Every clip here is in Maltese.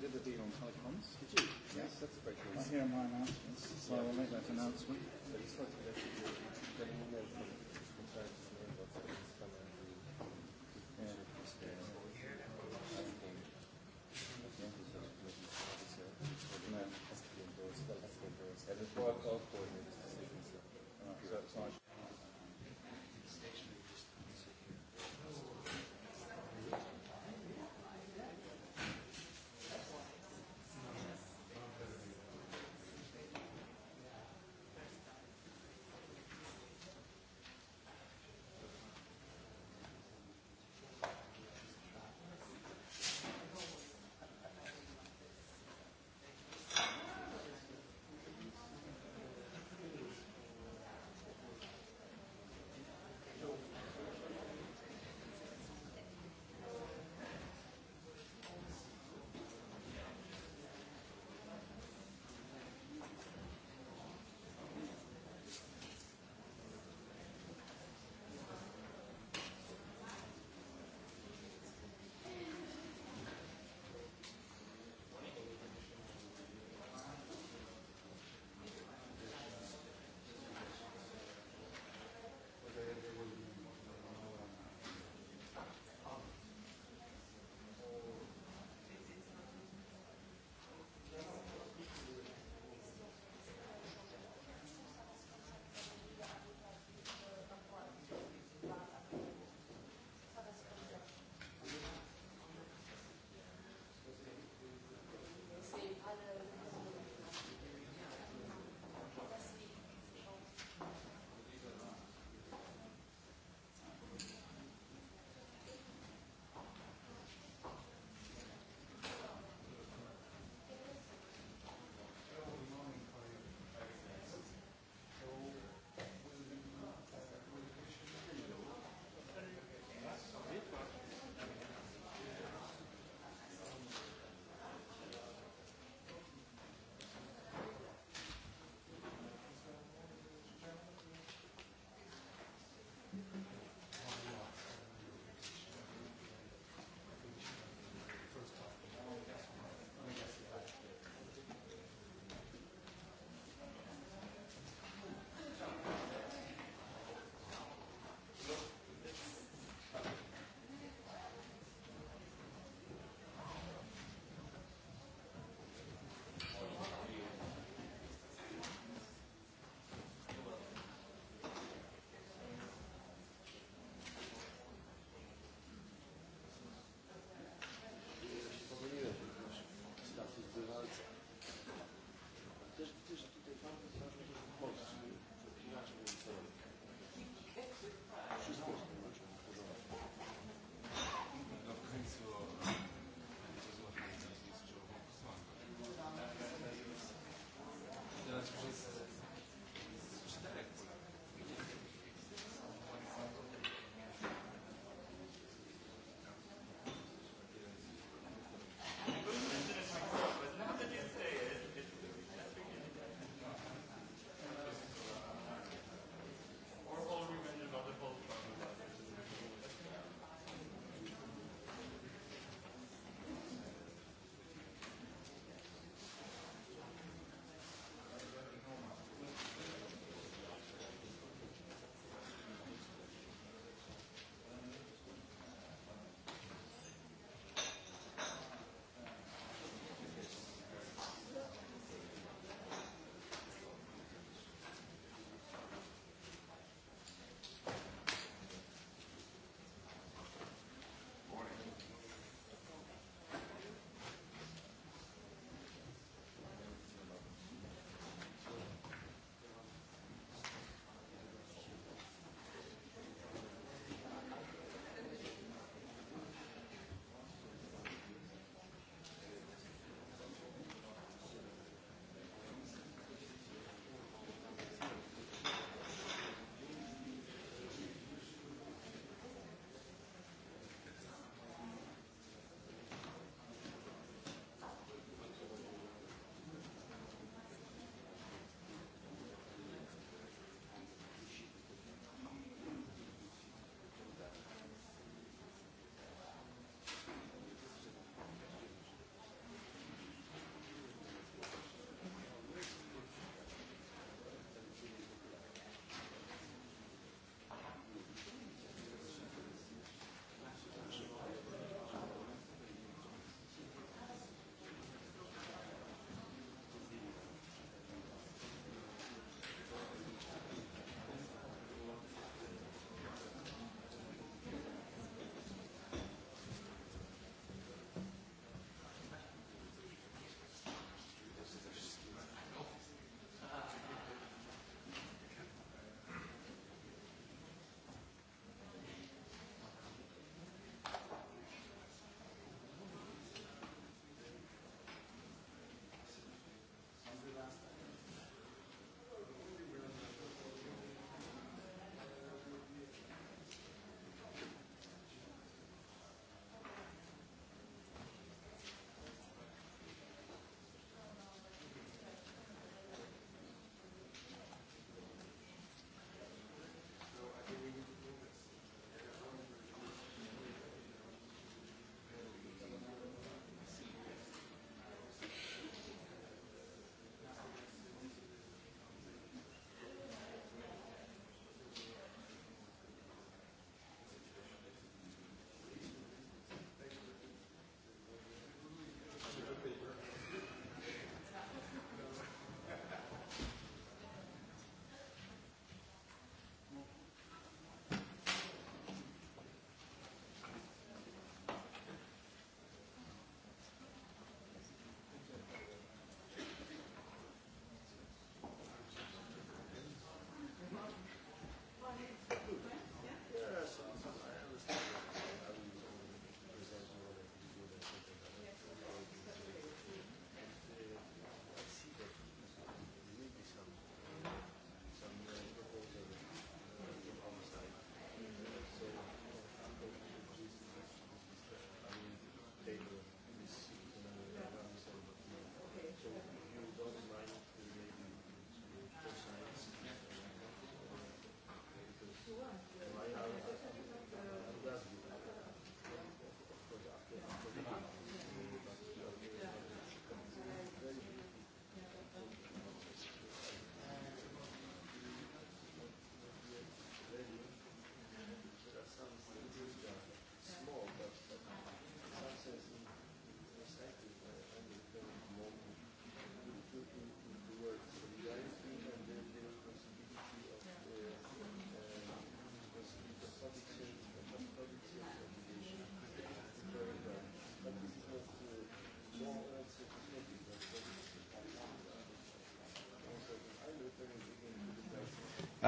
did a deal on telecoms. Did you? Yes, that's a great question. I hear my announcements, so I will make that announcement.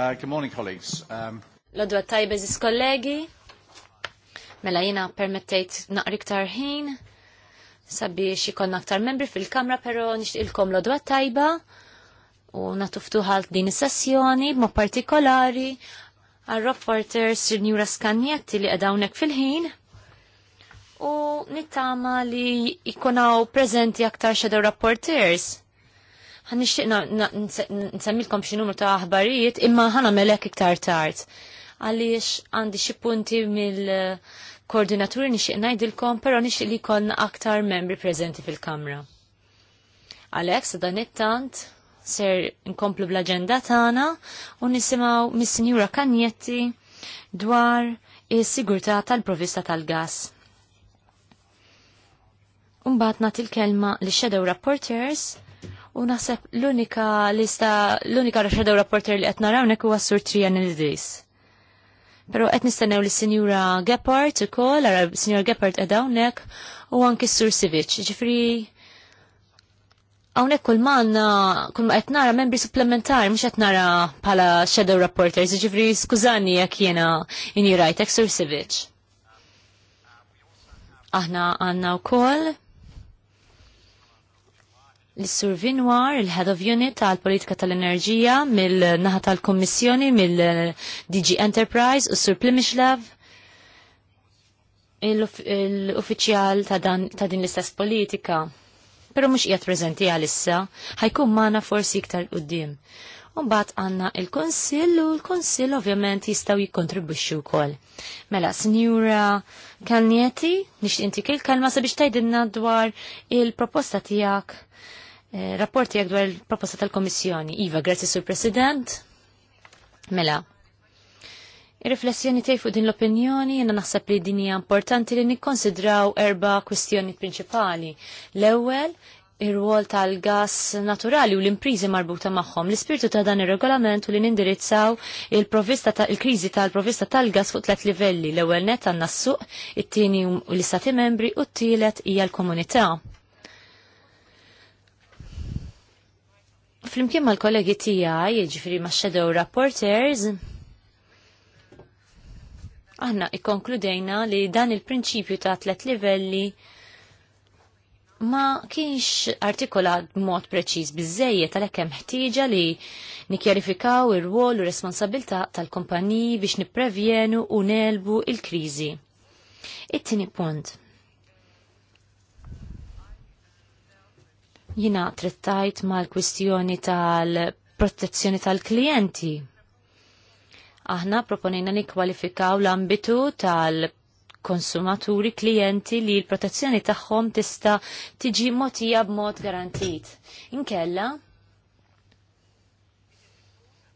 Uh, good morning, colleagues. Um, l-odwa tajba ziz kollegi, mela jina permettejt naqriktar ħin, sabiex ikon aktar membri fil-kamra, pero nixtilkom l-odwa tajba u natuftuħal din is-sessjoni b'mod partikolari għal-reporter Sir Njura Skanjetti li għedawnek fil-ħin u nittama li ikonaw prezenti aktar shadow rapporters ħan nixtieq nsemmilkom xi numru ta' aħbarijiet imma ħana melek iktar tard. Għaliex għandi xi punti mill-koordinaturi nixtieq ngħidilkom, però nixtieq li jkollna aktar membri preżenti fil-kamra. Għalhekk dan it-tant ser nkomplu bl-agenda tagħna u nisimgħu mis-Sinjura Kanjetti dwar is-sigurtà tal-provista tal-gas. nagħti til-kelma li Shadow reporters u naħseb l-unika lista, l-unika raxedaw rapporter li qed naraw nek huwa sur Trian Idris. Pero qed nistennew li Sinjura Gephardt ukoll, ara Sinjura Gephardt qed hawnhekk u s Sur Sivic. Ġifri hawnhekk kol manna kol ma qed nara membri supplementari mhux qed nara bħala shadow reporters, ġifri skużani jekk jiena injirajtek Sur Sivic. Aħna għandna wkoll l-Sur Vinwar, il-Head of Unit tal-Politika tal-Enerġija mill-naħa tal-Kommissjoni mill-DG Enterprise u Sur Plimishlav, l-uffiċjal ta' din l-istess politika. Pero mux jgħat prezenti għalissa, ħajkun maħna forsi iktar qoddim. Umbat għanna il-konsil u l-konsil ovvjament jistaw jikontribuxxu wkoll. Mela, Signora Kalnieti, nix intik kil kalma sabiex tajdinna dwar il-proposta tijak Eh, rapporti għak dwar il-proposta tal-Komissjoni. Iva, grazie sur President. Mela, Ir-riflessjoni tiegħi fuq din l-opinjoni jiena naħseb li din hija importanti li nikkonsidraw erba' kwistjoni prinċipali. L-ewwel ir-rwol tal-gas naturali u l-imprizi marbuta magħhom. L-ispirtu ta' dan ir-regolament u li nindirizzaw il-provista ta' il-kriżi tal-provista tal-gas fuq tliet livelli. L-ewwel net għandna s-suq, it-tieni l-istati membri u t-tielet hija l-komunità. Flimkien mal-kollegi tiegħi, jiġifieri ma' shadow rapporters, għanna ikkonkludejna li dan il-prinċipju ta' tlet livelli ma kienx artikola b'mod preċiż biżejjed għalhekk hemm ħtieġa li nikkjarifikaw ir-rwol u responsabilità tal-kumpaniji biex niprevjenu u nelbu il-kriżi. It-tieni punt. Jina trittajt mal-kwistjoni tal-protezzjoni tal-klijenti. Aħna proponina nikkwalifikaw l-ambitu tal-konsumaturi klijenti li l-protezzjoni tagħhom tista' tiġi motija b'mod garantit. Inkella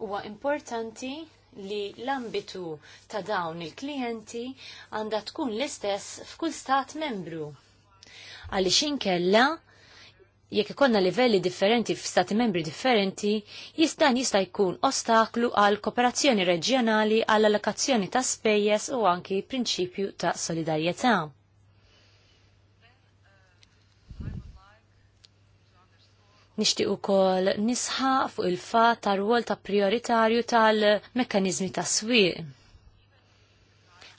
huwa importanti li l-ambitu ta' dawn il-klijenti għandha tkun l-istess f'kull stat membru. Għaliex inkella jekk ikonna livelli differenti f'stati membri differenti, jistan jista' jkun ostaklu għal kooperazzjoni reġjonali għall allokazzjoni ta' spejjeż u anki prinċipju ta' solidarjetà. Nixtieq ukoll nisħaq fuq il-fat tar-rwol ta' prioritarju tal-mekkaniżmi ta' swieq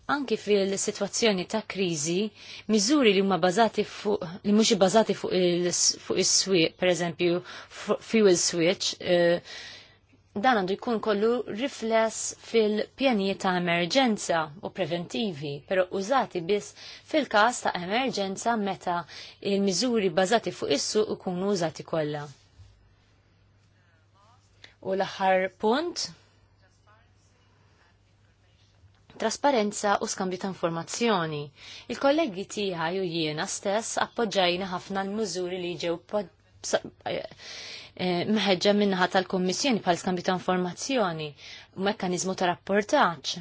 anki fil-situazzjoni ta' krizi, miżuri li huma bażati fuq li mhux bażati fuq is-swieq, pereżempju fuel switch, eh, dan għandu jkun kollu rifless fil-pjanijiet ta' emerġenza u preventivi, pero użati biss fil-każ ta' emerġenza meta il-miżuri bażati fuq is-suq ikunu użati kollha. U l-aħħar punt, trasparenza u skambju ta' informazzjoni. Il-kollegi tiegħi u jiena stess appoġġajna ħafna l-mużuri li ġew eh, eh, meħeġġa minnaħat tal-Kommissjoni bħal skambju ta' informazzjoni u mekkanizmu ta' rapportaġġ.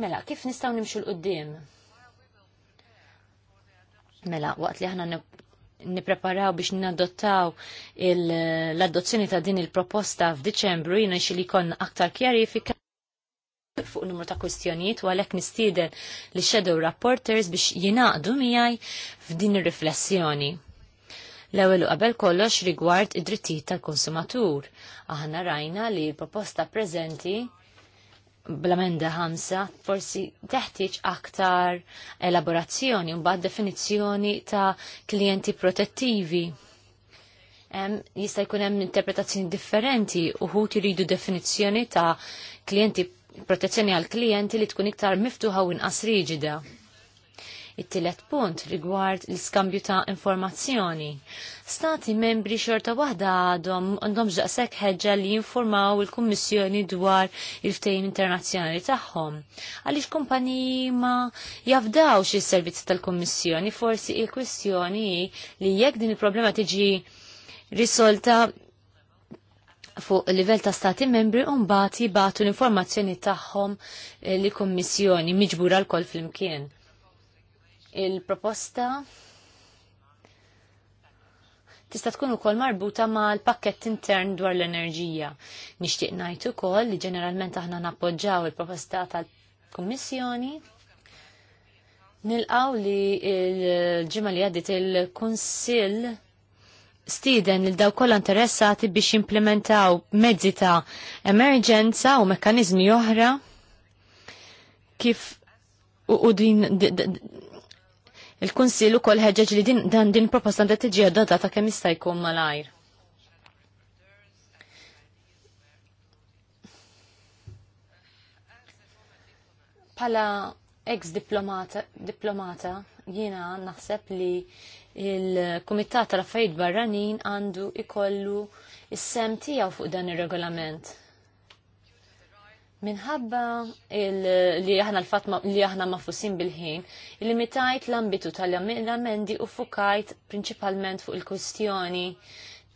Mela, kif nistaw nimxu l-qoddim? Mela, waqt li ħana nipreparaw biex nadottaw l-adozzjoni ta' din il-proposta f'Diċembru jina li kon aktar kjarifika fuq numru ta' kwestjonijiet u għalhekk nistieden li shadow rapporters biex jinaqdu miegħi f'din ir-riflessjoni. L-ewwel qabel kollox rigward id-drittijiet tal-konsumatur. Aħna rajna li l-proposta preżenti bl-amenda ħamsa forsi teħtieġ aktar elaborazzjoni mbagħad definizzjoni ta' klijenti protettivi. jista' jkun hemm interpretazzjoni differenti uħud iridu definizzjoni ta' klijenti protezzjoni għal klijenti li tkun iktar miftuħa u inqas riġida. It-tielet punt rigward l-iskambju ta' informazzjoni. Stati membri xorta waħda għadhom għandhom ġaqsek ħeġġa li jinformaw il-Kummissjoni dwar il ftejn internazzjonali tagħhom. Għaliex kumpaniji ma jafdawx is-servizzi tal-Kummissjoni, forsi il-kwistjoni li jekk din il-problema tiġi risolta fuq livell ta' stati membri bati batu l-informazzjoni tagħhom eh, li kommissjoni miġbura l-kol fl-imkien. Il-proposta tista' tkun ukoll marbuta mal-pakkett intern dwar l-enerġija. Nixtieq ngħid ukoll li ġeneralment aħna nappoġġaw il-proposta tal-Kummissjoni Nilqaw li l ġimgħa li għaddit il-Kunsill stiden il daw kollha interessati biex jimplementaw mezzi ta' emerġenza u mekkanizmi oħra kif u din Il-Kunsill ukoll ħeġġeġ li din dan din proposta da tiġi ta' kemm jista' jkun malajr. Pala ex diplomata, diplomata jiena naħseb li il-Kumitat tal-Affarijiet Barranin għandu ikollu is-sem tiegħu fuq dan ir-regolament. Minħabba li aħna l-fatma li aħna mafusin bil-ħin, il-limitajt l-ambitu tal-amendi u fukajt principalment fuq il-kwestjoni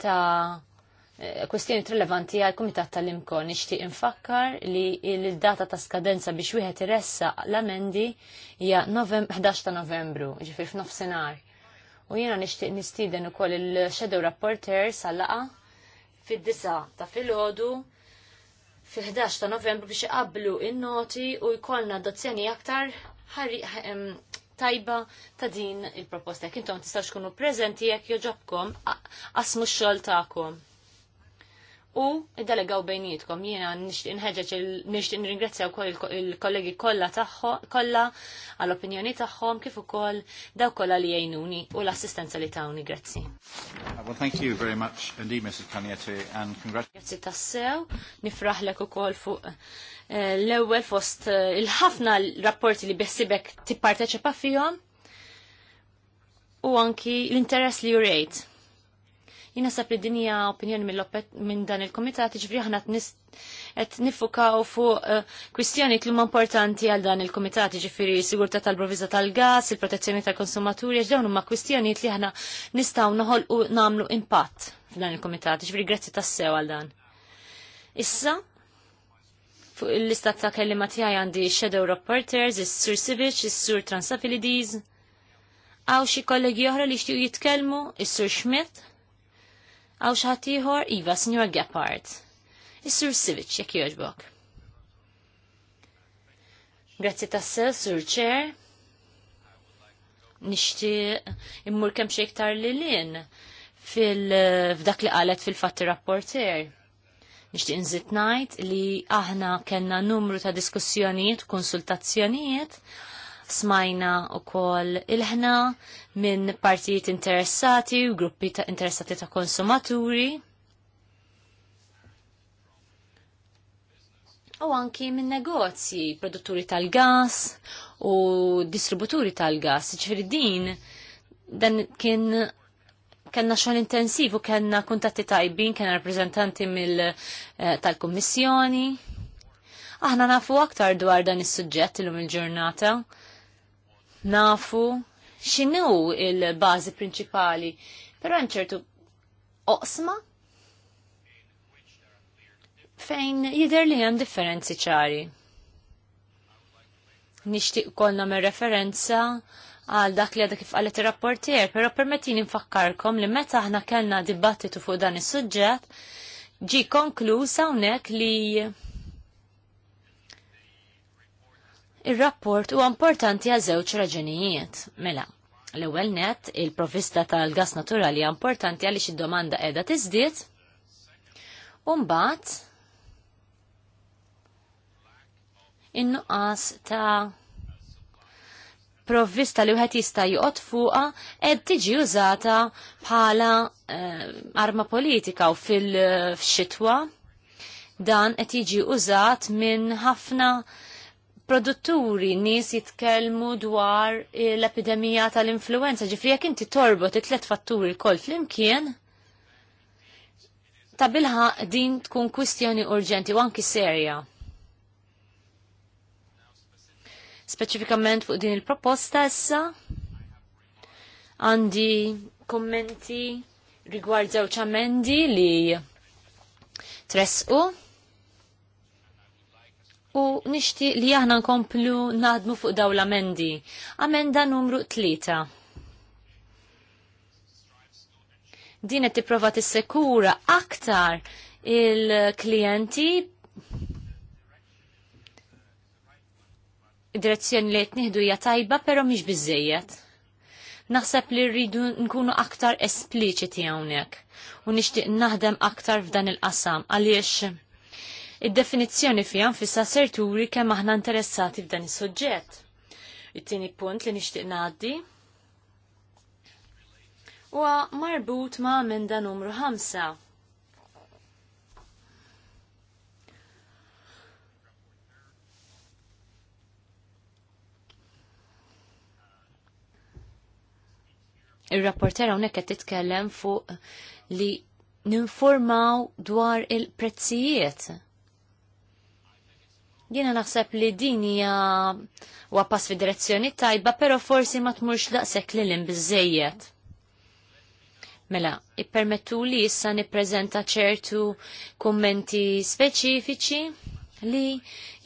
ta' eh, kwestjoni rilevanti għal kumitat tal-imkon. Ixtieq infakkar li l-data ta' skadenza biex wieħed iressa l-amendi hija 11 ta' Novembru, ġifir f'nofsinhar. U jiena nixtieq nistieden ukoll il-Shadow Rapporters għal laqa fid-disa ta' filgħodu Fi 11 ta' novembru biex iqablu il noti u jkollna dozzjoni aktar tajba ta' din il-proposta. Kintom tistax kunu preżenti jekk joġobkom asmu x-xogħol tagħkom u id-delegaw bejnietkom. Jiena nixtieq nħeġġeġ ringrazzja nringrazzja wkoll il-kollegi kollha taħħo kolla għall-opinjoni tagħhom kif ukoll daw kollha li jgħinuni u l-assistenza li tawni. Grazzi. Uh, well, thank you very much indeed, Mrs. Caniete, and congratulations. Grazzi tassew, nifraħlek ukoll fuq eh, l-ewwel fost eh, il-ħafna rapporti li beħsibek tipparteċipa fihom u anki l-interess li jurejt Jina sab li dinja opinjoni minn dan il-komitat, ġifri ħana qed nifukaw fuq eh, kwistjoni li huma importanti għal dan il-komitat, ġifiri sigurtà tal-proviża tal-gas, il-protezzjoni tal-konsumaturi, għax dawn huma kwistjonijiet li aħna nistgħu noħolqu nagħmlu impatt f'dan il-komitat, ġifiri grazzi tassew għal dan. Issa, fuq il-lista ta' kellima tiegħi għandi Shadow Reporters, is-Sur Civic, is-Sur Transafilides. Għaw xi kollegi oħra li xtiju jitkellmu, is-Sur Schmidt. Għaw xaħtiħor, Iva, Signor Gephardt. Is-Sur Sivic, jek joġbok. Grazzi tassel, Sur Chair. Nishti immur kem xiektar li lin fil-fdak li għalet fil-fatti rapporter. Nishti nżit najt li aħna kena numru ta' diskussjonijiet, konsultazzjonijiet, smajna u kol il-ħna minn partijiet interessati u gruppi ta' interessati ta' konsumaturi. U anki minn negozji, produtturi tal-gas u distributuri tal-gas. Ġifiri din, dan kien kena xogħol intensiv u kena kuntatti tajbin, kena rappresentanti mill eh, tal-kummissjoni. Aħna nafu aktar dwar dan is-suġġett illum il-ġurnata nafu xinu il-bazi prinċipali, pero ċertu oqsma fejn jider li hemm differenzi ċari. Nixtieq kolna me referenza għal dak li għadha kif qalet ir-rapportier, però permettini nfakkarkom li meta aħna kellna dibattitu fuq dan is-suġġett ġi konkluż hawnhekk li Ir-rapport huwa importanti għal żewġ raġunijiet. Mela, l-ewwel net il-provista tal-gas naturali hija importanti għaliex xid domanda qiegħda tiżdied. U mbagħad in-nuqqas ta' provvista li wieħed jista' joqgħod fuqha qed tiġi użata bħala eh, arma politika u fil-xitwa dan qed jiġi użat minn ħafna produtturi nies jitkellmu dwar l-epidemija tal-influenza, ġifri jek inti torbot it-tlet fatturi kol flimkien, ta' bilħa din tkun kwistjoni urġenti u anki serja. Speċifikament fuq din il-proposta issa, għandi kommenti rigward żewġ amendi li tresqu u nishti li aħna nkomplu nadmu fuq daw l-amendi. Amenda numru 3. Din qed tipprova tissekura aktar il-klijenti direzzjoni li jtniħdu hija tajba, pero mhix biżejjed. Naħseb li rridu nkunu aktar espliċiti hawnhekk u nixtieq naħdem aktar f'dan il-qasam għaliex id-definizzjoni fija nfissa serturi kemm aħna interessati f'dan is-suġġett. It-tieni punt li nixtieq ngħaddi huwa marbut ma' Amenda numru 5. Il-rapportera hawnhekk qed titkellem fuq li ninformaw dwar il-prezzijiet Jiena naħseb li din hija huwa pass fid-direzzjoni tajba, però forsi ma tmurx daqshekk lil hemm biżejjed. Mela, ippermettu li issa nippreżenta ċertu kummenti speċifiċi li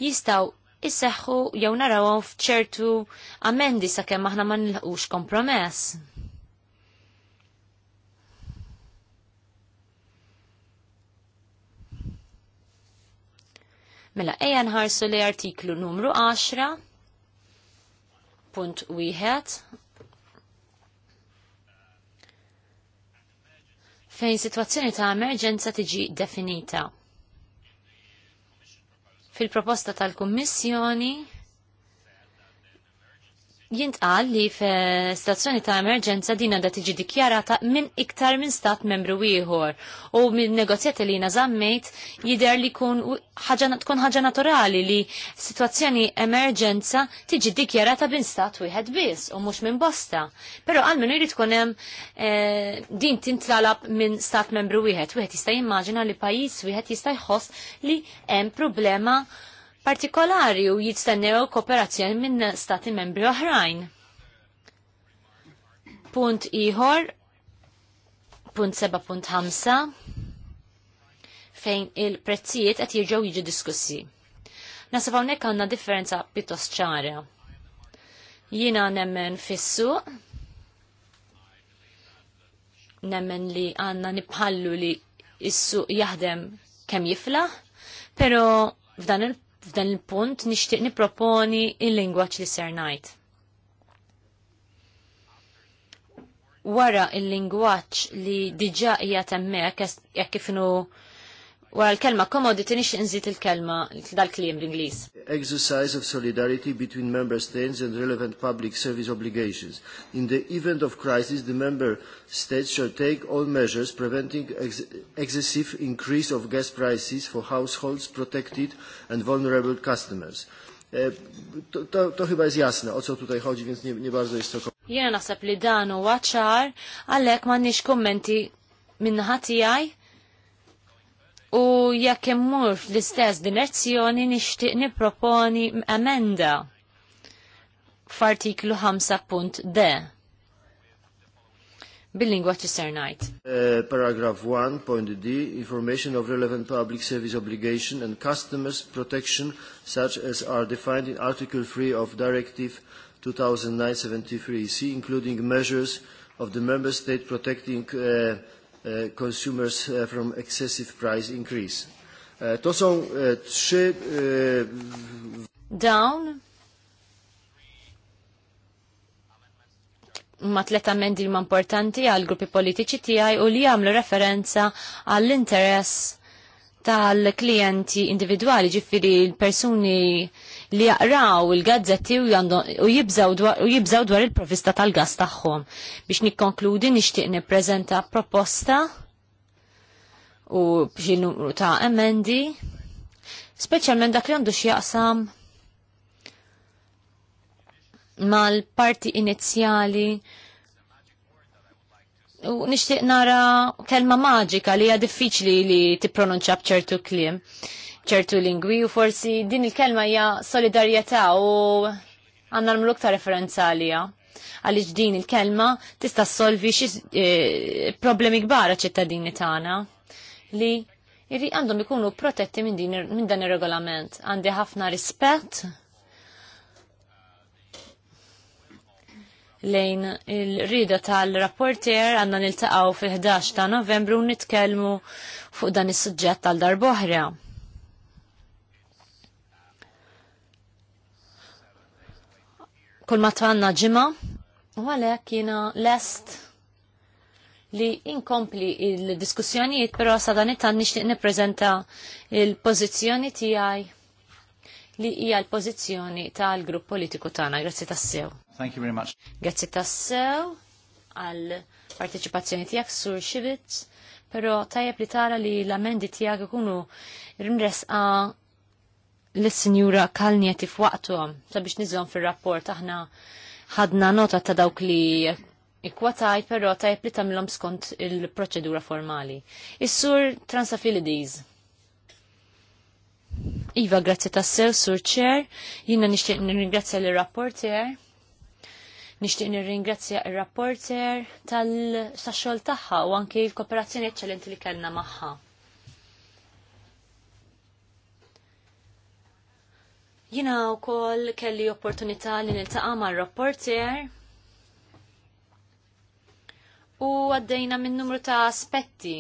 jistaw isseħħu jew narawhom f'ċertu amendi sakemm aħna ma nilħqux kompromess. Mela ejja nħarsu li artiklu numru 10 punt wieħed fejn situazzjoni ta' emerġenza tiġi definita. Fil-proposta tal-Kummissjoni jintqal li f-stazzjoni ta' emerġenza din għandha tiġi dikjarata minn iktar minn stat membru ieħor u minn negozjati li nażammejt jidher li kun tkun ħaġa naturali li situazzjoni emerġenza tiġi dikjarata minn stat wieħed biss u mhux minn bosta. Però għal minn irid tkun hemm eh, din tintlalab minn stat membru wieħed. Wieħed jista' jimmaġina li pajjiż wieħed jista' jħoss li hemm problema partikolari u jitstennew kooperazzjoni minn stati membri oħrajn. Punt iħor, punt 7.5, fejn il-prezzijiet qed jirġgħu jiġu diskussi. Nasab hawnhekk għandna differenza pjuttost ċara. Jiena nemmen fissu, nemmen li għandna nibħallu li issu suq jaħdem kemm jiflaħ, pero f'dan il f'dan il-punt nixtieq niproponi il-lingwaġġ li ser ngħid. Wara il-lingwaġġ li diġà hija temmek jekk kif inhu Wara l-kelma commodity nix nżid il-kelma dal klim l inglis Exercise of solidarity between member states and relevant public service obligations. In the event of crisis, the member states shall take all measures preventing ex excessive increase of gas prices for households protected and vulnerable customers. E, to, to, to chyba jest jasne, o co tutaj chodzi, więc nie, nie bardzo jest to... Jena naħseb li dan huwa ċar, għalhekk m'għandniex kummenti minnaħa tiegħi u jekk immur fl-istess direzzjoni nixtieq nipproponi emenda f'artiklu 5.d. Bil-lingwa tisser ngħid. Uh, eh, paragraph 1.d Information of relevant public service obligation and customers protection such as are defined in Article 3 of Directive 2009-73 EC including measures of the member state protecting uh, Uh, consumers uh, from excessive price increase. Uh, to są uh, trzy... Uh, Down. ma tlet ammendi ma importanti għal gruppi politiċi tiegħi u li għamlu referenza għall-interess tal klienti individuali, ġifiri l-persuni li jaqraw il-gazzetti u jibżaw dwar il-provista tal-gas tagħhom. Biex nikkonkludi nixtieq nippreżenta proposta u xi numru ta' emendi, speċjalment dak li għandu x'jaqsam mal-parti inizjali u nixtieq nara kelma maġika li hija diffiċli li tippronunċja b'ċertu kliem ċertu lingwi u forsi din il-kelma hija solidarjetà u għandna nagħmlu aktar referenza għalija għaliex din il-kelma tista' solvi xi eh, problemi kbar ċittadini tagħna li irri għandhom ikunu protetti minn dan ir-regolament. Għandi ħafna rispett lejn il-rida tal-rapporter għanna niltaqaw fil-11 ta' novembru nitkelmu fuq dan is-suġġett tal-darboħra. kull ma tħanna u għalhekk jina lest li inkompli il-diskussjonijiet però sadan it-tan nixtieq nippreżenta il-pożizzjoni tiegħi li hija l-pożizzjoni tal-grupp politiku tagħna. Grazzi tassew. Thank you very much. Grazzi tassew għal parteċipazzjoni tiegħek sur Xivit, però tajjeb li tara li l-amendi tiegħek ikunu rinresqa' l-Sinjura Kalnieti f'waqthom sabiex nizom fir-rapport aħna ħadna nota ta' dawk li ikwataj, però tajb li tagħmilhom skont il-proċedura formali. Is-sur Transafilides. Iva, grazzi tassew, sur ċer, jina nixtieq nirringrazzja l-rapporter, nixtieq nirringrazzja l rapporter tal saxol tagħha u anke l-kooperazzjoni eċċellenti li kellna magħha Jina u kol kelli opportunità li niltaqa ma' rapporter u għaddejna minn numru ta' aspetti.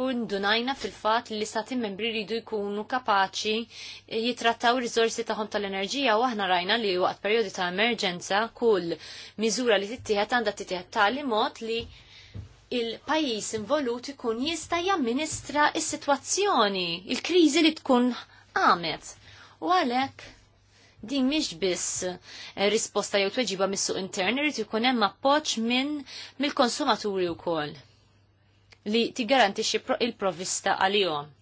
U ndunajna fil-fat li l-istati membri rridu jkunu kapaċi jitrattaw rizorsi taħom tal-enerġija u aħna rajna li waqt periodi ta' emerġenza kull miżura li tittieħed għandha tittieħed tali mod li il-pajis involut ikun jista' jamministra is-sitwazzjoni, il-kriżi li tkun għamet. U għalek din mhix biss eh, risposta jew tweġiba mis-suq intern irid ikun hemm appoġġ minn mill-konsumaturi wkoll li tigarantixxi il-provvista għalihom.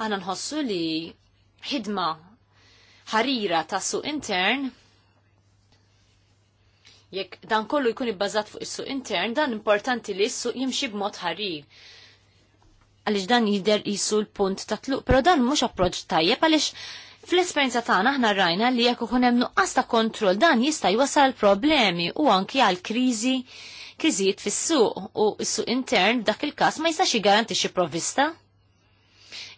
Aħna nħossu li ħidma ħarira ta' suq intern jekk dan kollu jkun ibbażat fuq is-suq intern, dan importanti li s-suq jimxi b'mod ħarir għaliex dan jider jisu l-punt ta' tluq, pero dan mhux approċ tajjeb għaliex fl-esperjenza tagħna aħna rajna li jekk ikun hemm nuqqas ta' kontroll dan jista' jwasal problemi u anki għal kriżi kriżijiet fis-suq u s-suq intern dak il-każ ma jistax jiggarantixxi provvista.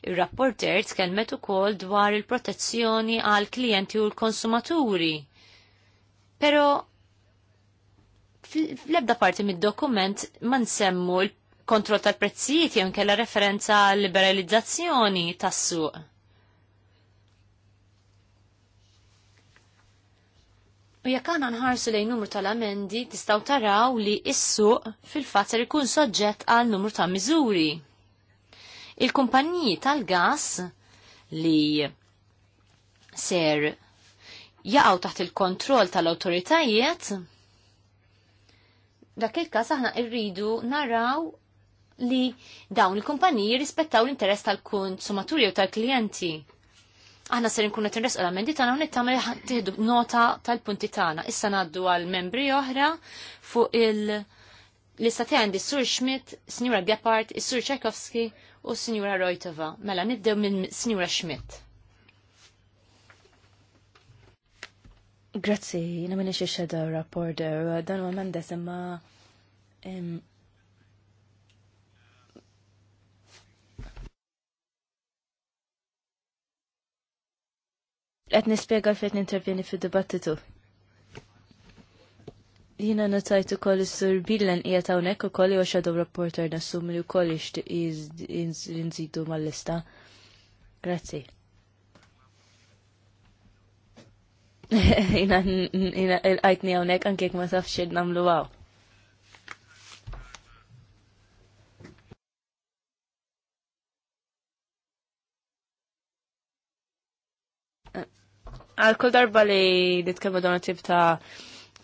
Ir-rapporter tkellmet ukoll dwar il-protezzjoni għal klijenti u l-konsumaturi. Pero fl-ebda parti mid-dokument ma nsemmu l kontroll tal-prezzijiet jew kella referenza għal liberalizzazzjoni tas-suq. U jekk għandna nħarsu lejn numru tal-amendi tistgħu taraw li s-suq fil-fatt ser ikun soġġett għal numru ta' miżuri. Il-kumpaniji tal-gas li ser jaqgħu taħt il-kontroll tal-awtoritajiet dak il-każ aħna rridu naraw li dawn il-kumpaniji rispettaw l-interess tal-konsumaturi u tal-klijenti. Aħna ser nkunu tinres l amendi tagħna u nittamel tieħdu nota tal-punti tagħna. Issa ngħaddu għal membri oħra fuq il- Lista tiegħi għandi Sur Schmidt, Sinjura Gephardt, Sur Tchaikovsky u Sinjura Rojtova. Mela nibdew minn Sinjura Schmidt. Grazzi, jina minni xie shadow reporter, dan u għamendes semma Qed nispjega fejn nintervjeni fid-dibattitu. Jina notajt ukoll is-sur Billen qiegħed hawnhekk ukoll jew shadow rapporter nassum li wkoll jixtieq inżidu mal-lista. Grazzi. Jina il-qajtni hawnhekk ma tafxed namlu għaw. għal kull darba li nitkellmu dawn tip ta'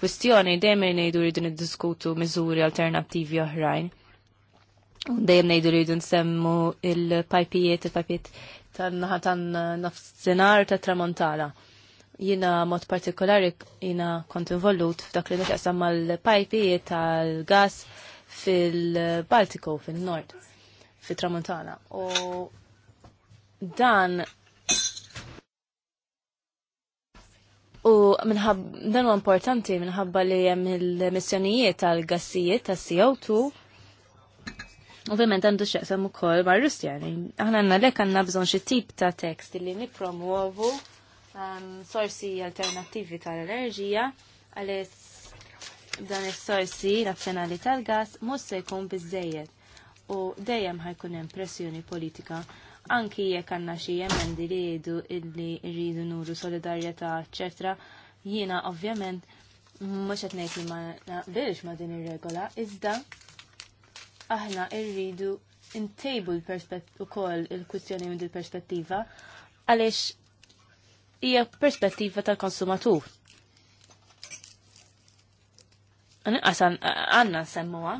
kwistjoni dejjem ngħidu rridu niddiskutu miżuri alternattivi oħrajn. Dejjem ngħidu rridu nsemmu il-pajpijiet, il-pajpijiet tan-naħa tan-nafsinhar ta' tramontana. Jina mod partikolari jina kont involut f'dak li nixqasam mal-pajpijiet tal-gas fil-Baltiku, fil-Nord, fil-Tramontana. U dan U minħab, dan u importanti minħabba li jem il-missjonijiet gassijiet tas tal-CO2 Ovvijament għandu xeqsam u koll ma' Russja, Aħna għanna lek għanna bżon xie tip ta' tekst li nipromuovu um, sorsi alternativi tal-enerġija għalis dan il-sorsi nazjonali tal-gas mus se jkun bizzejiet u dejjem ħajkun hemm pressjoni politika anki jekk għandna xi emendi li jgħidu illi rridu nuru solidarjetà, eċetera, jiena ovvjament mhux qed ngħid li ma naqbilx ma din ir-regola, iżda aħna rridu intejbu l-perspett ukoll il-kwistjoni minn il-perspettiva għaliex hija perspettiva tal-konsumatur. Għanna semmuha,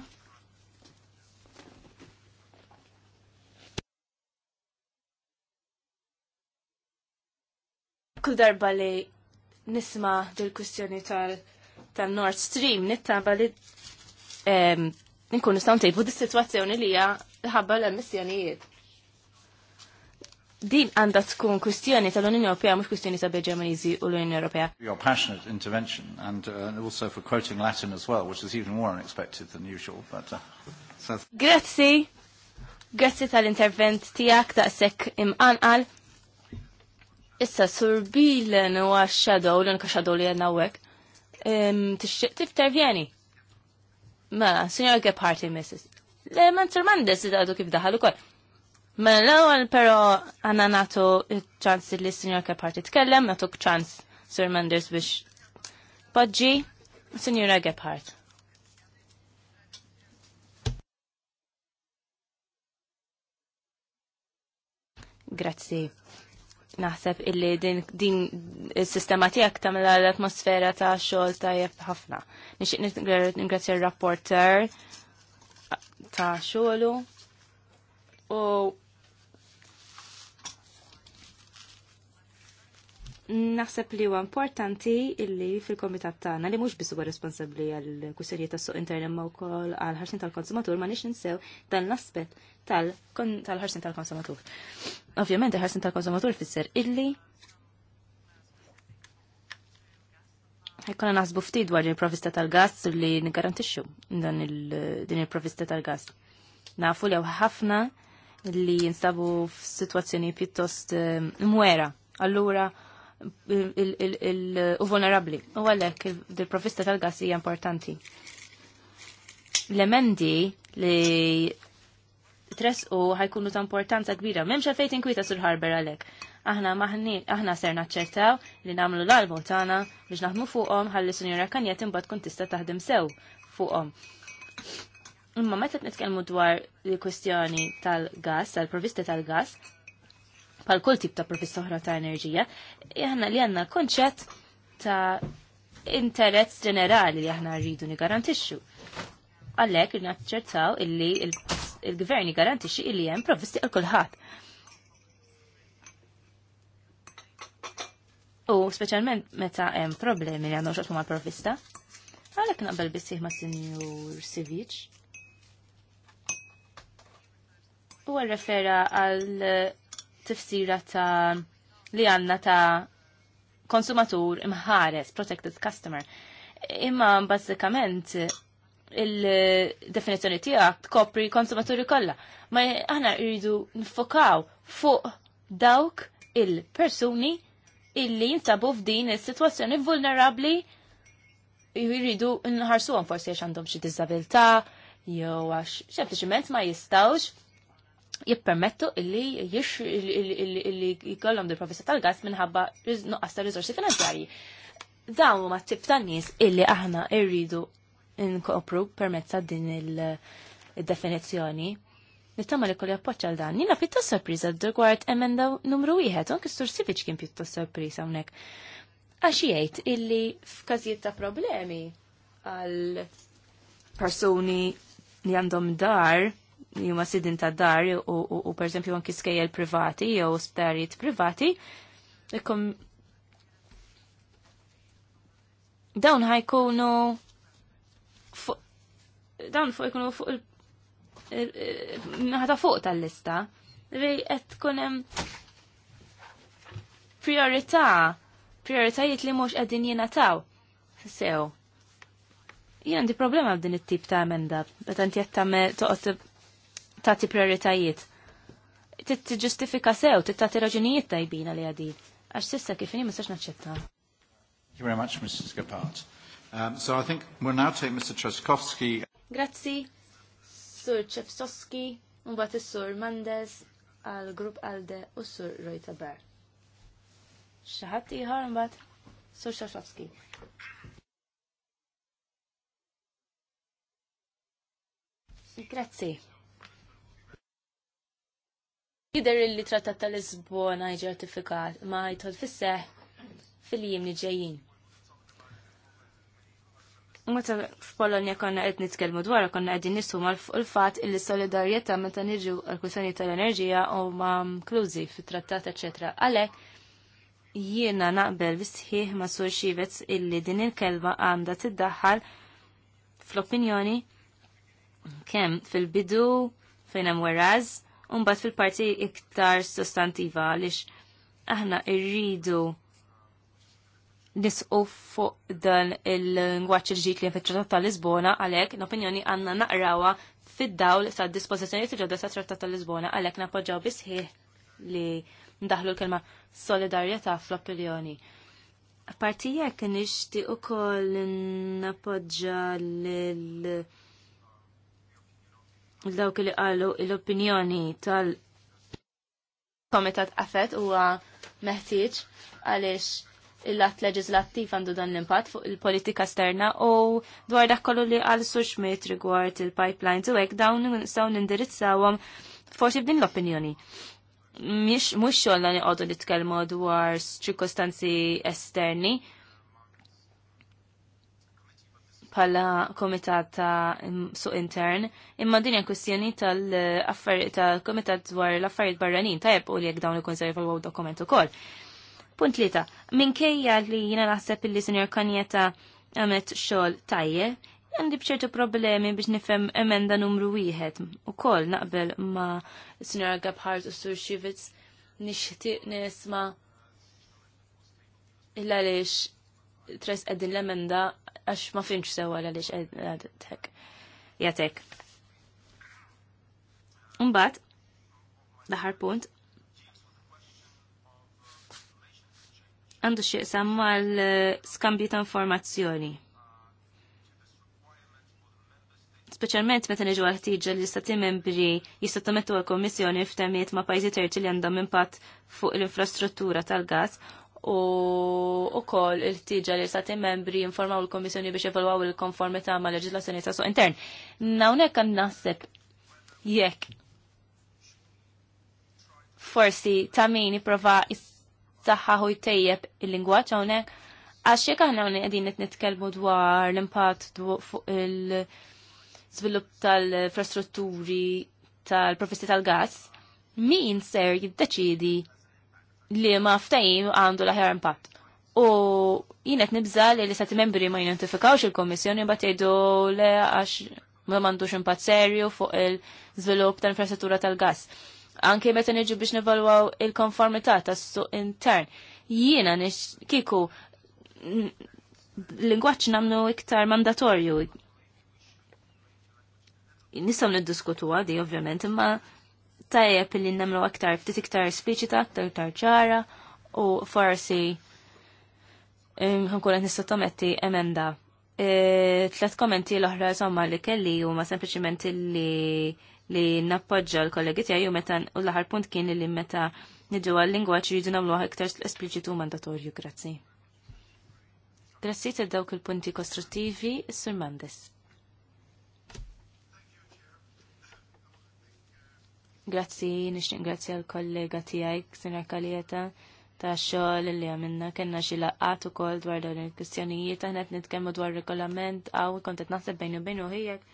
kull darba li nisma dil-kwistjoni tal-Nord Stream nittaba li nkun nistaw ntejbu di situazzjoni li hija ħabba l-emissjonijiet. Din għandha tkun kwistjoni tal-Unjoni Ewropea mhux kwistjoni ta' Ġermaniżi u l-Unjoni Ewropea. Your passionate intervention and uh, also for quoting Latin as well, which is even more unexpected than usual. But, uh, so... Grazzi, grazzi tal-intervent tiegħek ta' sekk imqanqal. Issa Surbilen bilen u għax l-inka shadow li għanna għek, tixtieq tiftervjeni. Mela, Signor Gephardt missis. Le, Manzer Mandes id-għadu kif daħal ukoll. Mela, l-ewwel però għanna natu ċans li Signor t-kellem, natu ċans sirman Manders biex poġġi Signora Gephardt. Grazzi naħseb illi din, din il-sistema tijak tamela l-atmosfera ta' xol tajjeb ħafna. Nixtieq ningrazzja r rapporter ta' xogħlu u naħseb li huwa importanti illi fil-komitat tagħna li mhux biss huwa responsabbli għal kwistjonijiet tas-suq interni imma wkoll għal ħarsin tal-konsumatur ma nix ninsew dan l-aspett tal-ħarsin tal-konsumatur. Ovvjament il-ħarsin tal-konsumatur fisser illi ħajkonna naħsbu ftit dwar il-provista tal-gas li nigarantixxu dan din il-provista tal-gas. Nafu li ħafna li jinsabu f'sitwazzjoni pjuttost eh, mwera. Allura u vulnerabli. U għalek il-provista tal-gas hija importanti. L-emendi li tres u ħajkunu ta' importanza kbira. Memx fejt inkwita sur ħarber għalek. Aħna maħni, aħna ser naċċertaw li namlu l-almu tana biex naħdmu fuqom ħalli sunjura kanjet imbagħad kun tista' taħdem sew fuqhom. Imma meta nitkellmu dwar il-kwestjoni tal-gas, tal-provista tal-gas, pal kull tip ta' provvista oħra ta' enerġija, jahna li għanna konċett ta' interess ġenerali li aħna rridu nigarantixxu. Għallek ċertaw illi il-gvern garantixxi illi hemm provvisti għal kulħadd. U speċjalment meta hemm problemi li għandhom xogħol mal provvista. Għalhekk naqbel bissieħ ma' Sinjur Sivic. U għal-refera għal tifsira ta' li għanna ta' konsumatur imħares, protected customer. Imma bazzikament il-definizjoni tijak tkopri konsumaturi kolla. Ma aħna rridu nfokaw fuq dawk il-persuni illi jinsabu f'din il-situazzjoni vulnerabli jridu nħarsu għan forsi għax għandhom xie disabilta, jew għax xempliċiment ma jistawx jippermettu illi jix illi jkollhom il professor tal-gas minħabba nuqqas ta' riżorsi finanzjarji. Dawn huma tip ta' nies illi aħna rridu nkopru permezz din il-definizzjoni. Nittama li kolli appoċċa għal dan. Nina pjuttost sorpriża dwar emenda numru wieħed, anke Sur Sivic kien pjuttost sorpriza hawnhekk. Għaxijajt jgħid illi f'każijiet ta' problemi għal personi li għandhom dar li huma sidin ta' dar u, u, u pereżempju anki skejjel privati jew sperit privati, ikkom dawn ħajkunu dawn fuq ikunu fuq il ħata fuq tal-lista. Rej qed tkun hemm priorità, prioritajiet li mhux qegħdin jingħataw. Sew. Jien għandi problema b'din it-tip ta' emenda, meta inti qed tagħmel tagħti prioritajiet. Tiġġustifika sew, tit tittati raġunijiet tajbina li għadi. Għax sissa kif ma sax naċċetta. Thank you very much, Mrs. Gepard. Um, so I think we'll now take Mr. Trzaskowski. Grazzi, Sur Trzaskowski, mbagħad is-Sur Mendez għal grupp Alde u Sur Rojta Ber. Xi ħadd ieħor Sur Trzaskowski. Grazzi. Jider li trattat tal-Lisbona jiġi ratifikat ma jitħol fisseħ fil-jiem li ġejjin. Meta f'Polonja konna qed nitkellmu dwar konna qegħdin nisum il-fatt illi solidarjetà meta niġu għall-kwistjoni tal-enerġija huma mklużi fit-trattat ecc. Għalhekk jiena naqbel bisħieħ ma' Sur Xivez illi din il-kelma għandha tiddaħħal fl-opinjoni kemm fil-bidu fejn hemm Umbat fil-parti iktar sostantiva għaliex aħna irridu nisqu fuq dan il ngwaċ il-ġit li fit-Trattat tal Lisbona għalhekk n opinjoni għandna naqrawha fid-dawl dispozizjoni dispożizzjoni ġodda ta' Trattat tal Lisbona għalhekk napoġġaw bisħih li ndaħlu l-kelma solidarjetà fl-opinjoni. Partijek nixti u koll l, l-, -l, -l dawk li qalu l-opinjoni tal- komitat għafet huwa meħtieġ għaliex il-att leġislattiv għandu dan l impat fuq il-politika sterna u dwar dak kollu li għal suxmit rigward il-pipelines u hekk dawn nistgħu nindirizzawhom forsi b'din l-opinjoni. Mhux xogħolna niqogħdu kelmu dwar ċirkostanzi esterni, pala komitat ta' suq intern, imma din hija kwestjoni tal-affarijiet tal-komitat dwar l-affarijiet barranin tajjeb u li jekk dawn ikun se jevalwaw dokument ukoll. Punt lieta, minkejja li jiena naħseb illi Sinjor Kanjeta għamet xogħol tajjeb, għandi bċertu problemi biex nifhem emenda numru wieħed ukoll naqbel ma' Sinjor Gabhardt u Sur Shivitz nixtieq nisma' illa għaliex tres qegħdin l-emenda għax ma finx sewwa għaliex qed jatek. Umbat, l-aħħar punt għandu xieqsam mal-skambju ta' informazzjoni. Speċjalment meta niġu għal ħtijġa li stati membri jistatometu għal-Komissjoni f'temiet ma' pajzi terċi li għandhom impatt fuq l-infrastruttura tal-gas u ukoll il tiġa li stati membri informaw il-Komissjoni biex evalwaw il-konformità ma' leġislazzjoni ta' suq intern. Nawnek għan naħseb jekk forsi ta' min jiprofa jistaħħaħu jtejjeb il-lingwaġġ hawnhekk għax jekk aħna qegħdin nitkellmu dwar l-impatt fuq il-żvilupp tal-infrastrutturi tal-professi tal-gas, min ser jiddeċidi li ma ftajim għandu laħjar impatt. U jienet nibza li li sati membri ma jintifikawx il-Komissjoni bat jiddu le għax ma mandux impatt serju fuq il-żvilupp ta' infrastruttura tal-gas. Anke meta niġu biex nivalwaw il-konformità tas suq intern. Jiena nix kiku lingwaċ namnu iktar mandatorju. Nisam niddiskutu għadi, ovvjament, imma tajjeb li nemlu aktar ftit iktar spliċita, aktar iktar ċara u forsi nkun qed nistottometti emenda. E, tlet kommenti l-oħra somma li kelli huma sempliċiment li li nappoġġa l-kollegi tiegħi u meta u l-aħħar punt kien li meta niġu għal-lingwaġġ jridu nagħmlu aktar espliċitu mandatorju, grazzi. Grazzi ta' dawk il-punti kostruttivi, Sur Mandes. Grazzi, nixtieq grazzi għal kollega tiegħi Sina Kalieta ta' xogħol li għamilna kellna xi laqgħat ukoll dwar dawn il-kwistjonijiet aħna qed nitkellmu dwar regolament għaw kont qed naħseb bejn u bejn u ħijek.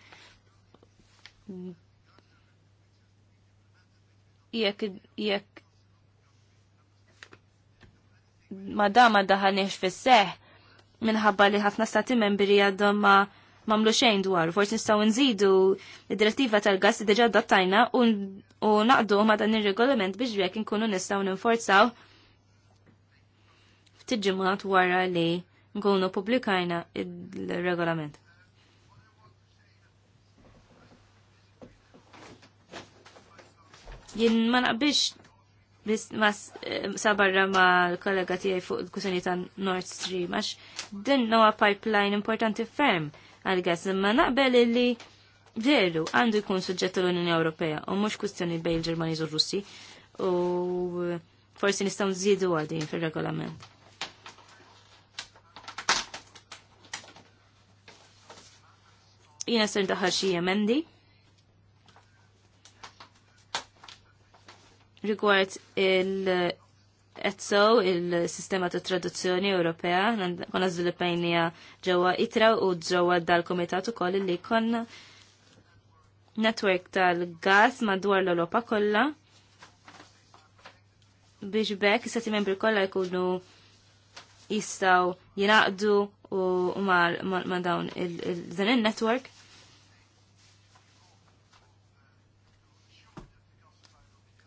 Jekk jekk ma da ma daħalniex fis-seħ minħabba li ħafna stati membri għadhom ma' mamlu xejn dwar. Forsi nistgħu nżidu id-direttiva tal-gas li diġà adottajna u naqdu ma dan ir-regolament biex jekk inkunu nistgħu ninforzaw ftit ġimgħat wara li nkunu publikajna il-regolament. Jien ma naqbix ma eh, sabarra ma l-kollega tiegħi fuq il-kusini ta' Nord Stream għax din huwa pipeline importanti ferm għal-gas imma naqbel li veru għandu jkun suġġett l-Unjoni Ewropea u mhux kwistjoni bejn il-Ġermaniż u Russi u forsi nistgħu nżidu għadin fir-regolament. Jiena ser ndaħħal xi emendi rigward il- etso il-sistema ta' traduzzjoni Ewropea, konna zviluppajnija ġewwa itra u ġewwa dal komitatu ukoll li konna network tal-gas madwar l europa kollha biex bekk is sati membri kollha jkunu jistgħu jingħaqdu u ma' dawn il żenin netwerk. network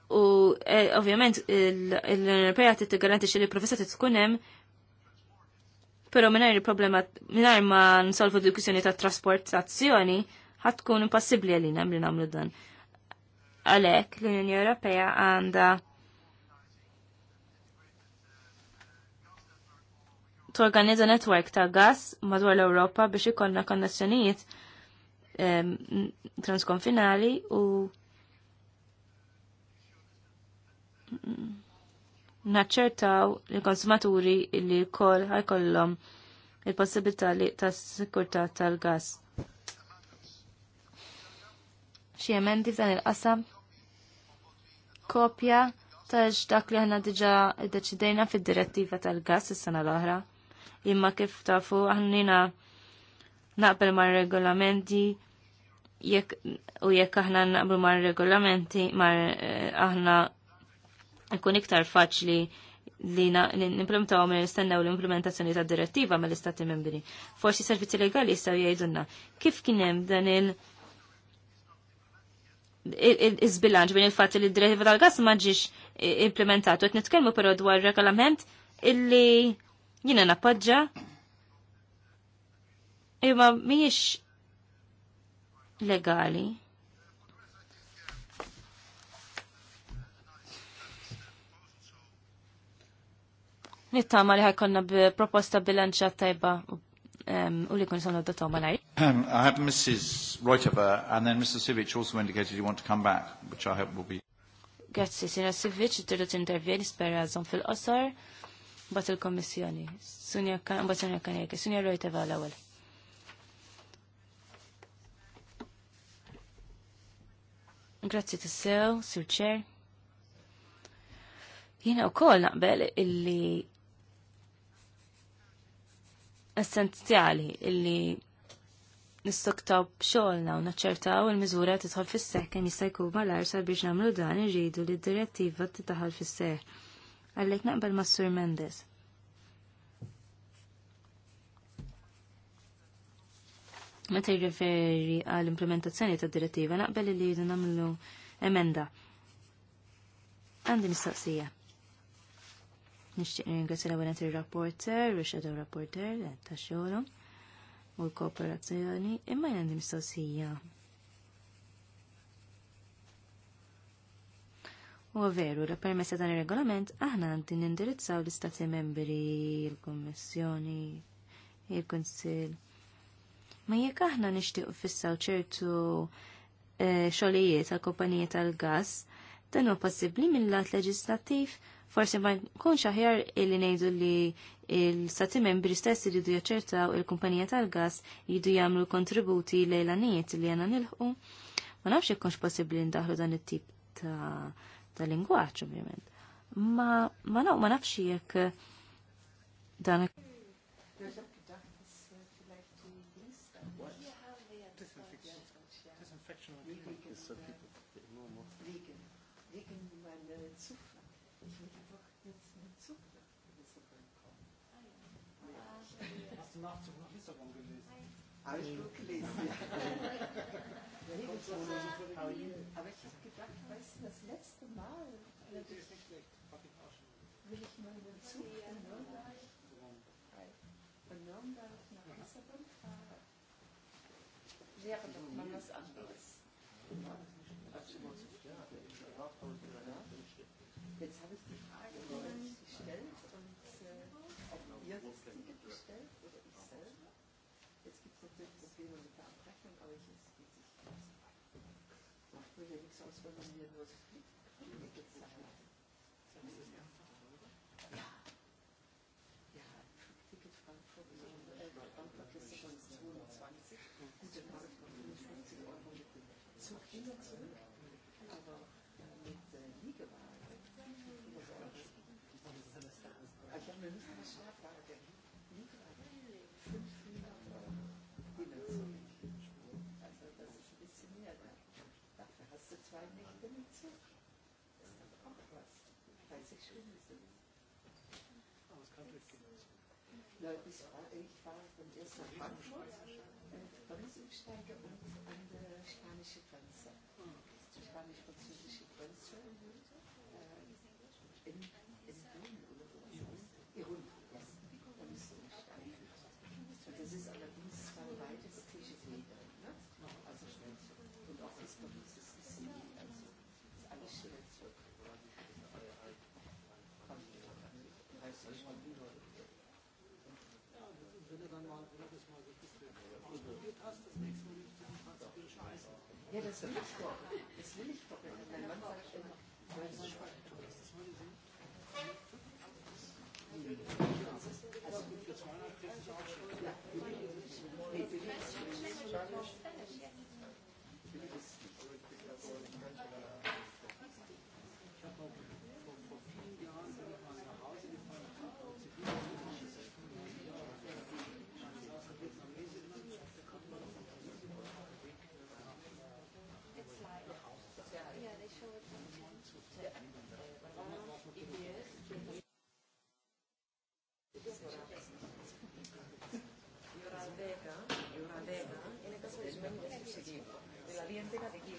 U e, ovvjament l-Unjoni t trid tiggarantixxi li professa tkun hemm però mingħajr il-problema mingħajr ma nsolvu diskussjoni ta' trasportazzjoni ħadd tkun impassibbli għalina li nagħmlu dan. Għalhekk l-Unjoni Ewropea għandha torganizza netwerk ta' gas madwar l europa biex ikollna konnessjonijiet transkonfinali u naċċertaw li konsumaturi li kol ħajkollhom il-possibilità li tas sikurta tal-gas. Xi emendi f'dan il-qasam? Kopja ta' dak li aħna diġà iddeċidejna fid-direttiva tal-gas is-sena l-oħra. Imma kif tafu aħnina naqbel ma' regolamenti u jekk aħna naqbel ma' regolamenti ma' eh, aħna ikun iktar faċli li nimplementaw implementaw minn l-implementazzjoni ta' direttiva mill istati membri. Forsi servizzi legali jistaw jgħidunna kif kienem dan il- iż bejn il-fatt li d-direttiva tal-gas ma ġiex implementatu. Qed nitkellmu però dwar regolament illi jiena nappoġġa imma mhijiex legali. Nittama li ħajkonna b proposta bilanċa tajba u li kun sanu d dottom għalaj. I have Mrs. Reutova and then Mr. Sivic also indicated you want to come back, which I hope will be. Grazzi, Sina Sivic, tirdu t-intervjeni, spera għazom fil qosar bat il-Komissjoni. Sunja Kanjeke, Sunja Reutova l awel Grazzi t-sew, Sir Chair. Jina u kol naqbel illi essenzjali illi nistoktaw b'xogħolna u naċċertaw il-miżura tidħol fis-seħħ kemm jista' jkun għall-għar sabiex nagħmlu dan irridu li d-direttiva tidħol fis-seħħ. Għalhekk naqbel ma' Sur Mendes. Meta jirreferi għall implementazzjoni tad direttiva naqbel li jridu nagħmlu emenda. Għandi mistaqsija. Nixtieq ringrazzja l-għanet il-rapporter, Rishadu rapporter eh, ta' xogħolhom u l-kooperazzjoni, imma jgħandi mistoqsija. U veru, la permessa dan il-regolament, aħna għandi nindirizzaw l-istati membri, il-kommissjoni, il-konsil. Ma jekk aħna nixtieq fissaw ċertu eh, xogħlijiet tal kompanijiet tal-gas, dan huwa possibbli mill-lat leġislattiv forsi ma nkunx aħjar illi ngħidu li il istati membri stess jridu jaċċertaw il-kumpanija tal-gas jridu jagħmlu kontributi lejlanijiet li għandna nilħu. Ma nafx ikkonx possibbli ndaħlu dan it-tip ta', ta lingwaġġ ovvjament. Ma ma nafx jekk dan. naħseb Aber ich habe gedacht, weißt du, das letzte Mal. ich mal Nürnberg, von Nürnberg nach Lissabon fahren? natürlich Probleme mit der Abrechnung, aber ich geht sich aus. Macht mir ja nichts aus, wenn Frankfurt, ich war, von erst nach und spanische Grenze, hm. spanisch-französische Ja, das will ich doch. Das will ich doch. Mein ħafna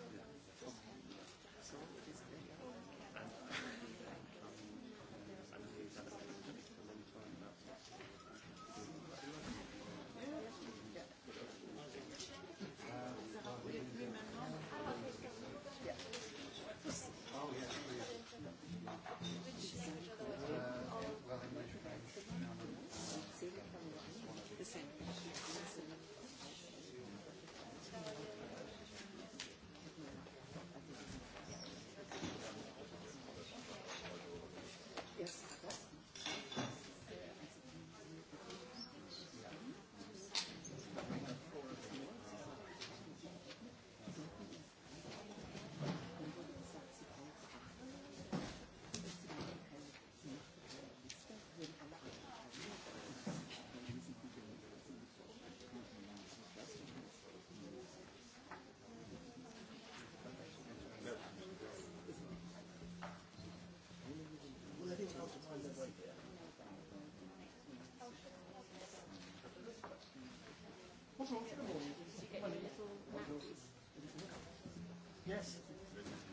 Yes.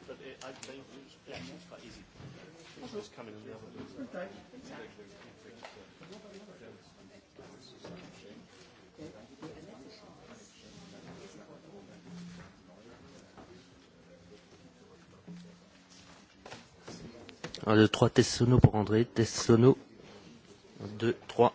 But it's quite easy. trois, tests sonos pour André, tests sonos, deux, trois.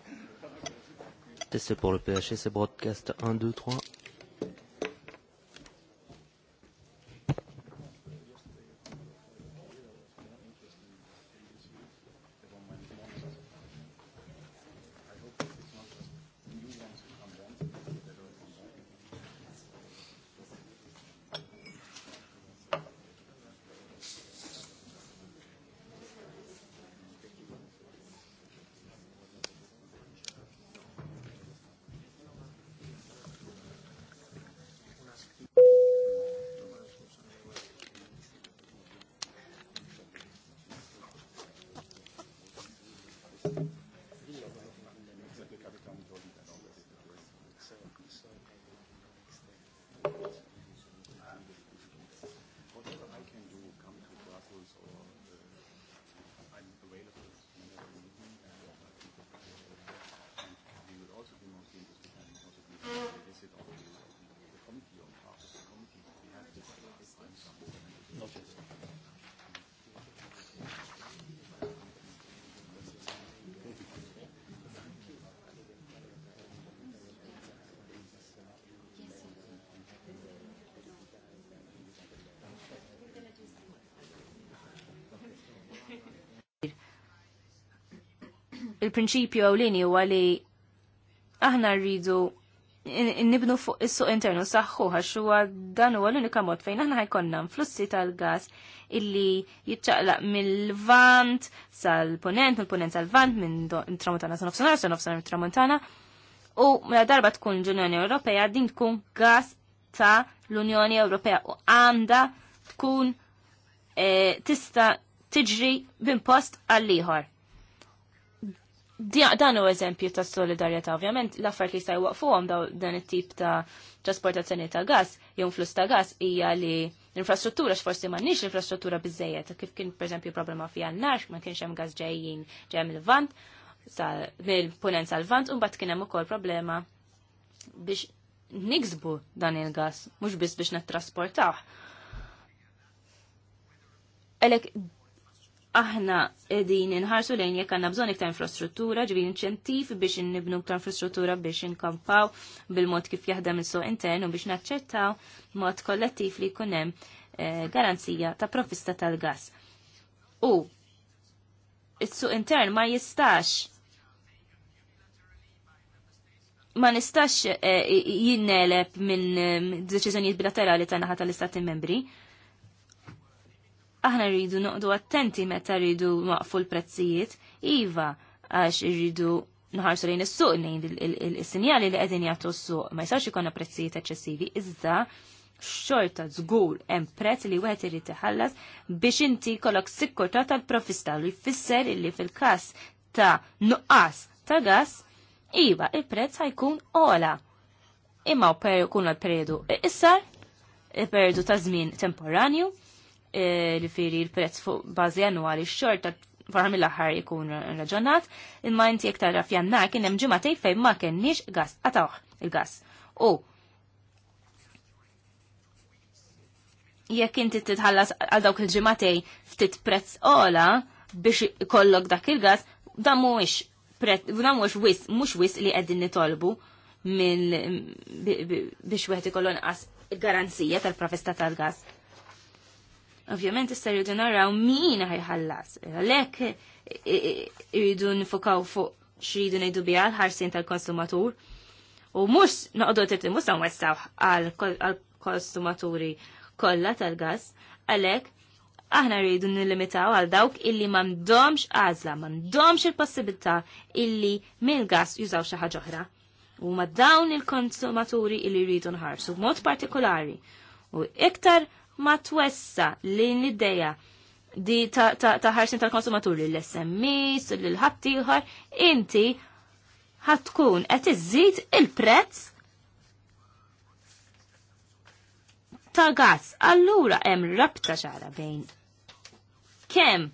T pour le PHC, c'est broadcast 1, 2, 3. il-prinċipju ewlieni huwa li aħna rridu nibnu fuq is-suq internu saħħu għax huwa dan huwa l-unika mod fejn aħna ħajkonna flussi tal-gas illi jiċċaqlaq mill-vant sal-ponent, mill-ponent sal-vant, minn tramontana sa' nofsonar, sa' nofsenar tramontana. U mela darba tkun l-Unjoni Ewropea din tkun gas ta' l-Unjoni Ewropea u għanda tkun eh, tista' tiġri b'impost għall-ieħor dan u eżempju ta' solidarjetà ovvjament l-affarijiet li jista' jwaqfuhom daw dan it-tip ta' trasportazzjoni ta' gas jew flus ta' gas hija li l-infrastruttura x'forsi m'għandniex l-infrastruttura biżejjed kif kien pereżempju problema fija n-nar ma kienx hemm gas ġejjin ġejjem il vant mill-punent sal-vant u mbagħad kien hemm ukoll problema biex niksbu dan il-gas mhux biss biex nittrasportawh. Elek aħna edin inħarsu lejn jekk għandna bżonn iktar infrastruttura, ġivi inċentiv biex nibnu iktar infrastruttura biex inkampaw bil-mod kif jaħdem is-suq intern u biex naċċettaw mod kollettiv li jkun hemm eh, garanzija ta' provvista tal-gas. U is-suq intern ma jistax ma nistax eh, jinnelep minn eh, deċiżjonijiet bilaterali ta' naħa tal-istati membri aħna rridu noqdu attenti meta rridu waqfu l-prezzijiet, iva, għax rridu nħarsu lejn is-suq lejn is-sinjali li qegħdin jagħtu s-suq ma jsarx ikollna prezzijiet eċċessivi, iżda xorta żgur hemm prezz li wieħed irid iħallas biex inti kollok sikkurtà tal-profista li jfisser illi fil-każ ta' nuqqas ta' gas iva il-prezz ħajkun ola. Imma u per jkun għal periodu issar, il-periodu ta' żmien temporanju, E, li firri l-prezz fuq bażi annwali xorta farra mill-aħħar ikun raġonat, imma inti jekk tara f'jannar kien hemm ġimgħatej fejn ma kenniex gas qatawh il-gas. U jekk inti titħallas għal dawk il-ġimgħatej ftit prezz ola biex ikollok dak il-gas, dan mhuwiex dan mhuwiex wiss, mhux wiss li qegħdin nitolbu biex wieħed ikollhom qas garanzija tal profesta tal-gas. Ovvjament issa rridu naraw min ħajħallas. Għalhekk irridu nifokaw fuq xridu ngħidu biha l ħarsin tal-konsumatur. U mhux noqogħdu tibti mhux nwaissaw għall-konsumaturi kollha tal-gass, għalhekk aħna rridu nillimitaw għal dawk illi m'għandhomx għażla, m'għandhomx il-possibilità illi mil gass jużaw xi ħaġa U ma dawn il-konsumaturi illi rridu nħarsu b'mod partikolari. U iktar ma twessa li l-ideja di ta' ħarsin ta, ta tal-konsumaturi l-SMEs, l ħattijħar inti ħatkun qed iżid il-prezz ta' gas. Allura hemm rabta ċara bejn kemm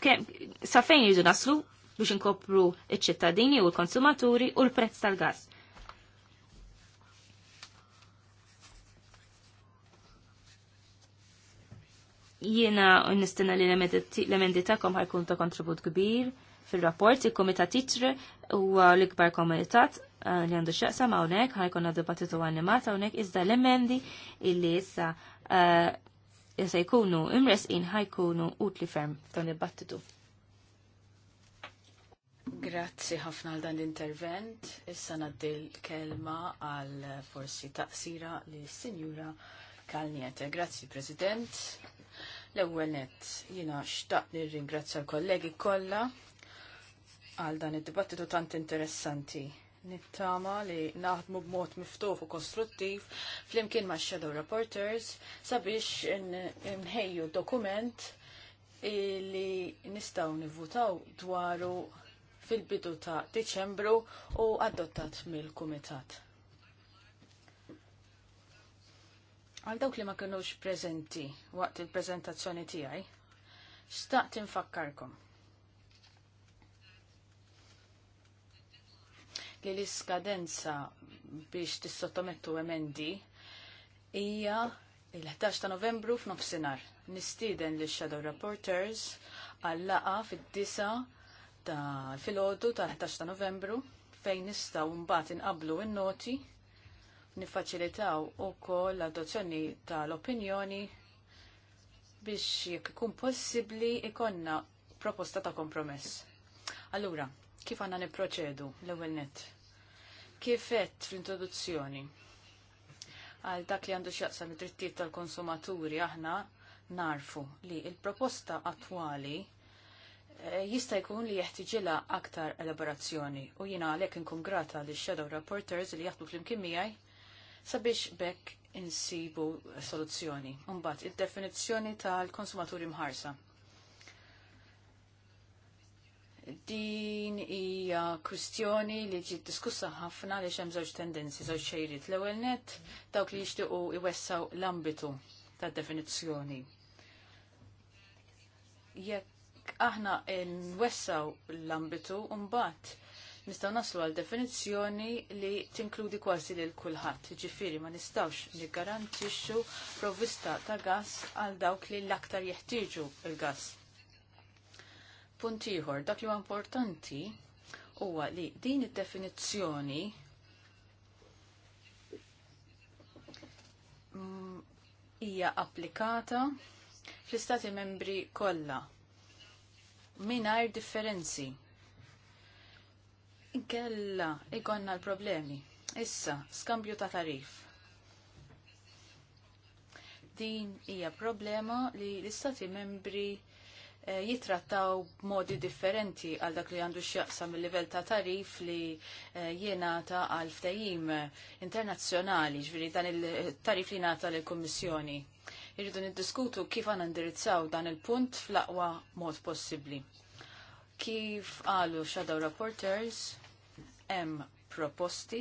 kem, sa fejn naslu biex inkopru iċ-ċittadini u l-konsumaturi u l-prezz tal-gas. Jiena nistenna li l-emendi tagħkom ħajkun ta' kontribut kbir fil-rapport il-Komitat Titre u l-ikbar komitat eh, li għandu xaqsam hawnhekk ħajkun dibattitu animat hawnhekk iżda l-emendi illi issa eh, issa jkunu imresqin ħajkunu utli ferm f'dan id-dibattitu. Grazzi ħafna għal dan l-intervent. Issa naddi l-kelma għal forsi taqsira li s-Sinjura Kalniete. Grazzi, President. L-ewwel nett jiena xtaqt nirringrazzja l-kollegi kollha għal dan id-dibattitu tant interessanti. Nittama li naħdmu b'mod miftuħ u kostruttiv flimkien ma' Shadow Reporters sabiex nħejju dokument li nistaw nivvutaw dwaru fil-bidu ta' Diċembru u adottat mill-Kumitat. Għal dawk li ma kinux prezenti waqt il-prezentazzjoni tiegħi, staqt infakkarkom. Li l-iskadenza biex tissottomettu emendi hija il-11 ta' Novembru f'nofsinhar. Nistieden li shadow Reporters għallaqa fid-disa ta' filgħodu ta' 11 ta' Novembru fejn nistgħu mbagħad inqablu in-noti in noti nifaċilitaw ukoll l-adozzjoni tal-opinjoni biex jekk ikun possibbli ikonna proposta ta' kompromess. Allura, kif għanna niproċedu l-ewwel net? Kif fl-introduzzjoni? Għal dak li għandu x'jaqsam id-drittijiet tal-konsumaturi aħna narfu li il-proposta attwali eh, jista' jkun li jeħtiġilha aktar elaborazzjoni u jiena għalhekk inkun grata li shadow rapporters li jaħdmu flimkien miegħi sabiex bekk insibu soluzzjoni. Umbat, id-definizzjoni tal-konsumaturi mħarsa. Din hija kwistjoni li ġiet diskussa ħafna li hemm żewġ tendenzi, żewġ xejrit. L-ewwel net dawk li jixtiequ iwessaw l-ambitu tad-definizzjoni. Jekk aħna nwessaw l-ambitu mbagħad nistaw naslu għal definizzjoni li tinkludi kważi lil kulħadd. Ġifiri, ma nistawx niggarantixxu provvista ta' gas għal dawk li l-aktar jeħtieġu il-gas. Punt ieħor, dak li huwa importanti huwa li din id-definizzjoni mm, hija applikata fl-istati membri kollha mingħajr differenzi Inkella ikonna l-problemi. Issa, skambju ta' tarif. Din hija problema li l-istati membri eh, jitrattaw b'modi differenti għal dak li għandu x'jaqsam il-livell ta' tarif li eh, jingħata għal ftajim internazzjonali, ġviri dan il-tarif li nata lill-Kummissjoni. Irridu niddiskutu kif għandna indirizzaw dan il-punt fl-aqwa mod possibbli. Kif għalu shadow rapporters, hemm proposti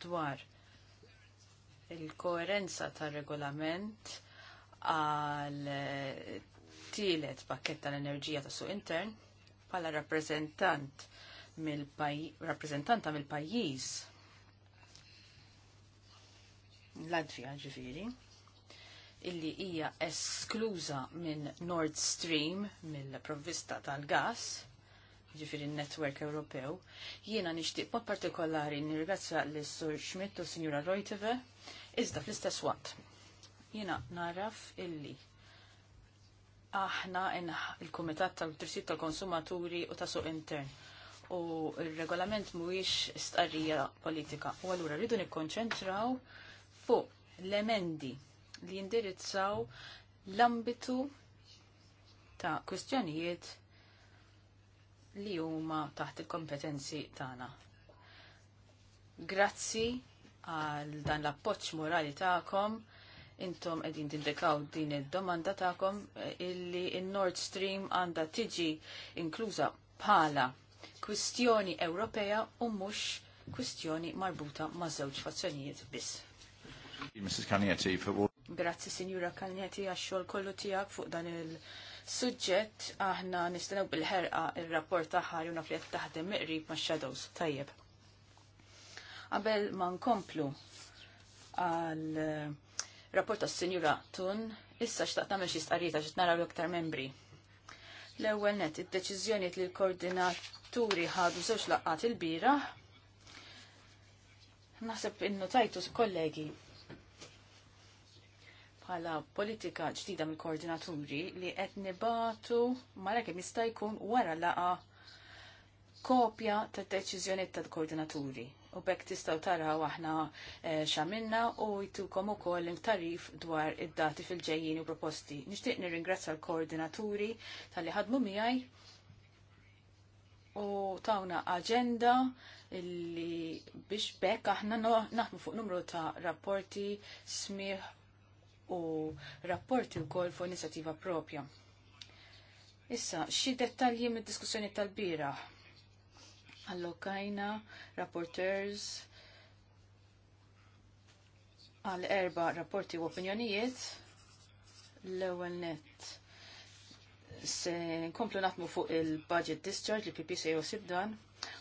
dwar il-koerenza tar regolament għal tielet pakket tal-enerġija ta' suq intern pala rappresentant mill-rappresentanta mill-pajjiż Latvija ġifieri illi hija eskluża minn Nord Stream mill-provvista tal-gas ġifir il network Ewropew. Jiena nixtieq mod partikolari nirgazza lis sur Schmidt u Signora Rojteve, iżda fl-istess waqt. Jiena naraf illi aħna il-Kumitat tal trisit tal-Konsumaturi u ta' suq intern u il-regolament mhuwiex starrija politika. U allura rridu nikkonċentraw fuq l-emendi li jindirizzaw l-ambitu ta' kwistjonijiet li huma taħt il-kompetenzi tagħna. Grazzi għal dan l-appoġġ morali tagħkom intom edin tindekaw din id-domanda tagħkom, eh, illi il-Nord Stream għanda tiġi inkluża bħala kwistjoni Ewropea u mhux kwistjoni marbuta ma' żewġ fazzjonijiet biss. Grazzi, Signora Kalnieti, għax-xogħol kollu tiegħek fuq dan il- suġġett aħna nistennew bil-ħerqa il-rapport li unaf li taħdem miqrib ma' shadows tajjeb. Qabel ma nkomplu għal eh, rapport tas sinjura Tun, issa xtaqt nagħmel xi stqarrieta xi naraw l iktar membri. L-ewwel net id-deċiżjonijiet li l-koordinaturi ħadu żewġ laqgħat il-bira Naħseb innu tajtu kollegi bħala politika ġdida mill koordinaturi li qed nibatu mara kemm jista' jkun wara laqa kopja tad deċiżjoni tal-koordinaturi. U bekk tistgħu taraw aħna eh, x'għamilna u jtukom ukoll tarif dwar id-dati fil-ġejjin u proposti. Nixtieq nirringrazzja l-koordinaturi tal-li ħadmu miegħi u tawna agenda li biex bekk aħna naħmu fuq numru ta' rapporti, smieħ u rapporti wkoll fuq inizjativa propja. Issa, xi dettalji mid-diskussjoni tal-bira? Allokajna, rapporters, għal erba rapporti u opinjonijiet, l-ewwel net se nkomplu natmu fuq il-budget discharge li ppc se josib dan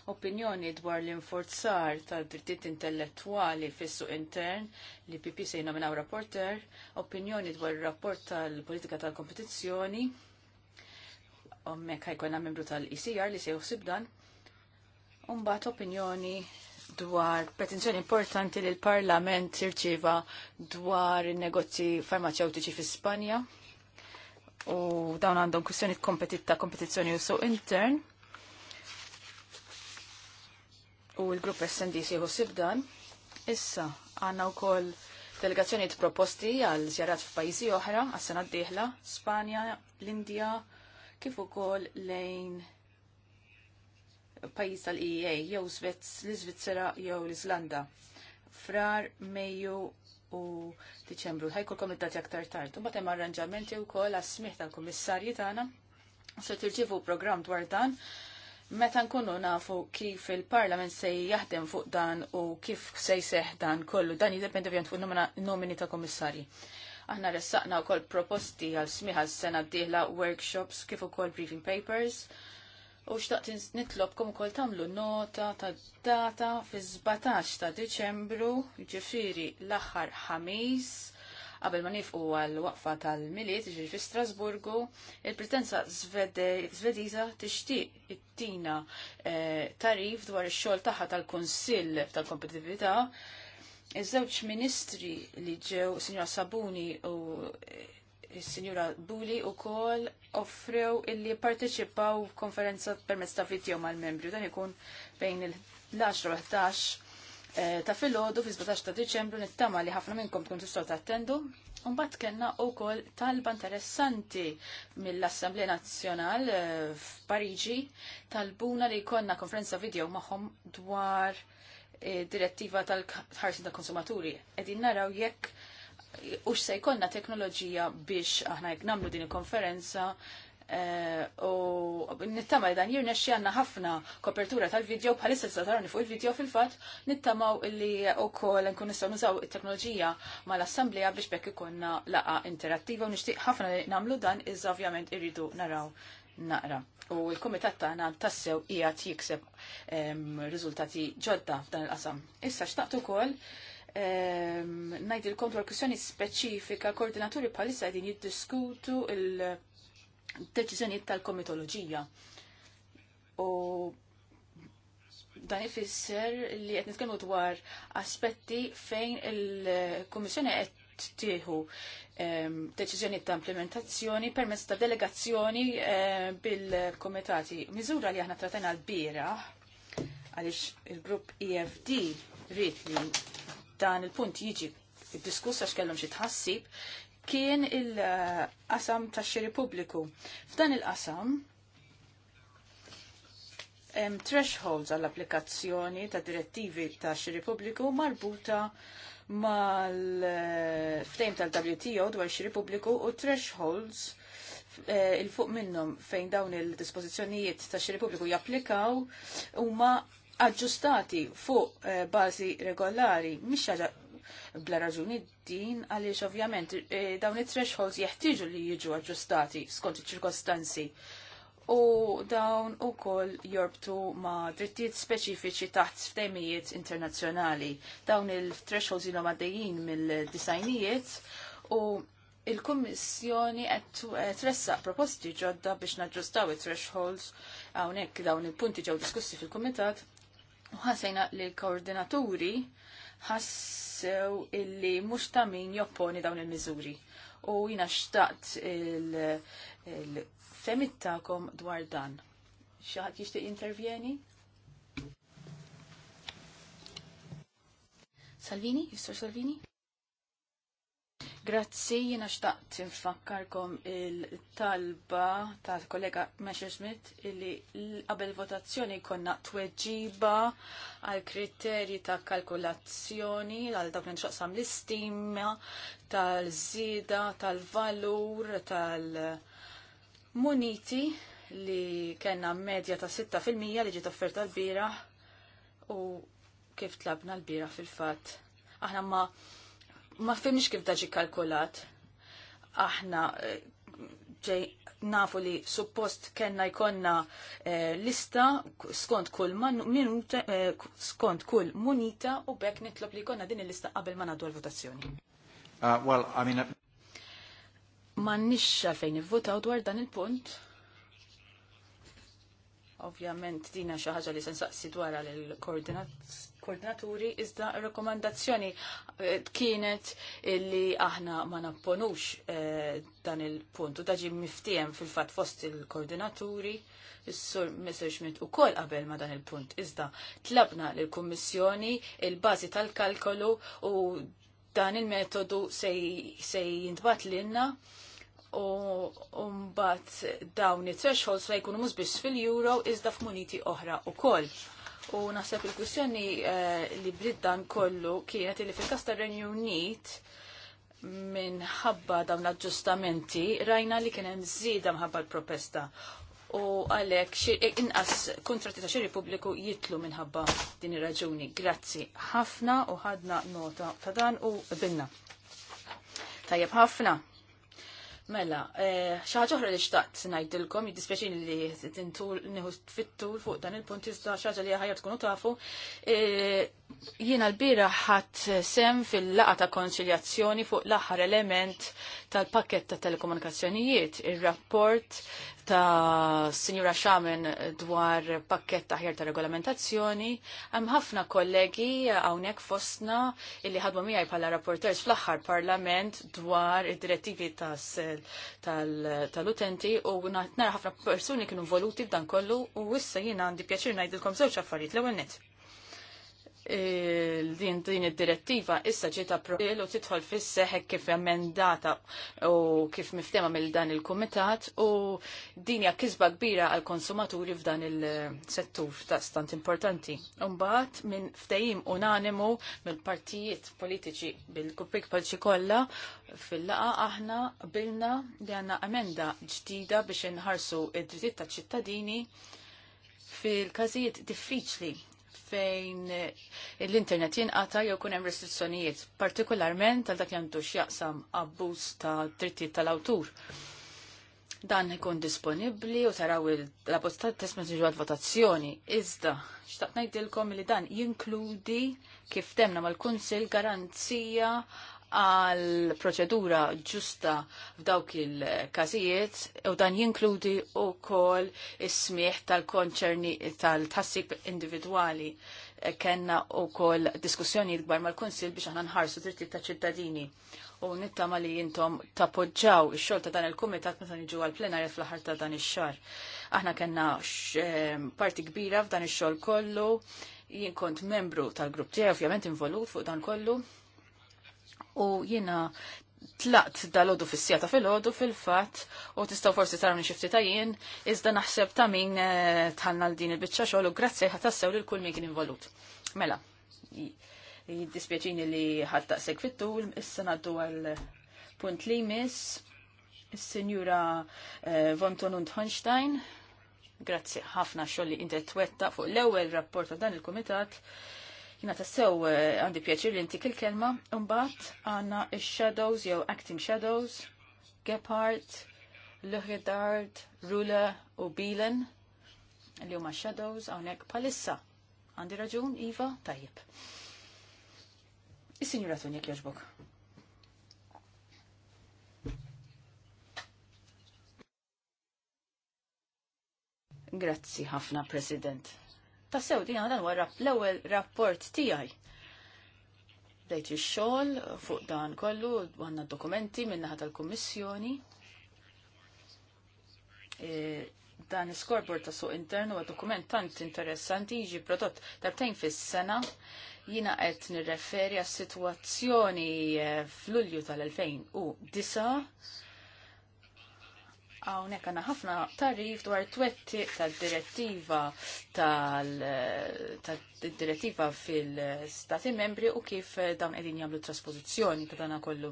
opinjoni dwar l-inforzar tal-drittijiet intellettuali fis-suq intern li PP se jnominaw rapporter, opinjoni dwar il-rapport tal-politika tal-kompetizzjoni, ommek ħajkonna membru tal-ICR li se juħsib dan, Umbat opinjoni dwar petenzjoni importanti li l-Parlament irċiva dwar il-negozji farmaceutiċi fi Spanja u dawn għandhom kwistjoni ta' kompetizzjoni u suq intern u l-grupp SND sieħu sibdan. Issa, għanna u koll t proposti għal zjarat f'pajjiżi oħra, għas-sena d-dieħla, Spanja, l-Indja, kif ukoll lejn pajjiż tal-EA, jew l svizzera jew l islanda Frar, Mejju u Diċembru. Ħajkol komitati aktar tard. U batem arranġamenti u kol għas-smiħ tal-Kummissarji tagħna. Se tirċivu program dwar dan Meta nkunu nafu kif il-Parlament se jaħdem fuq dan u kif se jseħ dan kollu, dan jidependi ovvjament fuq nomini ta' komissari. Aħna ressaqna wkoll proposti għal smiħa s-sena d-dieħla workshops kif ukoll briefing papers. U xtaqt nitlobkom kol tamlu nota ta' data fi 17 ta' Deċembru, ġifiri l-axar ħamis, qabel ma nifqu għal-waqfa tal-miliet ġiġi fi Strasburgu, il-pretenza svediża tixtieq it-tina eh, tarif dwar ix-xogħol tagħha tal-Kunsill tal-Kompetitività. Iż-żewġ ministri li ġew Sinjora Sabuni u il-Sinjura eh, Buli u kol offrew illi parteċipaw konferenza permezz ta' video mal-membri. Dan ikun bejn il-10 u 11 Eh, ta' filgħodu fi 17 ta' Diċembru nittama li ħafna minnkom tkun tistgħu tattendu. Mbagħad kellna wkoll talba interessanti mill-Assemblea Nazzjonal eh, f'Pariġi talbuna li jkollna konferenza video magħhom dwar eh, direttiva tal-ħarsin tal-konsumaturi. Qegħdin naraw jekk ux se jkollna teknoloġija biex aħna jekk nagħmlu din il-konferenza Eh, u nittama dan jirna xjanna ħafna kopertura tal-video bħalissa s satarni fuq il-video fil-fat nittamaw illi u kol nkun nistaw nużaw il teknologija ma l biex bekk ikonna laqa interattiva u nishtiq ħafna li namlu dan iż ovvjament irridu naraw naqra. U l-komitat tagħna tassew ija tjikseb rizultati ġodda f'dan il-qasam. Issa xtaqt ukoll najdilkom dwar kwistjoni speċifika koordinaturi bħalissa qegħdin jiddiskutu il- deċiżjonijiet tal-komitoloġija. U dan ifisser li qed nitkellmu dwar aspetti fejn il-Kummissjoni qed tieħu ehm, deċiżjoni ta' implementazzjoni permezz ta' delegazzjoni ehm, bil-komitati. Miżura li aħna tratajna l-bira għaliex il-grupp EFD rrit li dan il-punt jiġi diskuss għax kellhom xi tħassib kien il-qasam ta' xiri pubbliku. F'dan il-qasam, thresholds għall-applikazzjoni ta' direttivi ta' xiri publiku marbuta mal-ftejm tal-WTO dwar xiri pubbliku u thresholds eh, il-fuq minnhom fejn dawn il-dispożizzjonijiet ta' xiri publiku japplikaw huma aġġustati fuq eh, bażi regolari mhix ħaġa bla raġuni din għaliex ovvjament e, dawn it-thresholds jeħtieġu li jiġu aġġustati skont iċ-ċirkostanzi. U dawn u koll jorbtu ma drittijiet speċifiċi taħt ftemijiet internazzjonali. Dawn il-thresholds jinu għaddejjin mill-disajnijiet u il-Kummissjoni qed e, tressaq proposti ġodda biex naġġustaw it-thresholds hawnhekk dawn il-punti ġew diskussi fil-Kumitat u ħasejna li l-koordinaturi ħassew illi mhux ta' min jopponi dawn il-miżuri. U jina xtaqt il femittakom dwar dan. Xaħat jishtiq intervjeni? Salvini, Jistor Salvini? Grazzi, jina xtaqt infakkarkom il-talba ta' kollega Smith illi qabel votazzjoni konna tweġiba għal kriterji ta' kalkulazzjoni għal dawk nxaqsam l-istima tal zida tal-valur tal-muniti li kena medja ta' 6% li ġiet offerta l-bira u kif tlabna l-bira fil-fat. Aħna ma' ma fimx kif daġi kalkulat. Aħna eh, ġej nafu li suppost kena jkonna eh, lista skont kull minuta, eh, skont kull munita u bekk nitlob li jkonna din il-lista qabel ma nadu l-votazzjoni. Uh, well, I mean... Uh, ma nixxa fejn votaw dwar dan il-punt. Ovvjament dina xi ħaġa li se nsaqsi dwar l-koordinat koordinaturi iżda rekomandazzjoni eh, kienet illi aħna ma napponux eh, dan il-punt u daġi miftijem fil-fat fost il-koordinaturi il sur Mr. Schmidt u kol qabel ma dan il-punt iżda tlabna l-Kummissjoni il-bazi tal-kalkolu u dan il-metodu se jintbat l-inna u mbagħad dawn it-thresholds se jkunu mhux biss fil-euro iżda f'muniti oħra wkoll. U naħseb il-kwistjoni eh, li briddan kollu kienet li fil-kas tar-Renju Unit minħabba dawn l-aġġustamenti rajna li kien hemm mħabba l-propesta u għalek inqas kontratti ta' xiri pubbliku jitlu minħabba din ir-raġuni. Grazzi ħafna u ħadna nota ta' dan u binna. Tajjeb ħafna. Mela, eh, xaħġa oħra li xtaqt ngħidilkom, jiddispjaċini li tintul nieħu fit fuq dan il-punt iżda ħaġa li ħajja tkunu tafu, eh, Jiena l-bira ħat sem fil-laqa ta' konċiljazzjoni fuq l-aħħar element tal-pakket ta' telekomunikazzjonijiet, il-rapport ta' Sinjura Xamen dwar pakket ta' ħjar ta' regolamentazzjoni. Hemm ħafna kollegi hawnhekk fostna illi ħadmu miegħi bħala rapporters fl-aħħar parlament dwar id-direttivi tal-utenti u nara ħafna persuni kienu voluti f'dan kollu u issa jiena għandi pjaċir ngħidilkom żewġ affarijiet l-ewwel nett din din id-direttiva issa ġiet approvata u tidħol fis-seħ kif emendata u kif miftema mill dan il-kumitat u din hija kisba kbira għal konsumaturi f'dan il-settur ta' stant importanti. Imbagħad minn ftehim unanimu mill-partijiet politiċi bil-kupik palċi kollha fil-laqa aħna bilna li għandna emenda ġdida biex inħarsu id dritt ta' ċittadini fil-każijiet diffiċli fejn l-internet jinqata jew kun hemm restrizzjonijiet, partikolarment għal dak jantu x'jaqsam abbuż ta' drittijiet tal-awtur. Dan ikun disponibbli u taraw il-abbozz ta' test meġġu votazzjoni Iżda, xtaqt ngħidilkom li dan jinkludi kif temna mal-Kunsil garanzija għal proċedura ġusta f'dawk il-każijiet u dan jinkludi wkoll is-smieħ tal-konċerni tal-tassib individwali e, kenna u kol diskussjoni gbar mal-Konsil biex aħna nħarsu dritti ta' ċittadini. U nittama li jintom tapoġġaw il-xol ta' dan il-komitat meta niġu għal-plenarja fl-ħar ta' dan il-xar. Aħna kenna e, parti kbira f'dan il-xol kollu, jien kont membru tal-grupp tiegħi ovvjament involut fuq dan kollu u jiena tlaqt dal-ħodu fis-sjata fil-ħodu fil-fat u tistaw forsi tarawni xifti tajjien, iżda naħseb ta' min eh, tħanna l-din il-bicċa xogħol u grazzi ħatassew li l-kull min kien involut. Mela, jiddispjaċini li ħattaqseg fit-tul, issa naddu għal punt li mis, il-senjura eh, Vonton und Honstein, grazzi ħafna xogħol li t-twetta fuq l-ewwel rapport ta' dan il-kumitat Jina tassew eh, għandi pjaċir li inti il-kelma, unbat għanna il-shadows jew acting shadows, Gephardt, Luhedard, Rula u Bilen, li huma shadows għonek palissa. Għandi raġun, Iva, tajjeb. Is-sinjura Tunjek joġbok. Grazzi ħafna, President tassew din dan għarra l-ewwel rapport tiegħi. Dejt ix-xogħol fuq dan kollu għandna dokumenti min-naħa tal-Kummissjoni. E, dan iskorbor ta' suq internu għad dokument tant interessanti jiġi prodott darbtejn fis-sena jina qed nirreferi għas situazzjoni e, fl-Ulju tal-2009 Hawnhekk għandna ħafna tarif dwar twetti tad-direttiva tal-direttiva fil-Stati membri u kif dawn qegħdin jagħmlu trasposizjoni ta' dana kollu.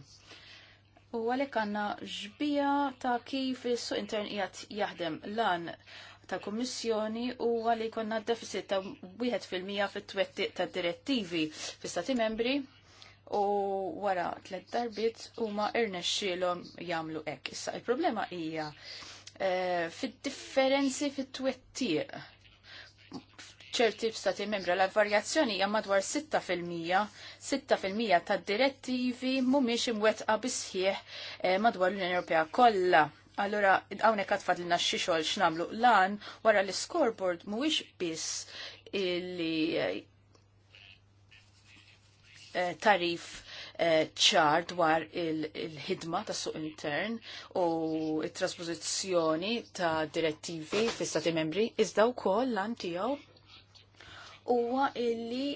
U għalhekk għandna ġbija ta' kif is-suq intern qiegħed jaħdem lan ta' kommissjoni u għalek għanna deficit ta' 1% fit-twetti tal direttivi fi stati membri u wara tlet darbiet huma irnexxielhom jagħmlu hekk. Issa il-problema hija e, fid-differenzi fit-twettiq ċerti f'stati membra la varjazzjoni hija madwar 6%, 6% tad direttivi mhumiex imwettqa bisħieħ e, madwar l-Unjoni Ewropea kollha. Allora, hawnhekk qed lilna xi xogħol x'nagħmlu lan wara l-scoreboard mhuwiex biss illi Eh, tarif eh, ċar dwar il-ħidma ta' suq intern u il-trasposizjoni ta' direttivi fi stati membri, iżda wkoll lan tiegħu huwa illi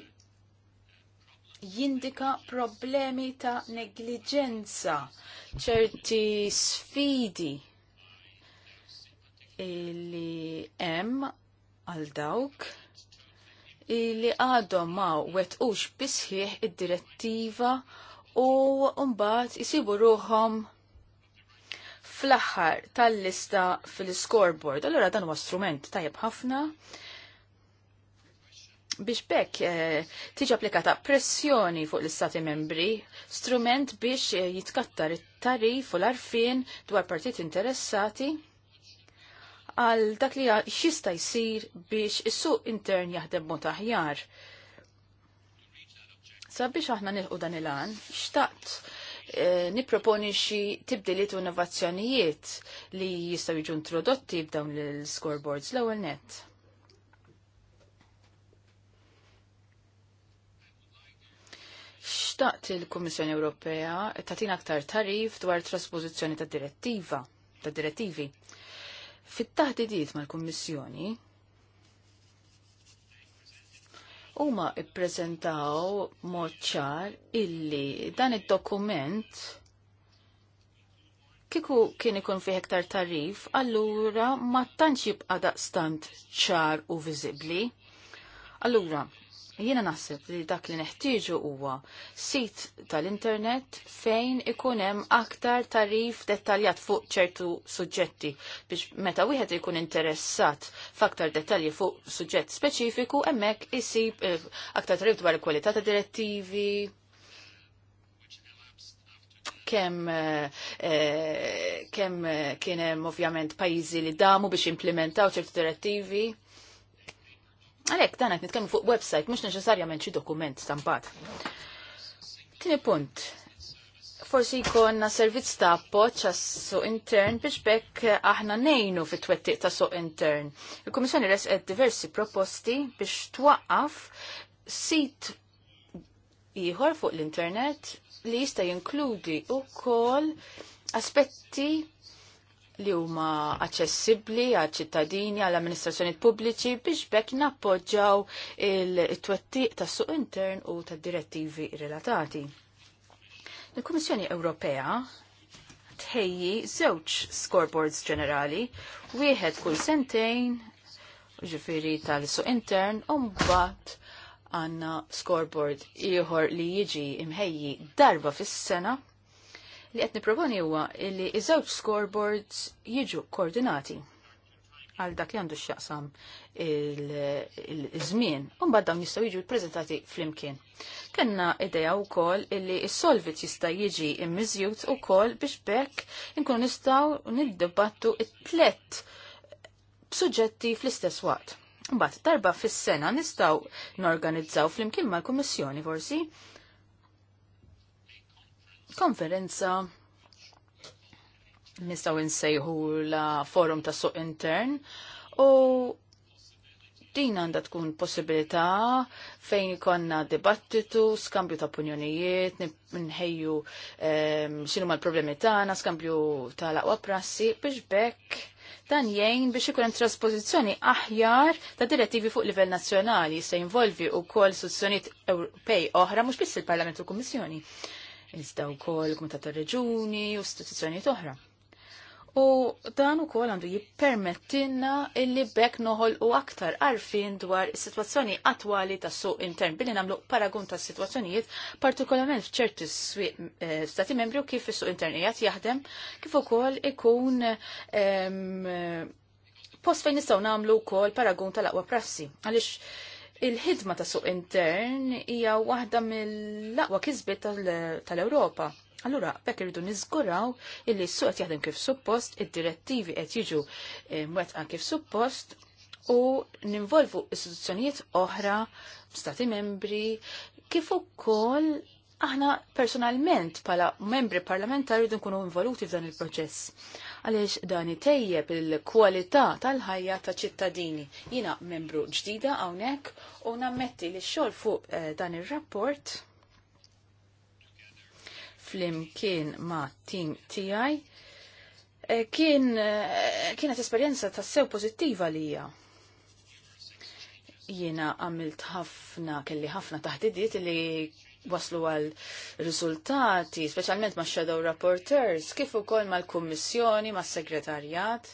jindika problemi ta' negliġenza, ċerti sfidi illi hemm għal dawk li għadhom ma wetqux bisħieħ id-direttiva u mbagħad isibu ruhom fl-aħħar tal-lista fil-scoreboard. Allora dan huwa strument tajjeb ħafna biex bekk eh, tiġi applikata pressjoni fuq l-Istati membri, strument biex eh, jitkattar it-tarif u l-arfin dwar partit interessati għal dak li xista jsir biex is-suq intern jaħdem mod aħjar. Sabiex aħna nilqu dan il-għan, xtaqt eh, niproponi xi tibdiliet u innovazzjonijiet li jistgħu jiġu introdotti b'dawn l-scoreboards l-ewwel net. Xtaqt il-Kummissjoni Ewropea tagħtina aktar tarif dwar trasposizzjoni ta' direttiva ta' direttivi fit-taħdidiet mal-Kummissjoni huma ppreżentaw mod ċar illi dan id-dokument kiku kien ikun fih iktar tarif, allura ma tantx jibqa' daqstant ċar u viżibbli. Allura, Jiena naħseb li dak li neħtieġu huwa sit tal-internet fejn ikun hemm aktar tarif dettaljat fuq ċertu suġġetti biex meta wieħed ikun interessat f'aktar dettalji fuq suġġett speċifiku hemmhekk isib eh, aktar tarif dwar il-kwalità ta' direttivi, kem kemm eh, eh, kien hemm ovvjament pajjiżi li damu biex implementaw ċertu direttivi. Għalek, dan għet nitkellmu fuq website, mux neċessarjament xi dokument stampat. Tini punt, forsi jkonna servizz ta' appoġġ so suq intern biex bekk aħna nejnu fit twettiq ta' so intern. Il-Kummissjoni resqet diversi proposti biex twaqqaf sit ieħor fuq l-internet li jista' jinkludi wkoll aspetti li huma aċċessibbli għal ċittadini għal amministrazzjoni pubbliċi biex bekk nappoġġaw il-twettiq tas suq intern u tad direttivi relatati. Il-Kummissjoni Ewropea tħejji żewġ scoreboards ġenerali, wieħed kull sentejn, ġifiri tal-suq intern, u mbagħad għandna scoreboard ieħor li jiġi imħejji darba fis-sena li qed proponi huwa li iż-żewġ scoreboards jiġu koordinati għal dak li għandu x'jaqsam il-żmien, un bad dawn jistgħu jiġu fl flimkien. Kenna idea wkoll illi s-solvit jista' jiġi u ukoll biex bekk inkunu nistgħu niddibattu it tlet b'suġġetti fl-istess waqt. bad darba fis-sena nistgħu norganizzaw flimkien mal-Kummissjoni forsi konferenza nistaw insejħu la forum ta' suq intern u din għanda tkun possibilità fejn ikonna dibattitu, skambju ta' opinjonijiet, nħejju xinu ma' l-problemi tagħna, skambju ta' laqwa prassi biex bekk dan jgħin biex ikun hemm trasposizzjoni aħjar ta' direttivi fuq livell nazzjonali se jinvolvi wkoll istituzzjonijiet Ewropej oħra mhux biss il-Parlament u l-Kummissjoni iżda wkoll kumitat tar-reġuni u istituzzjoni oħra. U dan ukoll għandu jippermettilna illi bekk noħolqu aktar għarfien dwar is-sitwazzjoni attwali tas-suq intern billi nagħmlu paragun tas-sitwazzjonijiet partikolarment f'ċerti eh, stati membri u kif su suq intern qiegħed jaħdem kif ukoll ikun ehm, post fejn nistgħu nagħmlu wkoll paragun tal-aqwa prassi. Għalix il-ħidma ta' suq intern hija waħda mill-aqwa kisbiet tal-Ewropa. Allura, bekk irridu niżguraw illi s-suq qed jaħdem kif suppost, id-direttivi qed jiġu eh, mwettqa kif suppost u ninvolvu istituzzjonijiet oħra, stati membri, kif ukoll aħna personalment pala membri parlamentari rridu nkunu involuti f'dan il-proċess għaliex dani tejjeb il-kwalità tal-ħajja ta' ċittadini. Jina membru ġdida hawnhekk u nammetti li xogħol fuq eh, dan ir-rapport flimkien ma' tim tiegħi eh, kien eh, kienet esperjenza tas-sew pożittiva lija jiena għamilt ħafna, kelli ħafna taħdidiet li waslu għal riżultati, speċjalment ma' shadow rapporteurs, kif ukoll mal-kummissjoni, mas-segretarjat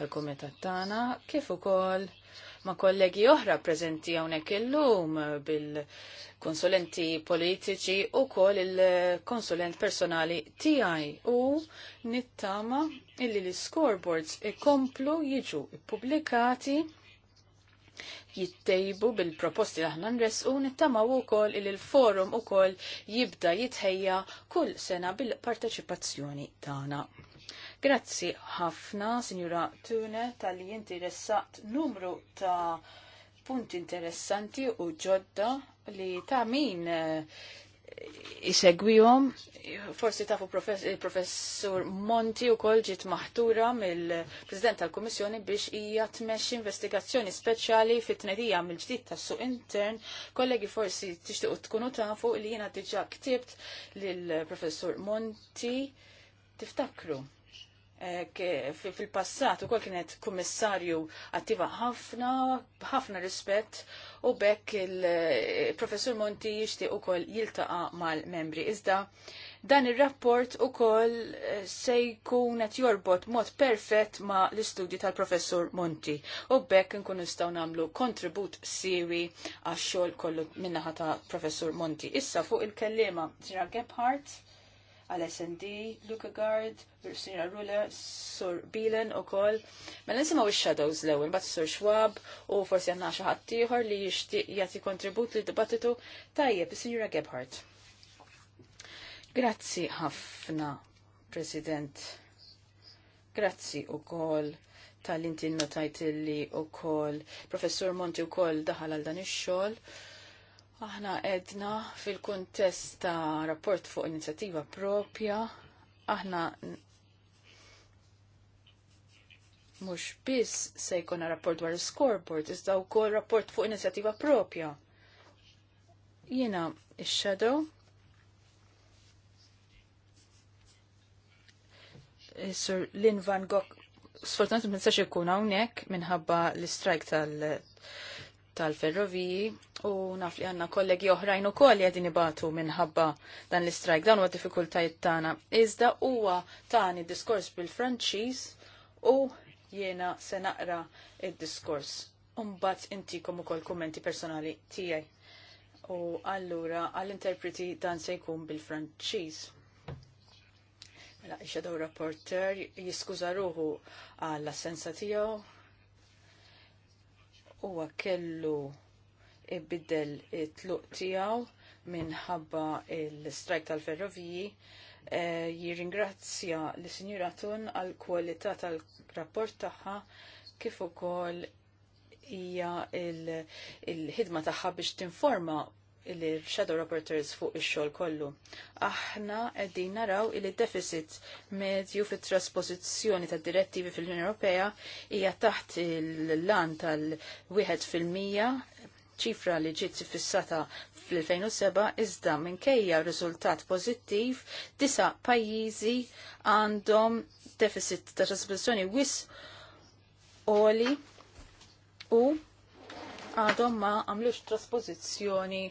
tal-kumitat tagħna, kif ukoll ma' kollegi oħra prezenti hawnhekk illum bil-konsulenti politiċi u koll il-konsulent personali tiegħi u nittama illi l-scoreboards ikomplu jiġu ippubblikati jittejbu bil-proposti aħna nresqu nittama' ukoll kol il-forum ukoll jibda jitħejja kull sena bil-parteċipazzjoni tagħna. Grazzi ħafna, Sinjura Tune, tal-li jinti ressaqt numru ta' punti interessanti u ġodda li ta' min eh, isegwihom. Forsi tafu professur Monti u kol ġiet maħtura mill-President tal-Komissjoni biex hija tmexxi investigazzjoni speċjali fit-tnedija mill-ġdid tas-suq intern. Kollegi forsi tixtiequ tkunu tafu li jiena diġà ktibt lill-Professur Monti tiftakru Eh, fil-passat ukoll kienet kummissarju attiva ħafna, ħafna rispett u bekk il-professur eh, Monti jixtieq ukoll jiltaqa mal-membri. Iżda dan ir-rapport ukoll eh, se jkun qed jorbot mod perfett ma l-istudji tal-professur Monti u bekk nkun nistgħu nagħmlu kontribut siewi għax-xogħol kollu minnaħa ta' professur Monti. Issa fuq il-kellima Ġra Gebhardt għal-SND, Gard, Sinjora Rula, Sur Bilen u koll. Mela nisimaw il-Shadows l-ewel, bat Sur Schwab u forsi għanna ieħor li jishtiq jati kontribut li dibattitu tajjeb, Sinjora Gebhardt. Grazzi ħafna, President. Grazzi u koll tal-inti notajt li u koll. Professor Monti u koll daħal għal dan ix-xogħol Aħna edna fil-kontest ta' rapport fuq inizjattiva propja, aħna mhux biss se jkun rapport dwar scoreboard, iżda wkoll rapport fuq inizjattiva propja. Jiena ix-shadow eh, Sur Lin Van Gogh sfortunat minn sax ikun hawnhekk minħabba l-strike tal- tal-ferroviji u naf li għanna kollegi oħrajn u koll jadin ibatu minħabba dan l-istrajk, dan huwa diffikultajiet tagħna. Iżda huwa tani diskors bil-Franċiż u jiena se naqra id-diskors. Umbat intikom ukoll kommenti personali tiegħi. U allura għall-interpreti dan se jkun bil-Franċiż. Mela, ixedaw rapporter jiskuża ruħu għall-assenza tiegħu huwa kellu ibidel it-tluq tiegħu minħabba l strajk tal-ferroviji. jirringrazzja eh, Jiringrazzja l sinjura Tun għal kwalità tal-rapport tagħha kif ukoll hija l ħidma tagħha biex tinforma li shadow Rapporteurs fuq ix-xogħol kollu. Aħna qegħdin naraw li deficit medju fit-trasposizzjoni tad direttivi fil-Unjoni Ewropea hija taħt il-lan tal-1 fil-mija ċifra li ġiet fissata fl-2007 iżda minkejja riżultat pożittiv disa pajjiżi għandhom deficit ta' trasposizzjoni wis oli u għadhom ma għamlux trasposizzjoni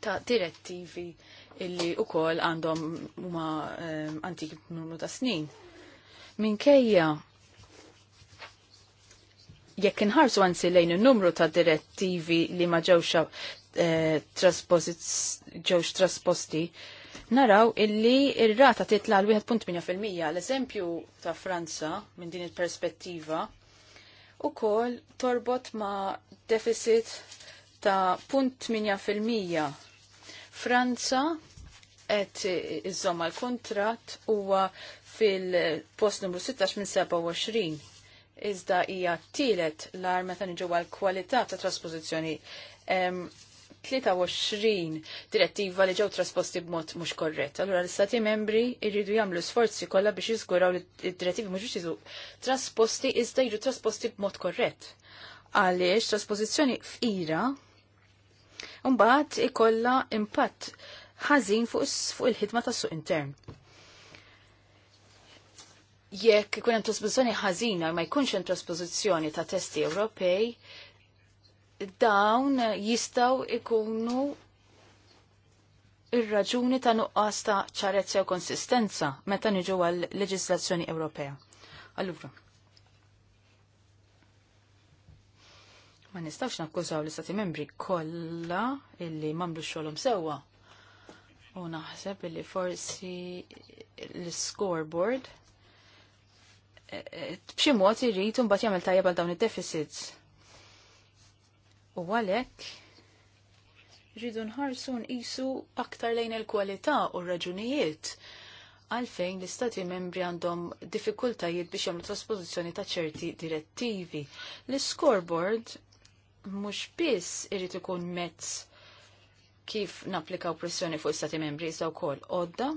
ta' direttivi illi u koll għandhom huma um, antiki numru ta' snin. Minkejja jekk inħarsu għansi lejn il-numru ta' direttivi li ma ġewx eh, ġewx trasposti, naraw illi ir-rata titla l 1.8%. L-eżempju ta' Franza minn din il-perspettiva u torbot ma' deficit ta' 0.8% Franza qed iżomma l kontrat huwa fil-post numru 16 minn 27 iżda hija tielet l-ar meta niġu għal kwalità ta' trasposizzjoni. 23 direttiva li ġew trasposti b'mod mhux korrett. Allura l-istati membri jridu jagħmlu sforzi kollha biex jiżguraw li d-direttivi mhux jiġu trasposti iżda jiġu trasposti b'mod korrett. Għaliex trasposizzjoni f'ira mbagħad ikollha impatt ħażin fuq fuq il-ħidma tas-suq intern. Jekk ikun hemm trasposizzjoni ħażina ma jkunx hemm trasposizzjoni ta' testi Ewropej, dawn jistgħu ikunu ir-raġuni ta' nuqqas ta' ċarezza u konsistenza meta niġu għal leġislazzjoni Ewropea. Allura, Ma nistax nakkużaw l-istati membri kollha illi mamlu xolom sewwa. U naħseb illi forsi l-scoreboard e, e, b'xi mod irid mbagħad jagħmel tajjeb għal dawn id-deficits. U għalhekk rridu nħarsu nqisu aktar lejn il-kwalità u raġunijiet għalfejn l-istati membri għandhom diffikultajiet biex jagħmlu trasposizzjoni ta' ċerti direttivi. L-scoreboard mhux biss irid ikun mezz kif napplikaw pressjoni fuq istati membri iżda wkoll odda.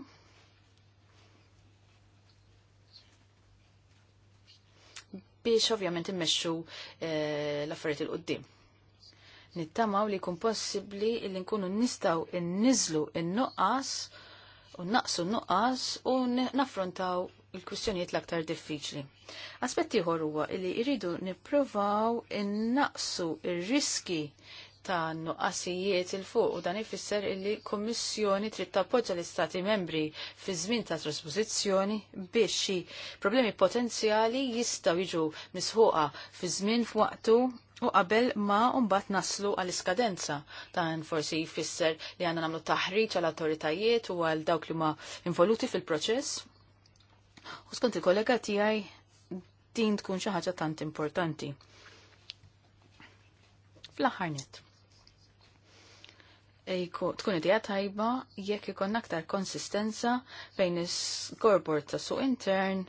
biex ovvjament immexxu eh, l-affarijiet il qudiem Nittamaw li jkun possibbli li nkunu nistgħu nniżlu n-nuqqas u naqsu n-nuqqas u naffrontaw il-kwistjonijiet l-aktar diffiċli. Aspetti ieħor huwa li jridu nippruvaw innaqsu ir-riski ta' nuqqasijiet il-fuq u dan ifisser illi kommissjoni trid tappoġġa l-Istati membri fi żmien ta' trasposizzjoni biex xi problemi potenzjali jistgħu jiġu misħuqa fi żmien f'waqtu u qabel ma mbagħad naslu għall iskadenza dan forsi jfisser li għandna nagħmlu taħriġ għall awtoritajiet u għal dawk li ma involuti fil-proċess U skont il-kollega tiegħi din tkun xi ħaġa tant importanti. Fl-aħħar nett. Ejku, tkun idea tajba jekk ikon aktar konsistenza bejn is-scoreboard ta' suq intern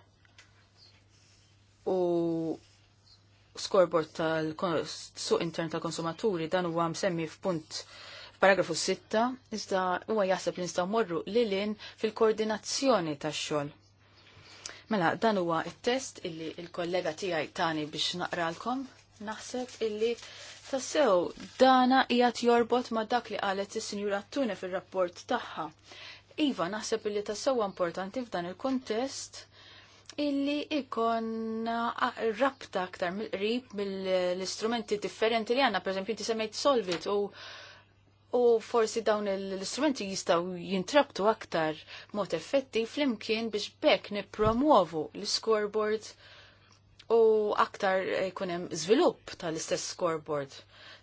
u scoreboard tal-suq intern tal-konsumaturi dan huwa msemmi f'punt f'paragrafu 6 iżda huwa jaħseb li nistgħu morru lilin fil-koordinazzjoni tax-xogħol Mela, dan huwa il-test illi il-kollega tijaj tani biex naqralkom. Naħseb illi tassew dana ijat jorbot ma dak li għalet il-Sinjura Tune fil-rapport taħħa. Iva, naħseb illi tassew importanti f'dan il-kontest illi ikonna rabta aktar mill-qrib mill-istrumenti differenti li għanna, per esempio, semmejt Solvit u u forsi dawn l-istrumenti jistaw jintrabtu aktar mod effettiv flimkien biex bekk nipromuovu l-scoreboard u aktar jkunem zvilup tal-istess scoreboard.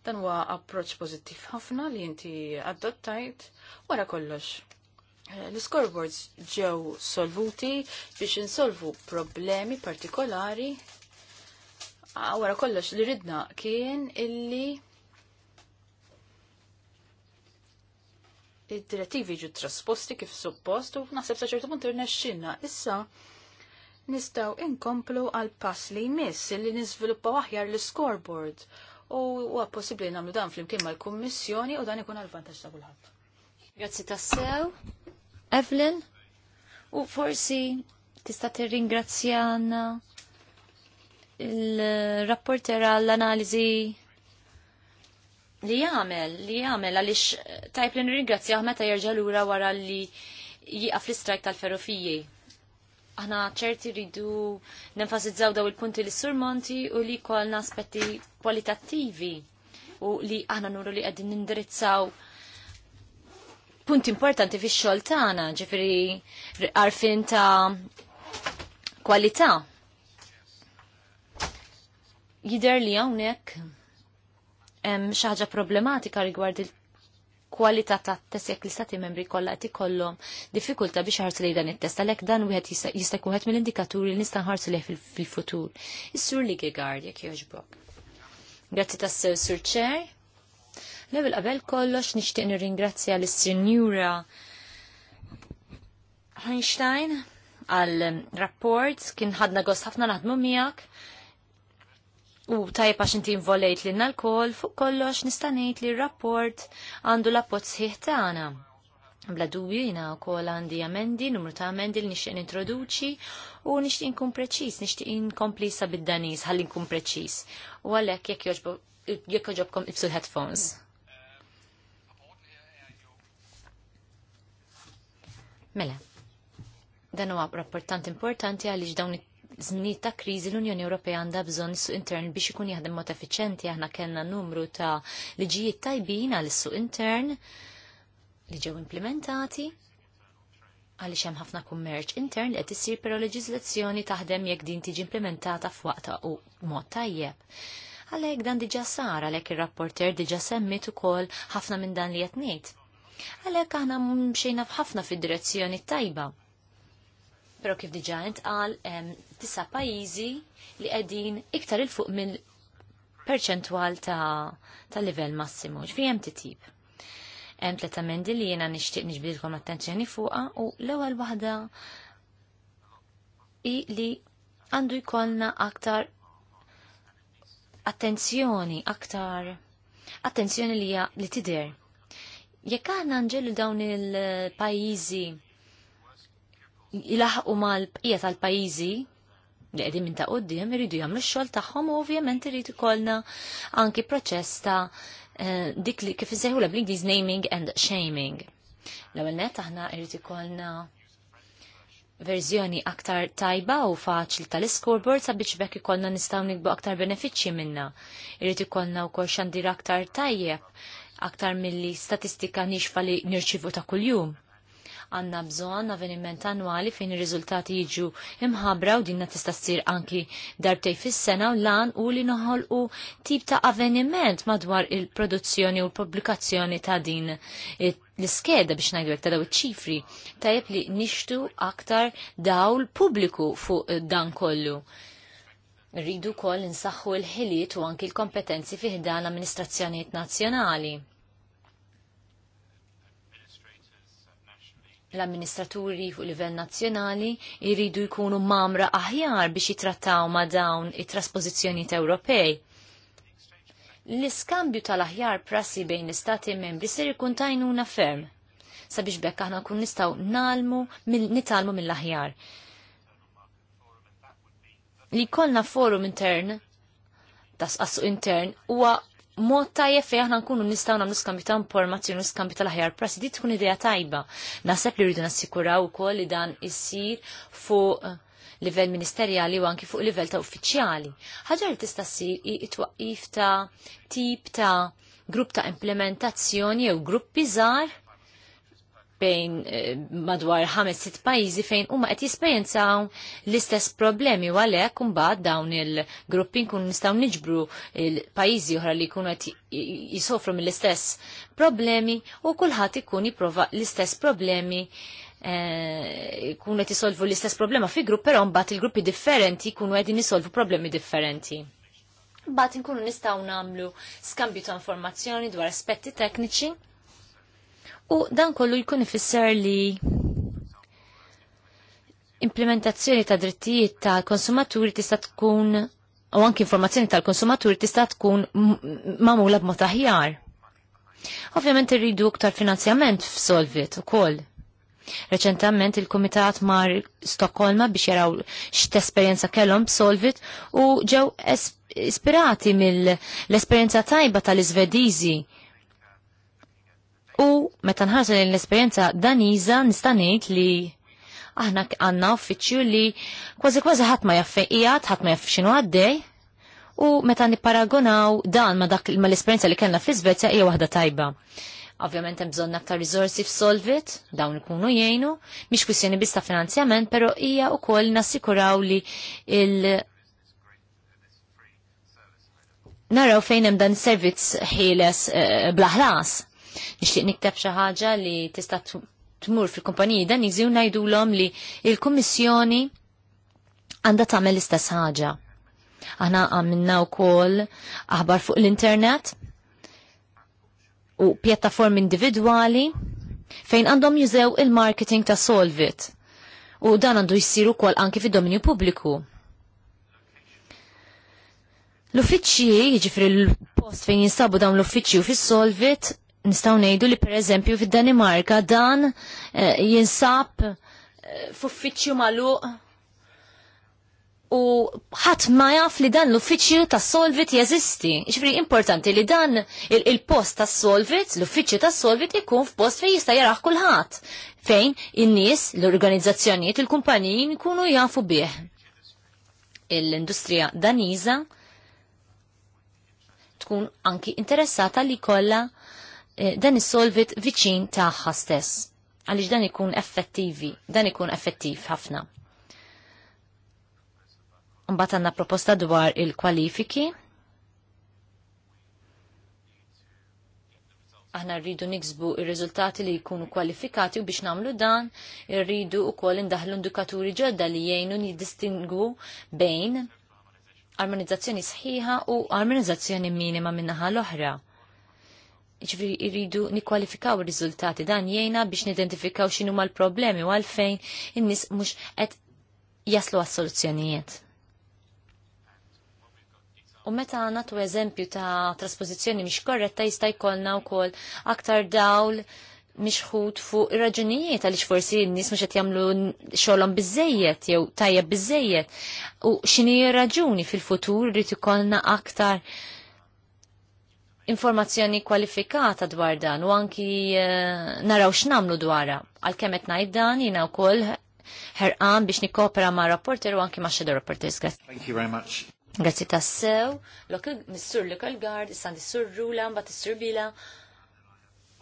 Dan huwa approċ pozittiv ħafna li inti adottajt wara kollox. Eh, l-scoreboards ġew solvuti biex insolvu problemi partikolari ah, wara kollox li ridna kien illi id-direttivi ġu trasposti kif suppost u naħseb sa ċertu punt irnexxinna. Issa nistgħu inkomplu għal pass li jmiss li niżviluppa aħjar l-scoreboard u huwa possibbli nagħmlu dan flimkien mal-Kummissjoni u dan ikun għal vantaġġ ta' kulħadd. Grazzi tassew, Evelyn, u forsi tista' tirringrazzjana il-rapporter għall-analiżi li jagħmel, li jagħmel għaliex eh, tajp li nirringrazzjah meta jerġa' lura wara li jieqaf l-istrajk tal-ferroviji. Aħna ċerti ridu nenfasizzaw daw il-punti li surmonti u li kolna aspetti kwalitattivi u li aħna nuru li qegħdin nindirizzaw punti importanti fi xogħol tagħna, ġifiri għarfien ta' kwalità. Jider li hawnhekk hemm xi ħaġa problematika rigward il-kwalità tat-test jekk l-istati membri kollha qed ikollhom diffikultà biex ħarsu lejn dan it-test għalhekk dan wieħed jista' jkun wieħed mill-indikaturi li nista' nħarsu leh fil-futur. Is-sur li gigard jekk jogħġbok. Grazzi tas-sew sur ċer. Level qabel kollox nixtieq nirringrazzja l-Sinjura Einstein għal rapport kien ħadna gost ħafna naħdmu miegħek U tajba inti involejt li l fuq kollox nistanejt li r-rapport għandu l-appozz tagħna. Bla dubju jina u kol għandi amendi, numru ta' amendi li nixtieq introduċi u nixtieq inkun preċis, nixtieq inkompli bid-danis ħalli nkun preċis. U għalhekk jekk jekk joġobkom l headphones. Mela, dan huwa rapportant importanti għaliex dawn żniet ta' kriżi l-Unjoni Ewropea għandha bżonn suq intern biex ikun jaħdem mod effiċenti aħna kellna numru ta' liġijiet tajbin għal suq intern li ġew implementati għaliex hemm ħafna kummerċ intern qed isir, però leġiżlazzjoni taħdem jekk din tiġi implementata f'waqta u mod tajjeb. Għalhekk dan diġà sar għalhekk ir-rapporter diġà semmit ukoll ħafna minn dan li qed ngħid. Għalhekk aħna mxejna f'ħafna fid-direzzjoni tajba. Pero kif diġa intqal tisa' pajjiżi li qegħdin iktar il fuq mill perċentwal ta', ta livell massimo, ġifi hemm titjib. Hemm tliet amendi li jiena nixtieq niġbidilkom attenzjoni fuqha u l-ewwel waħda i li għandu jkollna aktar attenzjoni, aktar attenzjoni li, li tider. Jekk aħna nġellu dawn il-pajjiżi jilaħqu mal-bqija tal-pajizi li għedim minn ta' qoddim irridu jagħmlu xol xogħol tagħhom u ovvjament irid ikollna anki proċess ta' eh, dik li kif la l-Ingliż naming and shaming. L-ewwel net aħna irid ikollna verżjoni aktar tajba u faċli tal-scoreboard sabiex bekk ikollna nistgħu nikbu aktar benefiċċji minna. Irid ikollna wkoll xandir aktar tajjeb aktar milli statistika nixfa li nirċivu ta' kuljum Għanna bżon avveniment annwali fejn ir-riżultati jiġu imħabra u dinna tista' ssir anki darbtej fis-sena u lan u li noħolqu tip ta' avveniment madwar il-produzzjoni u l-pubblikazzjoni ta' din l-iskeda biex najdu ta' daw iċ-ċifri tajjeb li nishtu aktar dawl pubbliku fuq dan kollu. Rridu kol insaħħu l-ħiliet u anki l-kompetenzi fiħda l-amministrazzjonijiet nazzjonali. l-amministraturi fuq livell nazzjonali jridu jkunu mamra aħjar biex jitrattaw ma' dawn it-traspożizzjonijiet Ewropej. L-iskambju tal-aħjar prassi bejn l-istati membri ser jkun tajnuna ferm sabiex bekk aħna kun nistgħu nalmu nitalmu mill-aħjar. Li kollna forum intern tas qassu intern huwa mod tajjeb fejn aħna nkunu nistgħu nagħmlu skambi ta' informazzjoni u skambi tal-aħjar prassi dik tkun idea tajba. Naħseb li rridu nassikuraw ukoll li dan issir fuq eh, livell ministerjali u anki fuq livell ta' uffiċjali. Ħaġa li tista' ssir it ta' tip ta' grupp ta' implementazzjoni jew gruppi żgħar bejn eh, madwar 5-6 pajjiżi fejn huma qed jisperjenzaw l-istess problemi u għalhekk imbagħad dawn il-gruppi nkunu nistgħu niġbru il-pajjiżi oħra li jkunu qed jisofru mill-istess problemi u kulħadd ikun jipprova l-istess problemi eh, jkunu qed isolvu l-istess problema fi grupp però mbagħad il-gruppi differenti jkunu qegħdin jisolvu problemi differenti. Mbagħad inkunu nistgħu nagħmlu skambju ta' informazzjoni dwar aspetti tekniċi U dan kollu jkun ifisser li implementazzjoni ta' drittijiet tal-konsumaturi tista' tkun u anki informazzjoni tal-konsumaturi tista' tkun ma'mula b'mod aħjar. Ovvjament irridu aktar finanzjament f'Solvit ukoll. Reċentament il-Kumitat mar Stokkolma biex jaraw x'tesperjenza kellhom b'Solvit u ġew ispirati mill-esperjenza tajba tal-Iżvediżi U meta nħarsu l-esperjenza daniża nista' ngħid li aħna għandna uffiċċju li kważi kważi ħadd ma jaffejqiegħed, ħadd ma jaff x'inhu għaddej. U meta nipparagonaw dan ma dak ma l-esperjenza li kellna fl-Iżvezja hija waħda tajba. Ovvjament hemm bżonn aktar riżorsi f'Solvit, dawn ikunu jgħinu, mhix kwistjoni biss ta' finanzjament, però hija wkoll nassikuraw li il naraw fejn hemm dan servizz ħieles eh, blaħlas nixtieq nikteb xi ħaġa li tista' tmur fil-kumpaniji dan iżju ngħidulhom li il-Kummissjoni għandha tagħmel l-istess ħaġa. Aħna għamilna wkoll aħbar fuq l-internet u pjattaformi individwali fejn għandhom jużew il-marketing ta' Solvit. U dan għandu jissir ukoll anki fid-dominju pubbliku. L-uffiċċji, jiġifieri l-post fejn jinsabu dawn l uffiċċju u fis-Solvit nistaw nejdu li per eżempju fid-Danimarka dan eh, jinsab eh, f'uffiċċju maluq u ħadd ma jaf li dan l-uffiċċju tas solvit jeżisti. Ġifri importanti li dan il-post ta' tas solvit, l-uffiċċju tas solvit ikun f'post fejn jista' jaraħ kulħadd. Fejn in-nies, l-organizzazzjonijiet, il-kumpanijin ikunu jafu bih. L-industrija Daniża tkun anki interessata li kollha Eh, dan is-solvit viċin tagħha stess. Għaliex dan ikun effettivi, dan ikun effettiv ħafna. Mbagħad għandna proposta dwar il-kwalifiki. Aħna rridu niksbu ir-riżultati li jkunu kwalifikati u biex nagħmlu dan, irridu wkoll indaħlu indikaturi ġodda li jgħinu jiddistingwu bejn armonizzazzjoni sħiħa u armonizzazzjoni minima minnaħa l-oħra ġviri irridu nikwalifikaw il-rizultati dan jgħina biex nidentifikaw xinu l problemi u għalfejn in mux qed jaslu għas-soluzzjonijiet. U meta natu eżempju ta' traspożizzjoni mhix korretta jista' jkollna wkoll aktar dawl mixħut fuq raġunijiet għaliex forsi n-nies mhux qed jagħmlu xogħolhom biżejjed jew tajjeb biżejjed. U x'inhi raġuni fil-futur rid ikollna aktar informazzjoni kwalifikata dwar dan u anki eh, naraw x'namlu dwarha. Għalkemm qed ngħid dan jiena wkoll ħerqan biex nikkopera ma' rapporter u anki ma' shadow rapporters. Thank you very much. Grazzi tassew, lokal nissur Gard, guard, issa rula, mbagħad issur bila.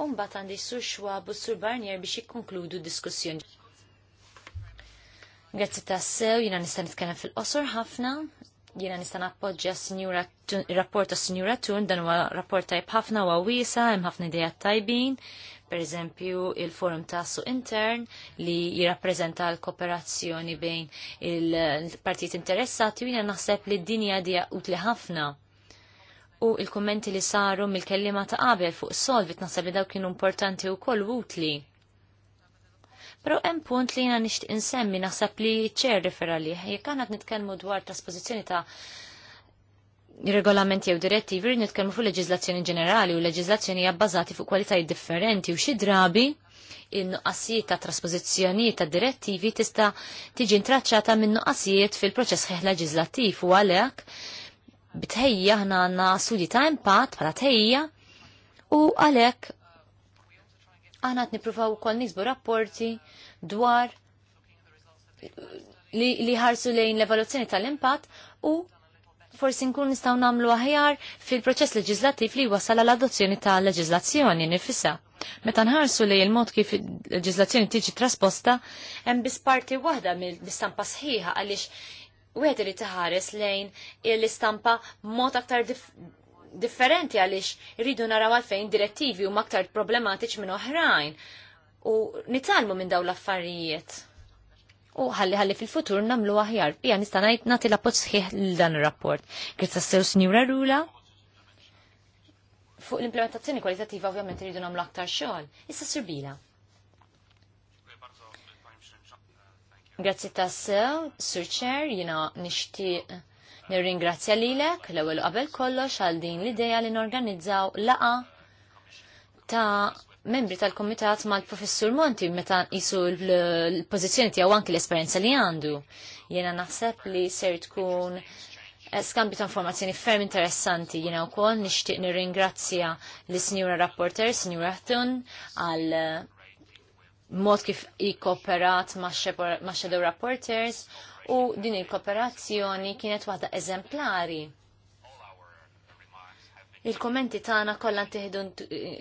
Umbat għandi sur xwa, u sur Barnier biex jikkonkludu diskussjoni. Grazzi tassew, jina nista' nitkellem fil-qosor ħafna, jiena nista' nappoġġja signura rapport s-signura Tun dan huwa rapport tajb ħafna huwa hemm ħafna idejat tajbin, pereżempju il-forum ta' suq intern li jirrappreżenta l-kooperazzjoni bejn il-partijiet interessati u naħseb li d-dinja dija utli ħafna. U il-kommenti li saru mill-kellima ta' qabel fuq solvit naħseb li daw kienu importanti u koll utli. Pero hemm punt li jiena nixtieq insemmi naħseb li ċer referali jekk aħna nitkellmu dwar trasposizzjoni ta' regolamenti jew direttivi rridu nitkellmu fuq leġiżlazzjoni ġenerali u leġiżlazzjoni hija bbażati fuq kwalitajiet differenti u xi drabi in-nuqqasijiet ta' trasposizzjonijiet ta' direttivi tista' tiġi intraċċata minn nuqqasijiet fil-proċess ħeħ leġislattiv u għalhekk bitħejja ħna għandna studji ta' impatt bħala tejja u għalhekk Għana għat niprufaw kol nizbu rapporti dwar li, li ħarsu lejn l evoluzzjoni tal-impat u forsi nkun nistaw namlu aħjar fil-proċess leġislattiv li wasal għal adozzjoni ta' leġizlazzjoni nifissa. Meta nħarsu li il-mod kif leġislazzjoni tiġi trasposta, hemm biss parti waħda mill-istampa sħiħa għaliex wieħed irid tiħares lejn l-istampa mod aktar differenti għaliex rridu naraw għalfejn direttivi u maktar problematiċi minn oħrajn u nitalmu minn daw l-affarijiet. U ħalli ħalli fil-futur namlu aħjar. Ija nista' ngħid potsħiħ l lil dan ir-rapport. Grazzi sew Sinjura Rula. Fuq l-implementazzjoni kwalitattiva ovvjament rridu nagħmlu aktar xogħol. Issa sirbila. Grazzi tassew, Sur Chair, jina nixtieq Nirringrazzja lilek l-ewwel qabel kollox għal din l-idea li norganizzaw laqa ta' membri tal-komitat mal-professur Monti meta isu l-pożizzjoni tiegħu anki l-esperjenza li għandu. Jiena naħseb li ser tkun skambju ta' informazzjoni ferm interessanti jiena wkoll nixtieq nirringrazzja l sinjura Rapporter, Sinjura Thun, għal mod kif ikkoperat ma' Shadow Rapporters u din il-kooperazzjoni kienet waħda eżemplari. Il-kommenti tagħna kollha ntieħdu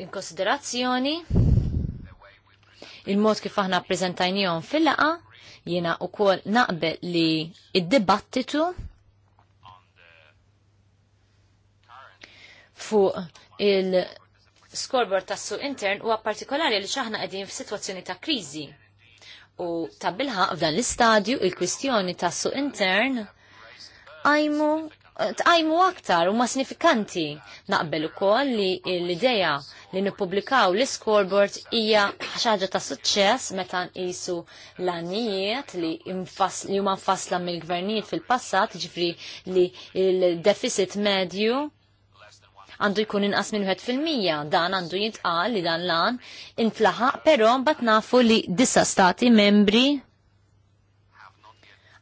in konsiderazzjoni il-mod kif aħna ppreżentajniehom fil-laqa jiena wkoll naqbel li id-dibattitu fuq il-scoreboard tas-suq intern huwa partikolari li xaħna qegħdin f'sitwazzjoni ta' kriżi U ta' f'dan l-istadju il-kwistjoni ta' suq intern għajmu tqajmu aktar u ma sinifikanti naqbel ukoll li l-idea li nippubblikaw l-scoreboard hija ħaġa ta' suċċess meta nqisu l-għannijiet li huma mfassla mill-gvernijiet fil-passat, ġifri li l-deficit medju għandu jkun inqas minn 1% dan għandu jintqal li dan lan intlaħaq, però mbagħad nafu li disa stati membri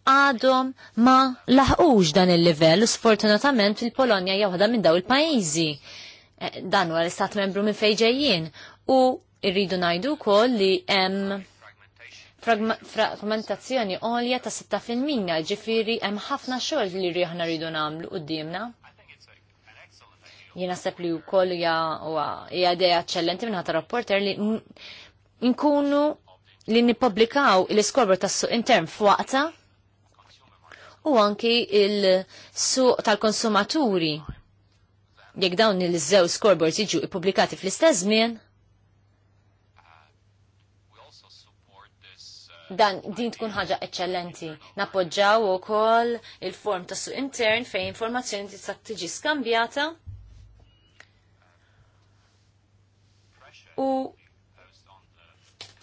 għadhom ma laħqux dan il-livell u sfortunatament fil polonja hija waħda minn daw il-pajjiżi. Eh, dan huwa l-istat membru minn fejn u rridu ngħidu wkoll li hemm fragmentazzjoni għolja ta' 6% ġifiri hemm ħafna xogħol li rieħna rridu nagħmlu qudiemna jina sepp li u koll hija ideja ċellenti minn ta' rapporter li nkunu li nipublikaw il-iskorbor tas-suq intern f'waqta u anki il-suq tal-konsumaturi. Jekk dawn il-żew scoreboards jiġu ippubblikati fl-istess żmien, dan din tkun ħaġa eccellenti. Nappoġġaw ukoll il-form tas suq intern fejn informazzjoni tista' tiġi skambjata u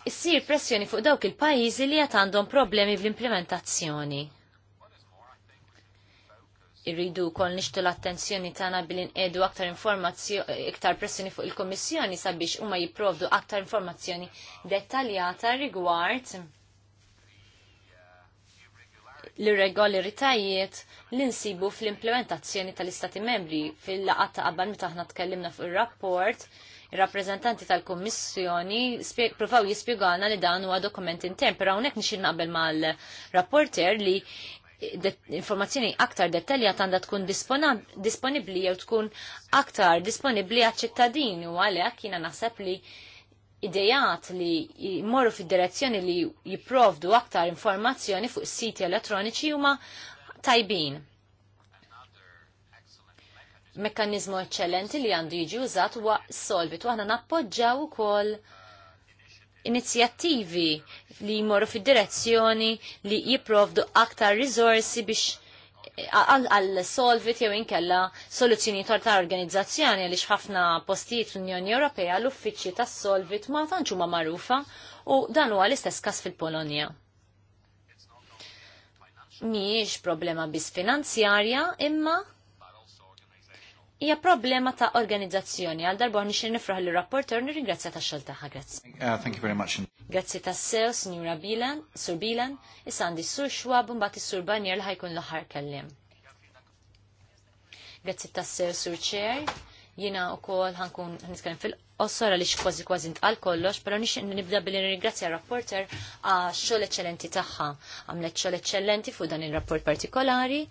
issir pressjoni fuq dawk il-pajjiżi li qed għandhom problemi bl-implementazzjoni. Irridu kol nixtu l-attenzjoni tagħna billi nqedu aktar informazzjoni iktar pressjoni fuq il-Kommissjoni sabiex huma jipprovdu aktar informazzjoni dettaljata rigward l-irregolaritajiet li nsibu fl-implementazzjoni tal-Istati membri fil-laqgħa ta' qabel meta aħna tkellimna fuq ir-rapport il-rappresentanti tal-Kommissjoni provaw jispjegana li dan huwa dokument intern, però hawnhekk nixin naqbel mal-rapporter li informazzjoni aktar dettaljata għandha tkun disponibbli jew tkun aktar disponibbli għaċ-ċittadini u għalhekk jiena naħseb li idejat li jmorru fid-direzzjoni li jiprovdu aktar informazzjoni fuq siti elettroniċi huma tajbin mekkanizmu eccellenti li għandu jiġi użat huwa solvit u aħna nappoġġaw ukoll inizjattivi li jmorru fid-direzzjoni li jipprovdu aktar risorsi biex għal solvit jew inkella soluzzjoni ta' organizzazzjoni li ħafna postijiet l-Unjoni Ewropea l-uffiċċji tas solvit ma tanċu huma magħrufa u dan huwa l-istess każ fil-Polonja. Mhijiex problema biss finanzjarja imma hija problema ta' organizzazzjoni għal darba nixir nifraħ l rapporter nirringrazzja ta' xogħol tagħha grazzi. Uh, thank you very much. Grazzi ta' sew, Signora Bilan, Sur Bilan, issa għandi Sur Schwab mbagħad is-Sur Banier li ħajkun l-aħħar kellim. Grazzi ta' sew, Sur Chair, jiena wkoll ħankun nitkellem fil ossora li xkwazi kważi ntqal kollox, pero nix nibda billi ringrazzja rapporter għax xogħol eċċellenti tagħha. Għamlet xol eċċellenti fu dan il rapport partikolari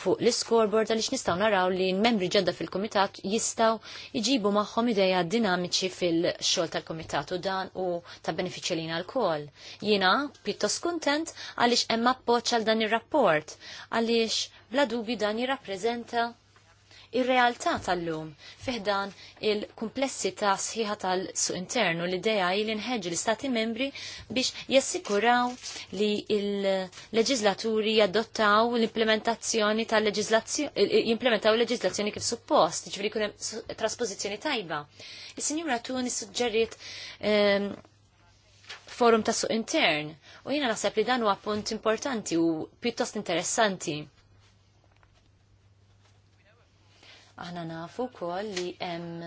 fuq l-scoreboard għaliex nistgħu naraw li membri ġedda fil-kumitat jistgħu jġibu magħhom ideja dinamiċi fil-xogħol tal komitat u dan u ta' benefiċċju lina l-kol. Jiena pittos kuntent għaliex hemm appoġġ għal dan ir-rapport għaliex bla dubju dan jirrappreżenta ir-realtà tal-lum fiħdan il-komplessità sħiħa tal-suq internu l-idea li nħeġġu l-istati membri biex jassikuraw li il-leġislaturi jadottaw l-implementazzjoni tal-leġislazzjoni jimplementaw eh, l-leġislazzjoni kif suppost, ġifieri kunem hemm tajba. Is-Sinjura Tuni suġġeriet ehm, forum ta' suq intern u jiena naħseb li dan huwa punt importanti u pjuttost interessanti Aħna nafu wkoll li hemm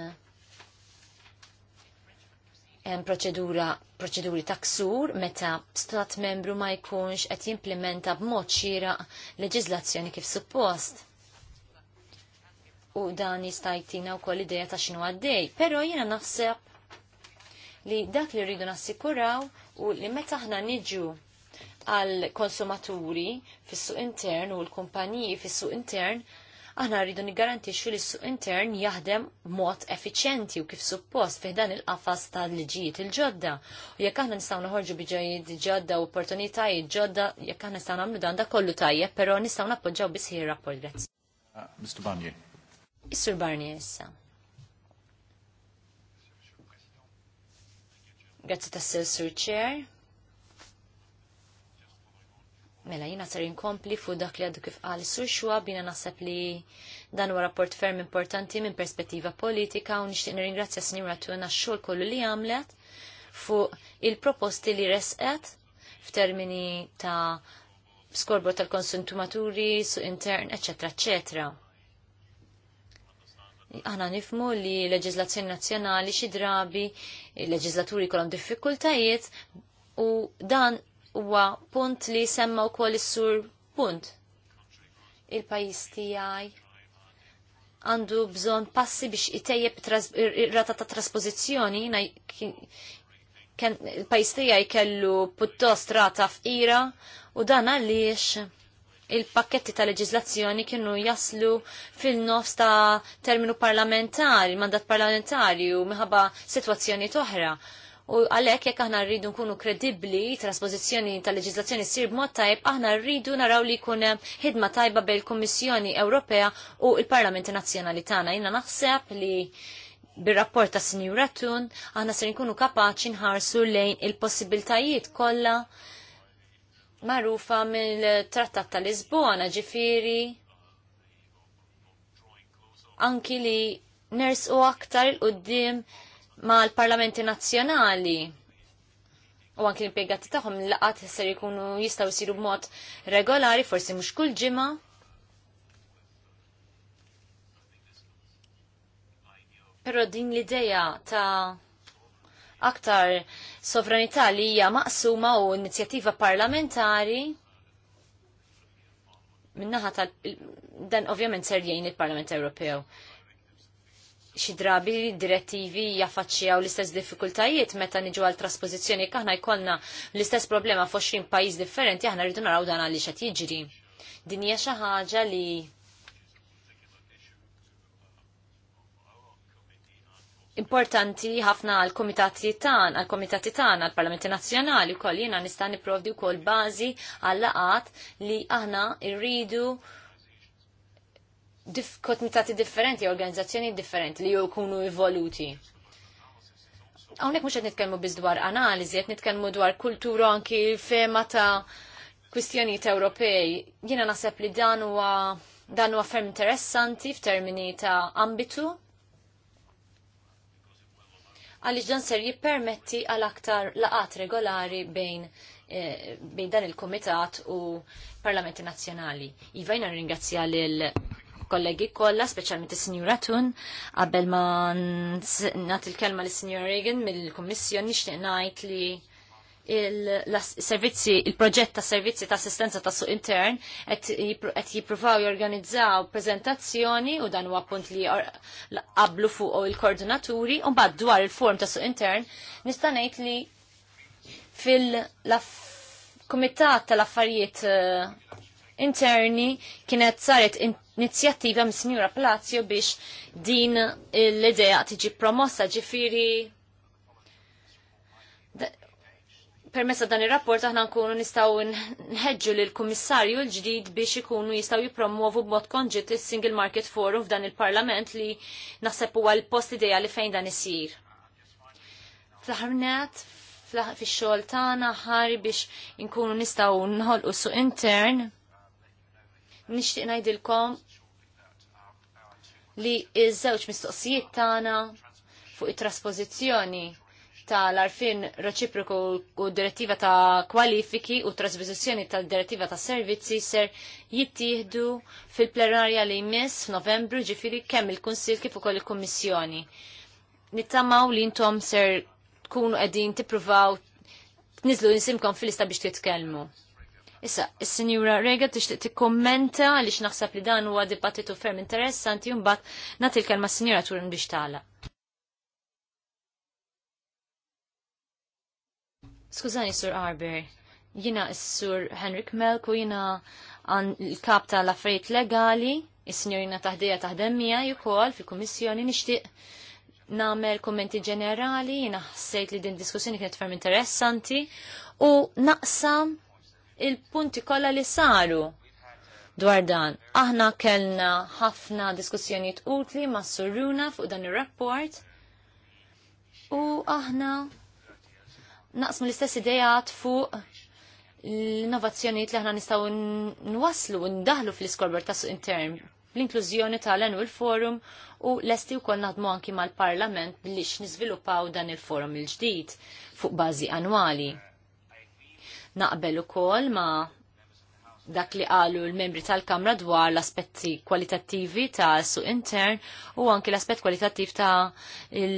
hemm proċedura proċeduri taksur meta stat membru ma jkunx qed jimplementa b'mod xieraq leġiżlazzjoni kif suppost. U dan jista' jtina wkoll idea ta' x'inhu għaddej, però jiena naħseb li dak li rridu nassikuraw u li meta aħna niġu għal konsumaturi fis-suq intern u l-kumpaniji fis-suq intern Aħna rridu niggarantixxu li s-suq intern jaħdem b'mod effiċjenti u kif suppost fih dan il-qafas tal-liġijiet il-ġodda. U jekk aħna nistgħu noħorġu biġajiet ġodda u opportunitajiet ġodda, jekk aħna nistgħu nagħmlu dan da kollu tajjeb, però nistgħu nappoġġaw biss ħin rapport grazzi. Ah, Mr. Barnier. Mr. Barnier issa. Grazzi tas-Sur Chair. Mela jina ser inkompli fu dak li għadu kif għal surxwa bina nasab li dan huwa rapport ferm importanti minn perspettiva politika u nixtieq nirringrazzja nimra Tuna x-xogħol kollu li għamlet fuq il-proposti li resqet f'termini ta' skorbo tal-konsumaturi su intern, eċetera, eċetera. Aħna nifmu li leġizlazzjoni nazzjonali xi drabi il-leġizlaturi kolom diffikultajiet u dan huwa punt li semma wkoll is-sur punt. Il-pajjiż tijaj għandu bżonn passi biex itejjeb ir-rata ta' trasposizzjoni il pajis tijaj kellu puttost rata f'ira u dan għaliex il-pakketti ta' leġizlazzjoni kienu jaslu fil-nofs ta' terminu parlamentari, mandat parlamentari u minħabba situazzjoni toħra u għalhekk jekk aħna rridu nkunu kredibbli trasposizjoni tal leġizlazzjoni ssir b'mod tajb, aħna rridu naraw li jkun hemm ħidma tajba bejn il-Kummissjoni Ewropea u il-Parlamenti Nazzjonali tagħna. Jiena naħseb li bir-rapport ta' Sinjura Ratun, aħna ser nkunu kapaċi nħarsu lejn il-possibiltajiet kollha magħrufa mill-Trattat ta' Lisbona ġifieri anki li nersqu aktar il qudiem ma l-parlamenti nazzjonali u anki l-impiegati tagħhom laqat jikunu jkunu jistgħu jsiru b'mod regolari, forsi mhux kull ġimgħa. Però din l-idea ta' aktar sovranità li hija maqsuma u inizjattiva parlamentari minnaħa tal dan ovvjament ser jgħin il-Parlament Ewropew xi drabi direttivi jaffaċċjaw l-istess diffikultajiet meta niġu għal trasposizzjoni kaħna jkollna l-istess problema f'oxrin pajjiż differenti aħna rridu naraw dan għaliex qed jiġri. Din hija xi ħaġa li importanti ħafna għal komitati tan, għal komitati tan, għal parlamenti nazjonali, kol jina nistan niprovdi kol bazi għal laqat li aħna irridu komitati differenti, organizzazzjoni differenti li jkunu evoluti. Hawnhekk mhux qed nitkellmu biż dwar analiżi, qed nitkellmu dwar kulturu anki fema ta' kwistjonijiet Ewropej. Jiena naħseb li dan huwa dan huwa ferm interessanti f'termini ta' ambitu għaliex dan ser jippermetti għal aktar laqat regolari bejn eh, bejn dan il-Komitat u Parlamenti Nazzjonali. Iva jina ringrazzja lil kollegi kollha, speċjalment is-Sinjura Tun, qabel ma nat il-kelma lis-Sinjura Regan mill-Kummissjoni nixtieq ngħid li il-servizzi, il-proġett ta' servizzi ta' assistenza ta' suq intern qed jippruvaw jorganizzaw prezentazzjoni u dan huwa punt li qablu fuq il-koordinaturi u mbagħad dwar il-form ta' suq intern nista' ngħid li fil-kumitat tal-affarijiet interni kienet saret inizjattiva mis-Sinjura Palazzo biex din l-idea tiġi promossa ġifiri permessa dan il-rapport aħna nkunu nistaw nħedġu lil kummissarju l-ġdid biex ikunu jistaw jipromuovu b'mod konġit il-Single Market Forum f'dan il-Parlament li naħseb huwa l-post li fejn dan isir. Fl-ħarnet, fix-xogħol tagħna ħari biex inkunu nistaw nħolqu suq intern nixtieq ngħidilkom li iż-żewġ mistoqsijiet tagħna fuq it-traspożizzjoni tal-arfin reċiproku u direttiva ta' kwalifiki u traspożizzjoni tal-direttiva ta' servizzi ser jittieħdu fil-plenarja li jmiss f'Novembru ġifiri kemm il-Kunsil kif ukoll il-Kummissjoni. Nittamaw li intom ser tkunu qegħdin tippruvaw tniżlu nisimkom fil-lista biex titkellmu. Issa, il-Sinjura Rega tixtiq t-kommenta għaliex naħseb li dan huwa dibattitu ferm interessanti u mbagħad nagħti l-kelma s-Sinjura Turin biex tagħlaq. Skużani, Sur Arber, jina s-Sur Henrik Melk u jina għan l-kap tal-affarijiet legali, is-Sinjorina taħdija taħdemmija jukoll fil-Kummissjoni nixtieq nagħmel kommenti ġenerali, jina ħsejt li din diskussjoni kienet ferm interessanti u naqsam il-punti kollha li saru dwar dan. Aħna kellna ħafna diskussjonijiet utli ma' Surruna fuq dan ir-rapport u aħna naqsmu l-istess idejat fuq l-innovazzjonijiet li aħna nistgħu nwaslu u ndaħlu fl-iskorbor tas intern l-inklużjoni tal l forum u lesti u koll naħdmu anki mal-parlament biex nizviluppaw dan il-forum il-ġdid fuq bazi annwali. Naqbel ukoll ma dak li qalu l-membri tal-Kamra dwar l-aspetti kwalitattivi ta' suq intern u anki l-aspett kwalitativ ta' il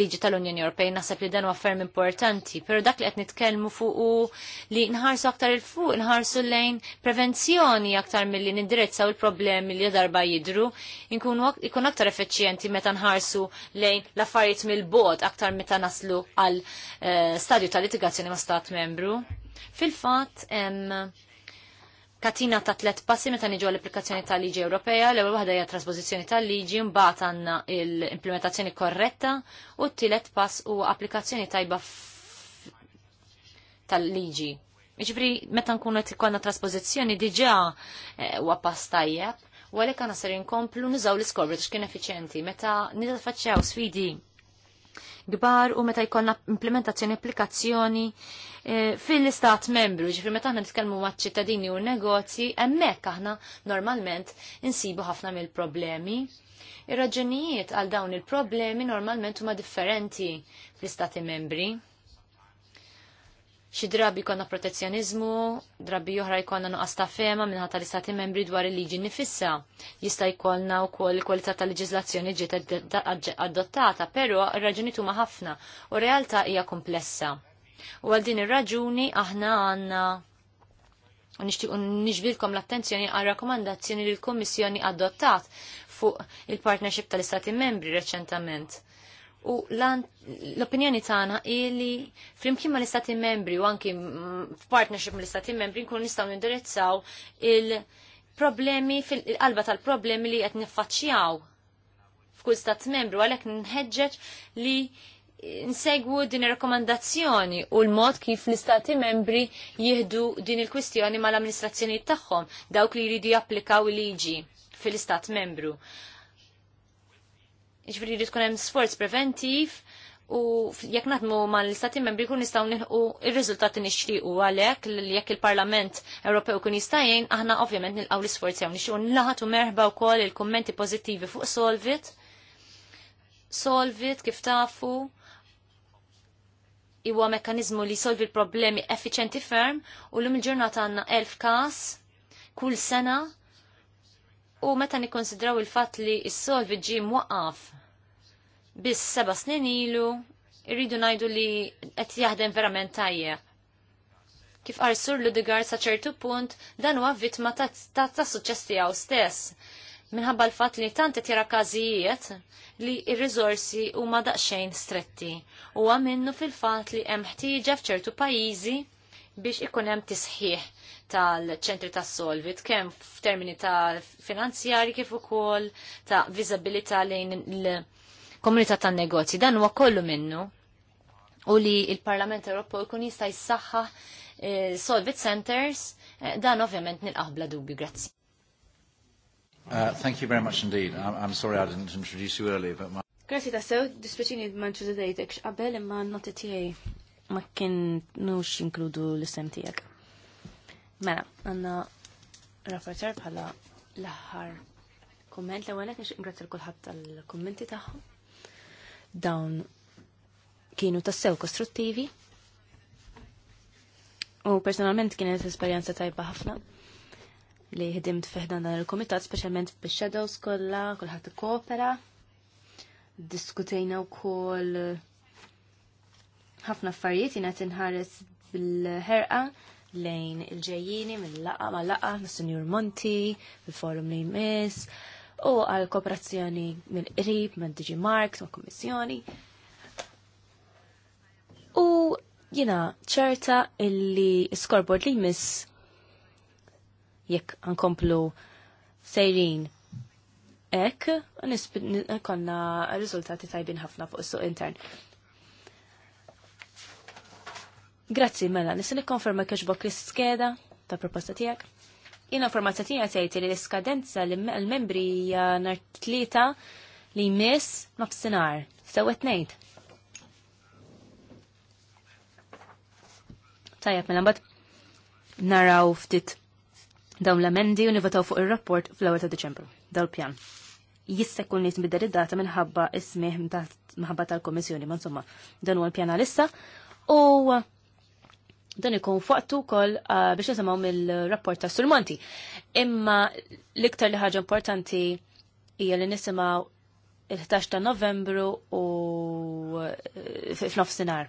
liġi tal-Unjoni Ewropej naħseb li dan huwa ferm importanti, però dak li qed nitkellmu fuq li nħarsu aktar il fuq, nħarsu lejn prevenzjoni aktar milli nindirizzaw il-problemi li darba jidru, nkunu aktar effiċjenti meta nħarsu lejn l-affarijiet mill-bod aktar meta naslu għal eh, stadju tal-litigazzjoni ma' stat membru. Fil-fatt, katina ta' tlet passi meta niġu l-applikazzjoni tal-liġi Ewropea, l-ewwel waħda hija trasposizzjoni tal-liġi, mbagħad għandna l-implementazzjoni korretta u t-tielet pass u applikazzjoni tajba tal-liġi. Iġbri, meta nkunu qed ikollna trasposizzjoni diġà eh, huwa pass tajjeb, u għalhekk għandna ser inkomplu nużaw l-iskorbri kien effiċjenti. Meta nifaċċjaw sfidi gbar u meta jkollna implementazzjoni applikazzjoni eh, fil-istat membru, ġifri meta aħna nitkellmu ma' ċittadini u negozji, hemmhekk aħna normalment insibu ħafna mill-problemi. Ir-raġunijiet għal dawn il-problemi normalment huma differenti fl-istati membri. Xi drabi jkollna protezzjonizmu, drabi oħra jkollna nuqqas ta' fema minħata li stati membri dwar il-liġi nifissa. Jista' jkollna wkoll il-kwalità tal leġiżlazzjoni ġiet adottata, però ir-raġuni huma ħafna u realtà hija komplessa. U għal din ir-raġuni aħna għandna nixbilkom l-attenzjoni għal rakkomandazzjoni li l-Kommissjoni adottat fuq il-partnership tal-Istati membri reċentament. U l-opinjoni tagħna ili flimkien ma l-istati membri u anki f'partnership ma l-istati membri nkun nistgħu nindirizzaw il-problemi fil-qalba tal-problemi li qed niffaċċjaw f'kull stat u għalhekk nħeġġeġ li nsegwu din ir-rekomandazzjoni u l-mod kif l-istati membri jieħdu din il-kwistjoni mal-amministrazzjoni tagħhom dawk li jridu japplikaw il-liġi fil-istat membru. Ġviri li tkun hemm sforz preventiv u jekk naħdmu mal-istati membri kun nistgħu nilħu ir-riżultati nixtiequ għalhekk jekk il-Parlament Ewropew kun jista' jgħin aħna ovvjament nilqgħu l isforz hawn nixtiequ nlaħatu merħba wkoll il-kummenti pożittivi fuq Solvit. Solvit kif tafu huwa mekkaniżmu li solvi l-problemi effiċenti ferm u l-lum il-ġurnata għandna elf kas kull sena U meta nikkonsidraw il-fatt li s-solvi ġi mwaqaf biss seba snin ilu, irridu najdu li qed jaħdem verament tajjeb. Kif qar sur Ludigar sa ċertu punt, dan huwa vittma ta' ta' suċċess tiegħu stess. Minħabba l-fatt li tant qed jara każijiet li r-riżorsi huma daqsxejn stretti. Huwa minnu fil-fatt li hemm ħtieġa f'ċertu pajjiżi biex ikun hemm tisħiħ tal-ċentri tas solvit kemm f'termini ta' finanzjari kif ukoll ta' viżabilità lejn il-komunità tan-negozji. Dan huwa kollu minnu u li il-Parlament Ewropew jkun jista' jissaħħa eh, solvit centers eh, dan ovvjament nilqaħbla dubju. Grazzi. Uh, thank you very much indeed. I'm, I'm sorry I didn't introduce you earlier, but my... Grazzi ta' sew, dispeċini ma' introducejtek x'qabel imma noti tiegħi ma nux inkludu l-isem tijak. Mela, għanna rapporter bħala l-ħar komment l għanek nix ingrazzja l tal-kommenti taħħu. Dawn kienu tassew kostruttivi. U personalment kienet esperienza tajba ħafna li ħedimt fiħdan dan il-komitat, specialment biex shadows kolla, kullħat koopera. Diskutejna u koll ħafna affarijiet jina tinħares bil-ħerqa lejn il-ġejjini mill-laqa ma laqa mis sinjur Monti, il-forum li jmiss, u għal kooperazzjoni mill-qrib, mill Digi Marks, ma' kommissjoni. U jina ċerta illi scoreboard li jmiss jekk ankomplu sejrin ek, konna rizultati tajbin ħafna fuq is-suq intern. Grazzi, mela, nisni konferma kħiġbok l-skeda ta' proposta tijak. Jina informazzja tijak sejti li l-skadenza l-membri nar tlita li jmiss nofsinar. Sawet nejt. Tajab, mela, bat naraw ftit dawn l-amendi u nivataw fuq il-rapport fl-ewwel ta' Deċembru. Dal-pjan. Jista' jkun nis tbiddel id-data minħabba ismih minħabba tal-Komissjoni, ma insomma, dan huwa l-pjan U dan ikun fuqtu kol uh, biex nisimaw mill-rapport ta' sulmonti Imma l-iktar li ħaġa importanti hija li nisimaw il-11 ta' novembru u uh, f'nofsinhar.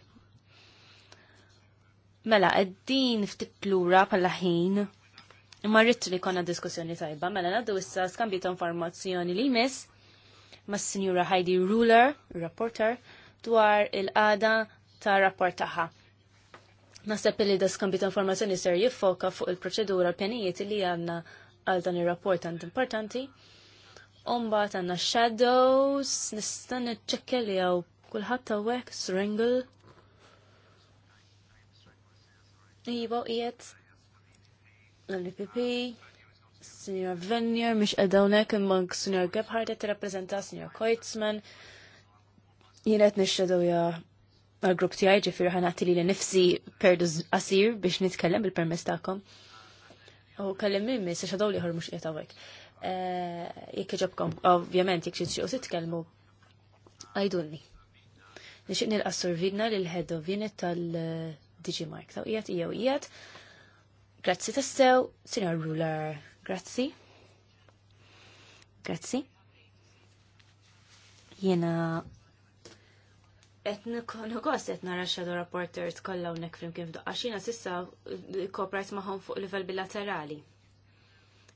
Mela, għeddin ftit lura pala ħin, imma rritt li konna diskussjoni tajba, mela naddu issa skambju ta' informazzjoni li jmiss ma' s-Sinjura Heidi Ruler, reporter, dwar il għada ta' rapport taħħa Nasab li da skambi ta' informazzjoni ser jiffoka fuq il-proċedura l pjanijiet li għanna għal dan il-rapport għand importanti. Omba għanna shadows, nistan ċekke li għaw kullħat ta' wek, strangle. Ivo, ijet, l-NPP, Senior Venjer, mish għedawnek imman Senior Gebhardt, t-reprezenta Senior Koitzman, jienet nixxedow ja għal grupp tijaj ġifir ħanati li nifsi perdu qasir biex nitkellem bil-permess tagħkom. U kellem minn se xadaw li ħor mhux qiegħed Jek eh, Jekk iġobkom, ovvjament jekk xi titkellmu għajdulni. Nixiq nil-qassur vidna l-head of unit tal-Digimark. Taw ijat ijaw ijat. Grazzi tassew, Senior Ruler. Grazzi. Grazzi. Jena Et nikonu għost et nara xadu rapporters kolla unnek flim kif doqqa xina sissa eh, kooperajt maħom fuq livell bilaterali.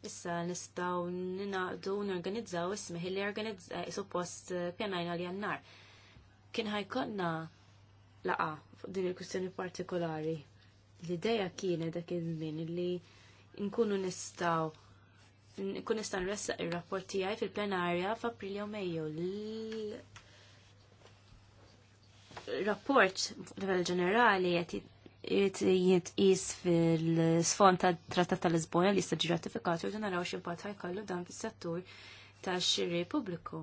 Issa nistaw ninaqdu n-organizzaw ismiħi li organizza eh, suppost eh, pjanajna li għannar. Kien ħajkonna laqa fuq din il-kustjoni partikolari. L-ideja kienet dak iż-żmien li nkunu nistaw nkun nistaw nressaq ir-rapport tiegħi fil-plenarja f'April jew Mejju rapport livell ġenerali qed jitqis fil-sfond tat-Trattat tal-Lisbona li jistaġi ratifikat u naraw x'impatt ħajkollu dan fis-settur tax-xiri pubbliku.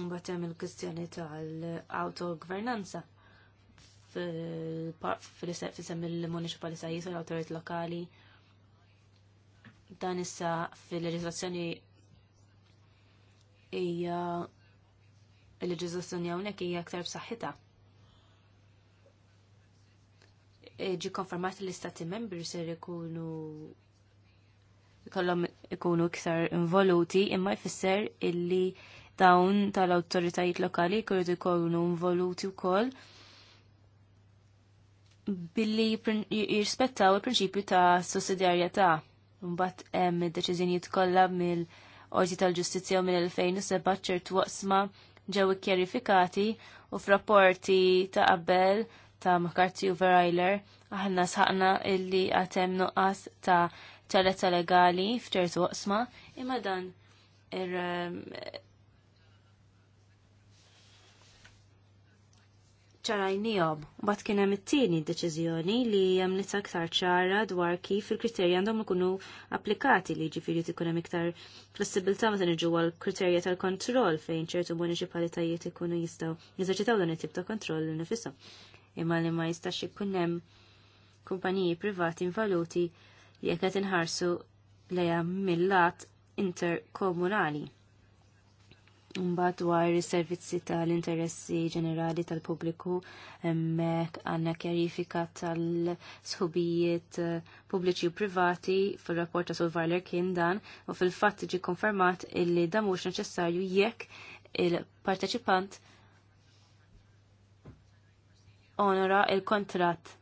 Mbagħad hemm il-kwistjoni tal-autogvernanza fil-sem il-municipalitajiet u l-awtorit lokali dan issa fil-leġislazzjoni hija il-leġiżlazzjoni hawnhekk hija aktar b'saħħita. E, ġi konfermat li istati membri ser ikunu kollhom ikunu iktar involuti imma jfisser illi dawn tal-awtoritajiet lokali jkunu jkunu involuti wkoll billi jirrispettaw il-prinċipju ta' sussidjarjetà. Mbagħad hemm id-deċiżjonijiet kollha mill-Qorti tal-Ġustizzja mill-2007 ċertu waqsma ġew ikkjerifikati u f'rapporti ta' qabel ta' McCarthy u Verailer aħna sħaqna illi għatem nuqqas ta' ċaletta legali f'ċertu waqsma imma dan ċarajnijom. Bat kien hemm it-tieni deċiżjoni li hemm li aktar ċara dwar kif il-kriterji għandhom ikunu applikati li ġifieri ikun hemm iktar ma meta nġu għal kriterja tal-kontroll fejn ċertu municipalitajiet ikunu jistgħu jeżerċitaw dan it-tip ta' l nifisom. Imma li ma jistax ikun hemm kumpaniji privati invaluti li qed inħarsu leja mill-lat interkomunali. Mbagħad dwar is-servizzi tal-interessi ġenerali tal-pubbliku hemmhekk għandna kjarifika tal-sħubijiet eh, pubbliċi u privati fir-rapport ta' Sulvarler kien dan u fil-fatt ġi konfermat illi dan mhux neċessarju jekk il-parteċipant onora il-kontratt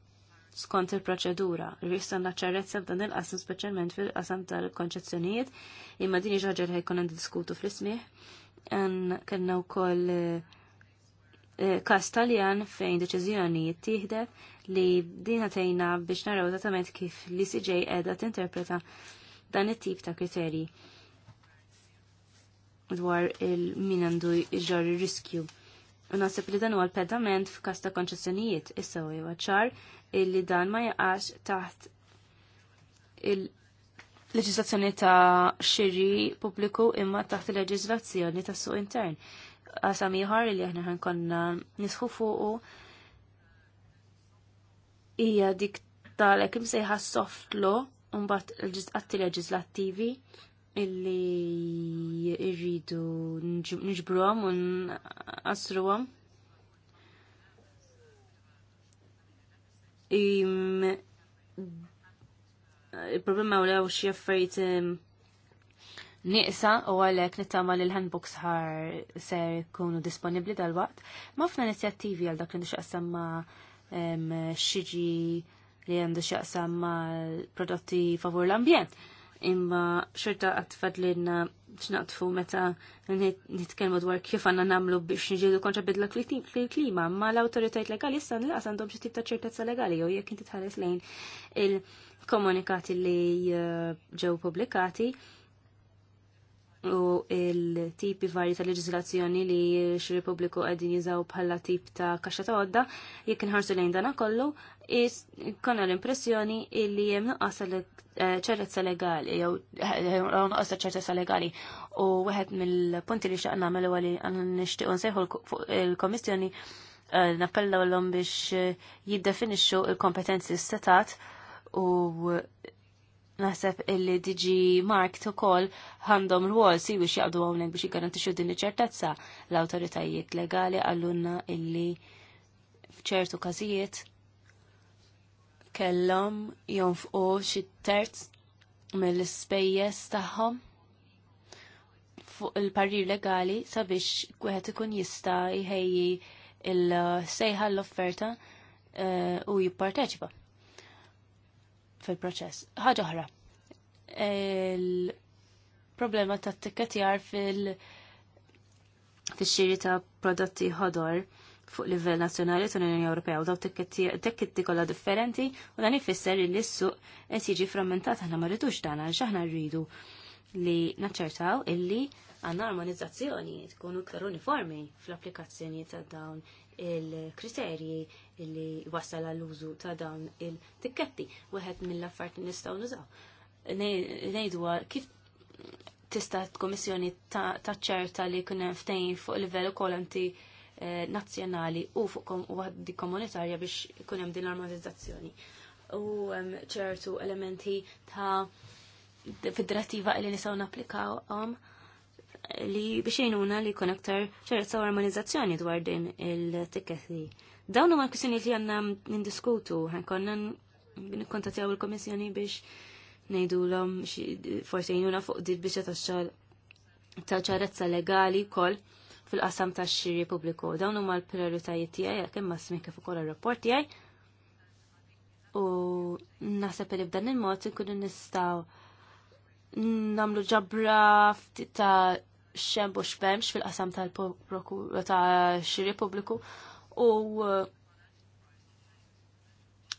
skont il-proċedura. Ristan la ċarrezza f'dan il-qasam speċjalment fil-qasam tal-konċezzjonijiet imma din ħaġa li ħajkun diskutu fl-ismih għan kanna u koll eh, eh, kas taljan fejn deċizjoni jittieħdet li dina għatejna biex naraw eżattament kif li siġej edha tinterpreta dan it-tip ta' kriterji dwar il-min għandu iġġar riskju. Nasib li dan huwa l-pedament f'kas ta' konċessjonijiet issa huwa ċar li dan ma jaqax taħt il- leġislazzjoni ta' xiri pubbliku imma taħt il-leġislazzjoni ta' suq intern. Għasam iħar li aħna konna nisħu fuqu hija dik tal-ek imsejħa soft law unbat għatti leġislattivi illi irridu nġbrom un asruwam. Im il-problema u lew xie affarijiet nieqsa u għalhekk nittama li l-handbooks ħar ser jkunu disponibbli dal-waqt. Mafna inizjattivi għal dak li nixqasam ma' xiġi li għandu xaqsam ma' prodotti favur l-ambjent imma xorta għatfad li jenna xnaqtfu meta nitkelmu dwar kif għanna namlu biex nġidu kontra bidla klima, ma l-autoritajt legali jessan li għandhom dobġi tibta ċertezza legali jew jekk inti tħares lejn il-komunikati li eh, ġew publikati u il-tipi varji ta' leġislazzjoni li x-Republiku għedin jizaw bħala tip ta' kaxxa ta' għodda, jek nħarsu lejn dana kollu, konna l-impressjoni illi jem nuqqas eh, ċerrezza legali, jew eh, nuqqas ċerrezza legali. U wieħed mill-punti li xaqna għamelu għalli għan nishtiqun sejħu l-Komissjoni eh, nappellaw l biex jiddefinixxu il-kompetenzi s-setat u naħseb illi diġi Mark ukoll għandhom l-wol si biex jgħadu għawnek biex jgarantixu din iċertezza l awtoritajiet legali għallunna illi fċertu każijiet kellhom jonfqu xi terz mill-ispejjeż tagħhom fuq il-parir legali sabiex wieħed ikun jista' jħejji il-sejħa l-offerta eh, u jipparteċipa fil-proċess. Ħaġa oħra. Il-problema ta' t-tikketjar fil- fil-xiri ta' prodotti ħodor fuq livell nazzjonali tal-Unjoni Ewropea u daw tekkitti kollha differenti u dan ifisser li s-suq qed jiġi frammentat aħna ma rridux dan għal aħna rridu li naċċertaw illi għandna armonizzazzjoni tkun iktar uniformi fl-applikazzjoni ta' dawn il-kriterji li wasal għall-użu ta' dawn il-tikketti. Weħed mill-affart nistaw nużaw. Nejdu kif tista' komissjoni ta' ċerta li kunem ftejn fuq livell ukolanti eh, nazzjonali u fuq waħdi komunitarja biex kunem din l-armonizzazzjoni. U ċertu elementi ta' fid li nisaw naplikaw għam um, li biex jgħinuna li jkun aktar ċerta armonizzazzjoni dwar din il-tikketi. Dawn huma l-kwistjoni li għandna nindiskutu, ħankonna nikkontattjaw il-Komissjoni biex ngħidulhom forsi jgħinuna fuq dit biex ta' ċarezza legali wkoll fil-qasam tax-xiri pubbliku. Dawn huma l-prijoritajiet tiegħi jekk imma smih kif ukoll ir-rapport tiegħi. U naħseb li b'dan il-mod inkunu nistgħu namlu ġabra ta' xembu u xbemx fil-qasam ta' xiri publiku u uh,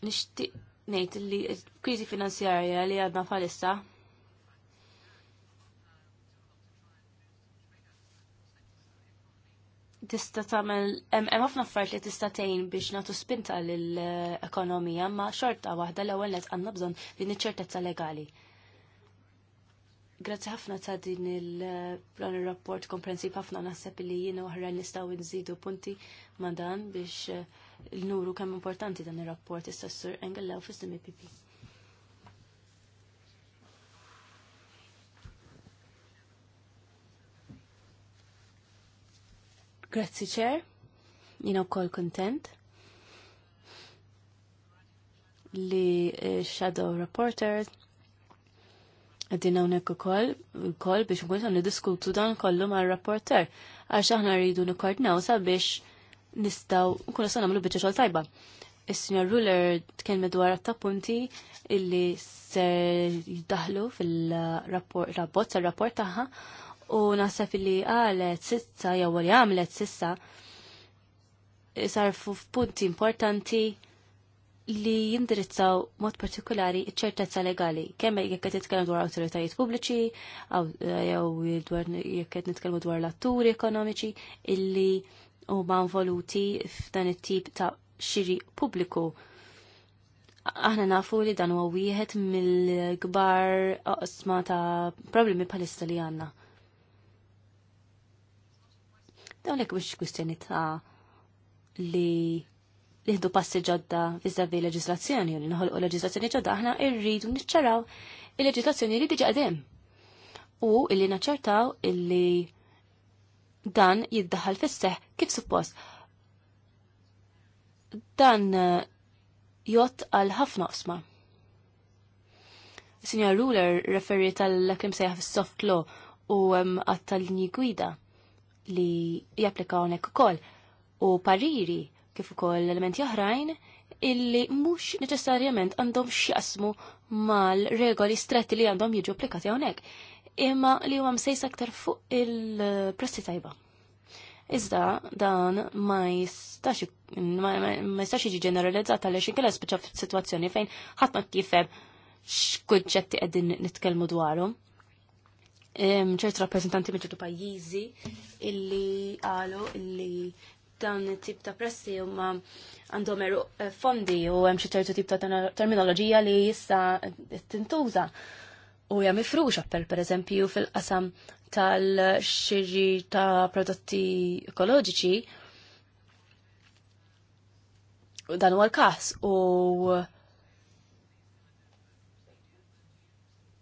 nishti nejt li krizi finanzjarja li għadna falissa tista tagħmel hemm ħafna affarijiet li tista' tgħin biex nagħtu spinta lill-ekonomija, ma xorta waħda l-ewwel qed għandna bżonn din iċ-ċertezza legali. Grazzi ħafna ta' din il-plan il-rapport komprensiv ħafna naħseb li jiena oħra nistgħu nżidu punti ma' dan biex l-nuru eh, kemm importanti dan ir-rapport issa s-sur Engellaw fis-sim IPP. E Grazzi ċer, jiena wkoll kontent li eh, shadow reporters Għaddin għonek u koll, biex nkun għan nidiskutu dan kollu ma' rapporter għax aħna rridu nikkoordinaw sabiex nistaw nkunu sa' għamlu bieċa xol tajba. Is-Sinjor Ruler tkellem dwar ta' punti illi ser jiddaħlu fil-rapport rapport tagħha u naħseb illi qalet sissa jew li għamlet sissa sarfu f'punti importanti li jindirizzaw mod partikolari ċertezza legali, kemm jekk qed nitkellem dwar awtoritajiet pubbliċi jew jekk qed nitkellmu dwar l-atturi ekonomiċi illi huma involuti f'dan it-tip ta' xiri pubbliku. Aħna nafu li dan huwa wieħed mill-kbar oqsma ta' problemi bħalissa li għandna. Dawn hekk mhux kwistjoni ta' li liħdu passi ġodda vizavi leġislazzjoni u li nħolqu leġislazzjoni ġodda aħna irridu niċċaraw il-leġislazzjoni li diġa qedem u illi naċċartaw illi dan jiddaħal fis kif suppost. Dan eh, jott għal ħafna qsma. Senior Ruler referi tal kem sejħa soft law u għat tal-linji gwida li japplika unek ukoll u pariri kif ukoll elementi oħrajn illi mhux neċessarjament għandhom x'jaqsmu mal-regoli stretti li għandhom jiġu applikati hawnhekk, imma li huwa msejs aktar fuq il-prezzi tajba. Iżda dan ma jistax ma jistax jiġi ġeneralizzat għaliex inkella spiċċa f'sitwazzjoni fejn ħadd ma tifhem x'kunċetti qegħdin nitkellmu dwarhom ċertu rappresentanti minn ċertu pajjiżi illi qalu illi Dan it-tip ta' pressi huma għandhom eh, fondi u hemm xi ċertu tip ta' terminoloġija li jista' tintuża u hija mifruxa per pereżempju fil-qasam tal-xiri ta' prodotti ekoloġiċi dan huwa l-każ u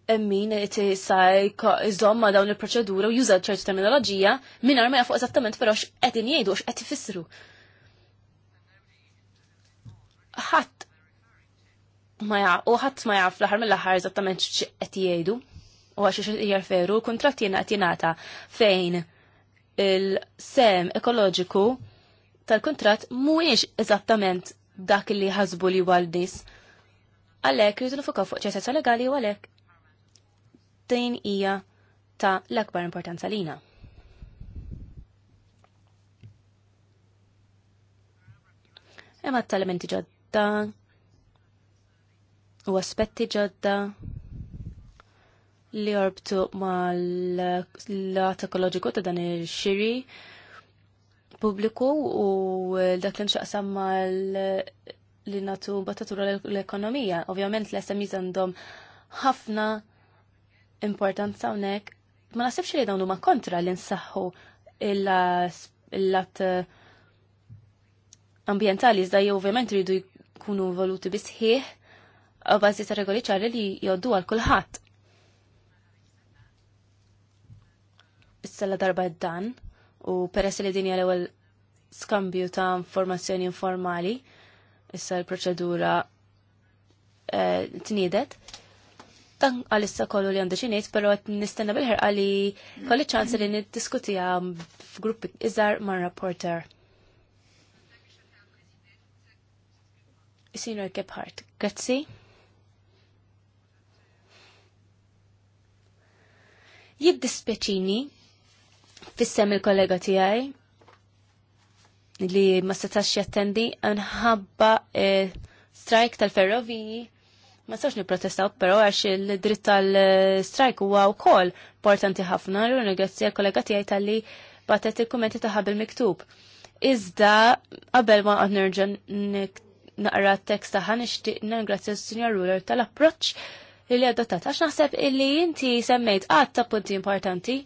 emmin ti saj ma' dawn il-proċedura u juża ċertu terminoloġija minn ma jafuq eżattament però x'qegħdin jgħidu x'qed ifissru. Ħadd ma jaf u ħadd ma jaf l-aħħar mill-aħħar eżattament x'qed jgħidu u għax xi jirferu l-kuntratt jiena qed jingħata fejn il-sem ekoloġiku tal-kuntratt mhuwiex eżattament dak li ħasbu li għal nies Għalhekk jridu nifukaw fuq ċertezza legali u għalhekk din hija ta' l-akbar importanza lina. Imma t-elementi ġodda u aspetti ġodda li jorbtu ma l-lat ekoloġiku ta' dan il-xiri pubbliku u dak li nxaqsam ma li natu battatura l-ekonomija. Ovvjament l-SMIs għandhom ħafna importanza hawnhekk ma nasibx li dawn huma kontra li nsaħħu il-lat eh, ambientali iżda jew ovvjament ridu jkunu voluti u bazzi ta' regoli ċari li joddu għal kulħadd. Issa la darba dan u peress li dinja l-ewwel skambju ta' informazzjoni informali issa l-proċedura eh, tniedet Dan għalissa kollu li għandu xinejt, pero għet nistenna bilħer għalli li kolli ċans li niddiskutija f'gruppi iżar ma' rapporter. Sinjor Gebhardt, grazzi. Jiddispeċini fissem il-kollega għaj li ma setax jattendi nħabba eh, strajk tal-ferroviji ma nistax nipprotestaw, però għax il-dritt tal-strajk huwa wkoll importanti ħafna u negozja kollega tiegħi tal-li batet il-kummenti taħħa bil-miktub. Iżda qabel ma għad nerġan naqra t-tekst taħħa n ningrazzja s-Sinjor Ruler tal-approċċ li adottat għax naħseb illi inti semmejt għad ta' punti importanti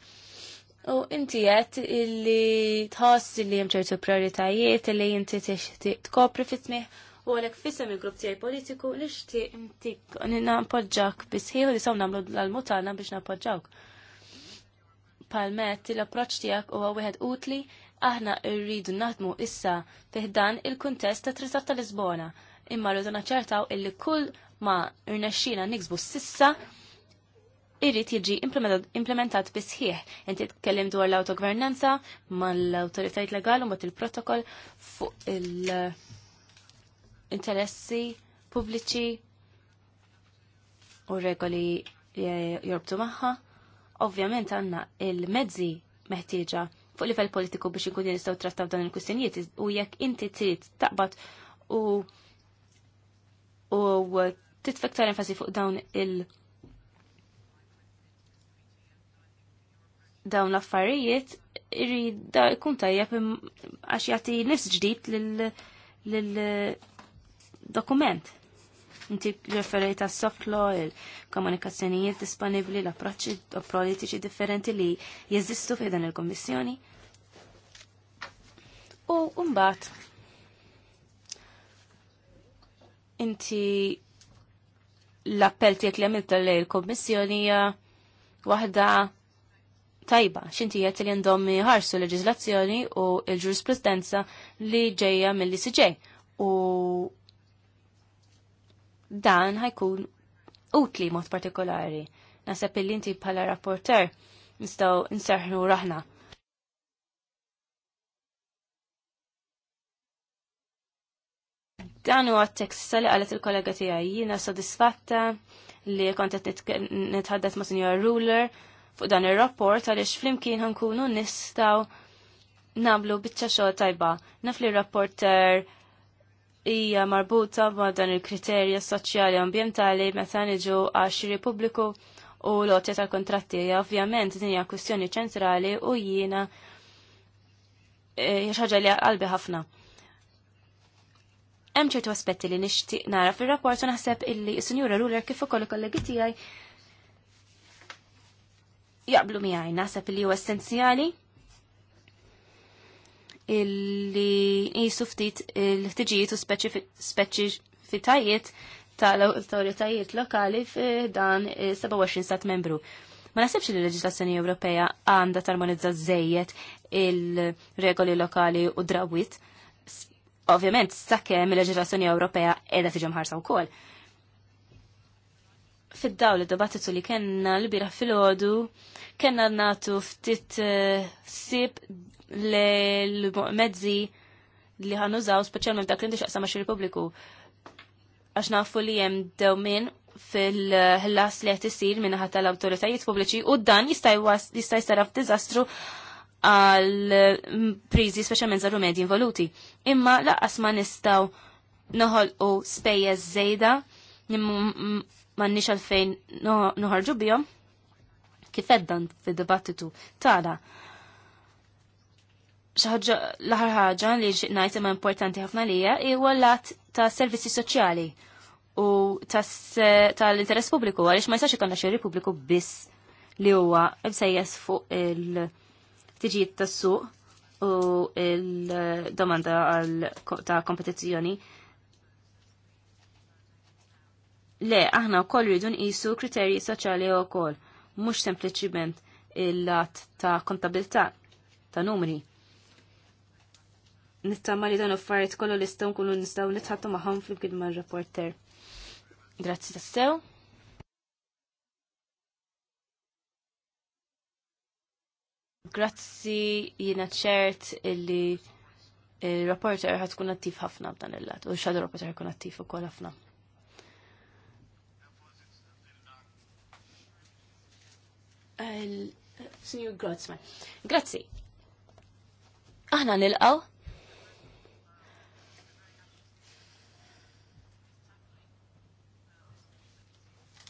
u inti għed illi tħoss illi hemm ċertu prioritajiet illi inti t tkopri fit u għalek fissem il-grupp tijaj politiku li xti intik nappoġġak u li saw għamlu l-mutana biex nappoġġawk. Palmet, l-approċ tijak u għawihed utli, aħna rridu naħdmu issa fiħdan il-kuntest ta' trisat ta' Lisbona. Imma rridu naċċertaw illi kull ma rnexxina niksbu sissa irrit jiġi implementat bisħieħ. Inti tkellem dwar l ma' mal autoritajt legali u mat il-protokoll fuq il- interessi pubbliċi u regoli jorbtu maħħa. Ovvjament għanna il-mezzi meħtieġa fuq livell politiku biex inkun nistgħu trattaw dan il-kwistjonijiet u jekk inti trid taqbad u u titfektar enfasi fuq dawn il- dawn l-affarijiet irrid jkun tajjeb għax jagħti nifs ġdid lil dokument. Inti referejt għas soft law, il-komunikazzjonijiet disponibli, l-approċċi politiċi differenti li jeżistu f'idan dan il-Kommissjoni. U mbagħad inti l-appell tiegħek li għamilt lej il-Kommissjoni hija waħda tajba, xinti jgħet li jendom ħarsu leġizlazzjoni u l ġurisprudenza li ġeja mill-ICJ. U dan ħajkun utli mod partikolari. Nasab illi inti bħala rapporter nistaw nserħnu raħna. Dan huwa t-tekst sali qalet il-kollega tiegħi jiena sodisfatta li kont qed nitħaddat ma' Senior Ruler fuq dan ir-rapport għaliex flimkien ħankunu nistgħu nablu biċċa xogħol tajba. Naf li rapporter hija marbuta ma' dan il-kriterja soċjali ambjentali meta niġu għax pubbliku u l l-otja tal-kontratti. Ovvjament din hija kwistjoni ċentrali u jiena e, hija ħaġa li qalbi ħafna. Hemm ċertu aspetti li nixtieq nara fir-rapport u naħseb illi s-Sinjura Ruler kif ukoll kollegi tiegħi jaqblu miegħi naħseb li huwa essenzjali illi jisu ftit il-ħtiġijiet u speċifitajiet tal-autoritajiet lokali f'dan 27 stat membru. Ma nasibx li l-leġislazzjoni Ewropea għandha tarmonizza żejjed il-regoli lokali u drawit. Ovvjament, sakemm il-leġislazzjoni Ewropea qiegħda tiġi mħarsa wkoll fid-dawl id-dibattitu li kellna l-bira fil-ħodu kellna natu ftit eh, sib l-mezzi li ħanużaw speċjalment dak li xaqsa ma' pubbliku għax nafu li hemm dewmin fil-ħlas li qed isir minna ħadd tal-awtoritajiet pubbliċi u dan jista' jista' dizastru għal mm, prizi speċjalment żaru medji involuti. Imma laqqas ma nistgħu noħolqu spejjeż żejda m'għandniex għalfejn nuħarġu bihom kif eddan fid-dibattitu tagħna. Xaħġa l-aħħar ħaġa li xi ngħid imma importanti ħafna lija huwa l-att ta' servizzi soċjali u eh, tal-interess pubbliku għaliex ma jistax ikolna xi pubbliku biss li huwa msejjes fuq il-tiġijiet tas-suq u il-domanda ta' kompetizzjoni Le, aħna wkoll rridu nqisu kriterji soċjali wkoll, mhux sempliciment il-lat ta' kontabilità ta' numri. Nittama li dan affarijiet kollu li staw nkunu nistgħu nitħattu magħhom flimkien ma' rapporter Grazzi tassew. Grazzi jiena ċert illi il-rapporter ħatkun attiv ħafna b'dan il-lat u x-shadow rapporter ħatkun attiv ukoll ħafna. Signor Grotzman. Grazzi. Aħna nilqaw.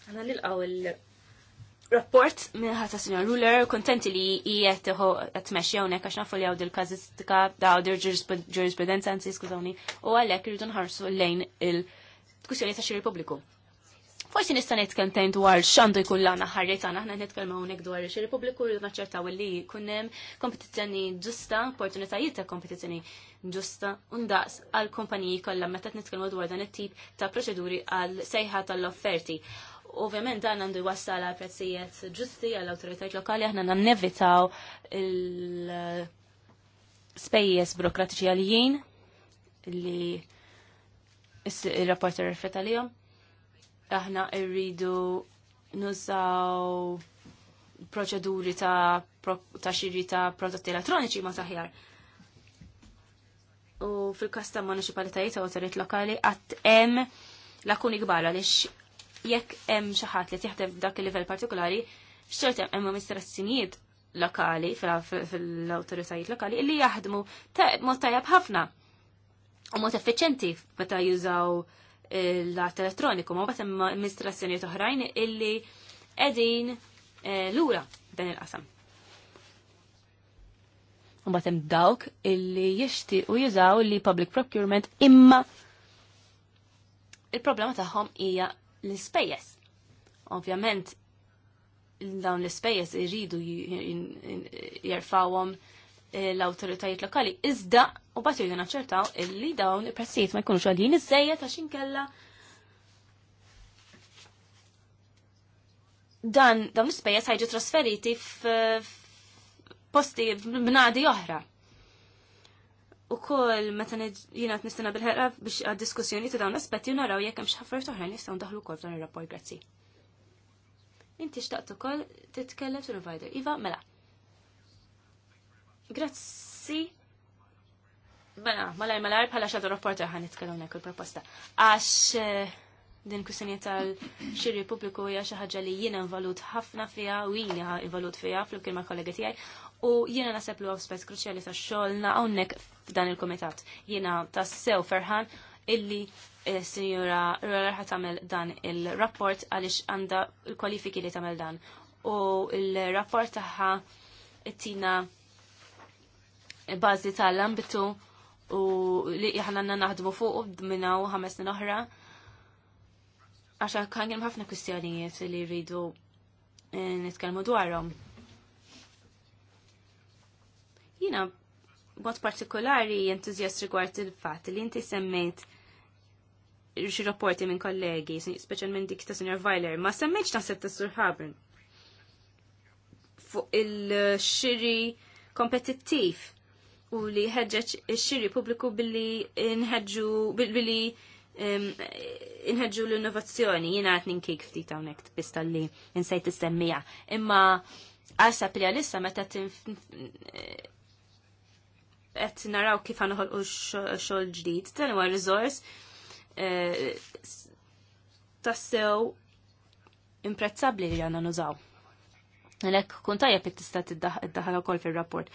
Aħna nilqaw il-rapport ta' Signor Ruler, kontenti li jiet għatmeċi għonek għax nafu li għaw dil-kazistika, għaw dil-ġurisprudenza, għansi skużawni, u għalek rridu nħarsu lejn il-diskussjoni ta' xirri Publiku. Forsi nista' nitkellem dwar x'għandu jkun lana ħarriet għana aħna nitkellmu hawnhekk dwar ir-Repubbliku li naċċertaw li jkun hemm kompetizzjoni ġusta, opportunitajiet ta' kompetizzjoni ġusta u ndaqs għal kumpaniji kollha meta nitkellmu dwar dan it-tip ta' proċeduri għal sejħa tal-offerti. Ovvjament dan għandu jwassal għal prezzijiet ġusti għall awtoritajiet lokali aħna nannevitaw il- spejjeż burokratiċi għalijin li il-rapporter rifletta aħna rridu nużaw proċeduri ta' ta' xiri ta' prodotti elettroniċi ma taħjar. U fil-kas ta' municipalitajiet u autorit lokali għat hemm lakuni kbar għaliex jekk hemm xi ħadd li tieħdem dak il-livell partikolari, xort hemm amministrazzjonijiet lokali fil-awtoritajiet lokali li jaħdmu mod tajjeb ħafna u mod effiċenti meta jużaw l-art elettroniku, ma bat hemm toħrajn oħrajn illi qegħdin eh, lura dan il-qasam. Mbagħad hemm dawk illi jixtiequ jużaw li public procurement imma il-problema tagħhom hija l-ispejjeż. Ovvjament dawn l-ispejjeż iridu jerfawhom l-autoritajiet lokali. Iżda, u bat jridu naċċertaw illi dawn il-prezzijiet ma jkunux għalin iż-żejja ta' xinkella dan dawn l-ispejjeż ħajġu trasferiti f'posti b'nadi oħra. U koll meta jiena nistenna bil biex għad-diskussjoni ta' dawn l-aspetti u naraw jekk hemm xi ħaffariet oħra nistgħu ndaħlu wkoll dan ir-rapport grazzi. Inti xtaqt ukoll titkellem sur Iva, mela, Grazzi. Mela, malaj malaj bħala xadu rapporta ħan nitkellem il proposta. Għax eh, din kussini tal-xirri pubbliku hija xi ħaġa li jiena nvalut ħafna fiha u jiena involut fiha flimkien ma' kollegi tiegħi u jiena naħseb li aspett kruċjali ta' xogħolna hawnhekk f'dan il-kumitat. Jiena tassew ferħan illi eh, Sinjura Roller ħat tagħmel dan il-rapport għaliex għandha l kwalifiki li tagħmel dan. U l-rapport tagħha tina bażi tal-ambitu u li jħanna naħdmu fuq minna u ħames n oħra. Għaxa kan kien ħafna kwistjonijiet li rridu eh, nitkellmu dwarhom. Jina b'mod partikolari jentużjast rigward il-fatt li inti semmejt xi rapporti minn kollegi, minn dik ta' Sr. Weiler, ma semmejtx naħseb ta' Sur Habern fuq il-xiri kompetittiv u li ħeġġeġ ix-xiri pubbliku billi nħedġu billi inħedġu l-innovazzjoni, jina għat nkik ftit għonek t-pista li nsejt semmija. Imma għasa pri għalissa meta għet naraw kif għanuħol u xol ġdijt, t-tani għu rizors eh, tassew imprezzabli li għanna nużaw. Għalek kuntajja pit tista t-daħħal u kol fil-rapport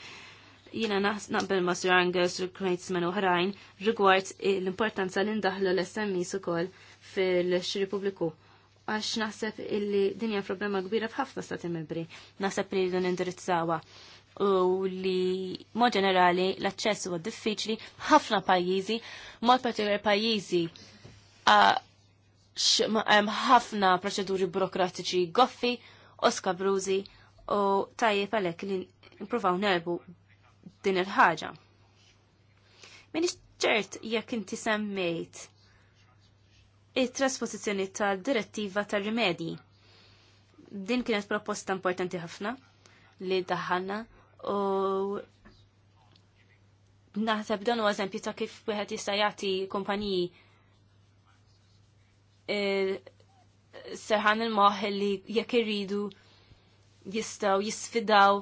jina naqbel ma' Sir Angus u Kreitzman uħrajn rigward l-importanza li ndaħlu l-SMI ukoll fil-xiri Publiku. Għax naħseb illi dinja problema kbira f'ħafna stati membri. Naħseb li dun indirizzawa u li mod ġenerali l-aċċess huwa diffiċli ħafna pajjiżi, mod partikolari pajjiżi hemm ħafna proċeduri burokratiċi goffi u skabrużi u tajjeb għalhekk li nippruvaw nerbu din il-ħaġa. Minix ċert jekk inti semmejt it-trasposizjoni tal-direttiva tal-rimedji. Din kienet proposta importanti ħafna li daħħalna u naħseb dan u eżempju ta' kif wieħed jista' jagħti kumpaniji e, serħan il-moħ li jekk irridu jistgħu jisfidaw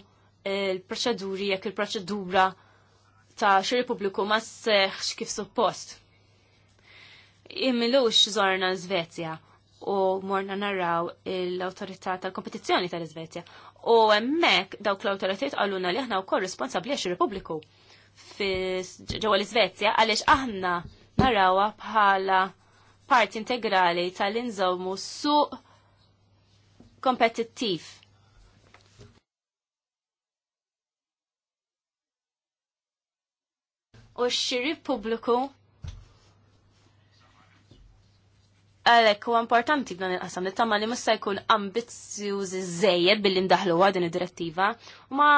il-proċeduri jekk il-proċedura ta' xi pubbliku ma seħx kif suppost. Immilux żorna Svezja u morna narraw l-autorità tal-kompetizzjoni tal-Svezja. U emmek dawk l-autoritet għalluna li aħna u kol responsabli għax il-Republiku ġewwa l-Svezja għaliex aħna narawha bħala parti integrali tal-inżommu suq kompetittiv u x-xiri pubbliku għalek u importanti b'dan il-qasam, li tamma li musta jkun ambizzjużi zejjed billi ndaħlu din id-direttiva, ma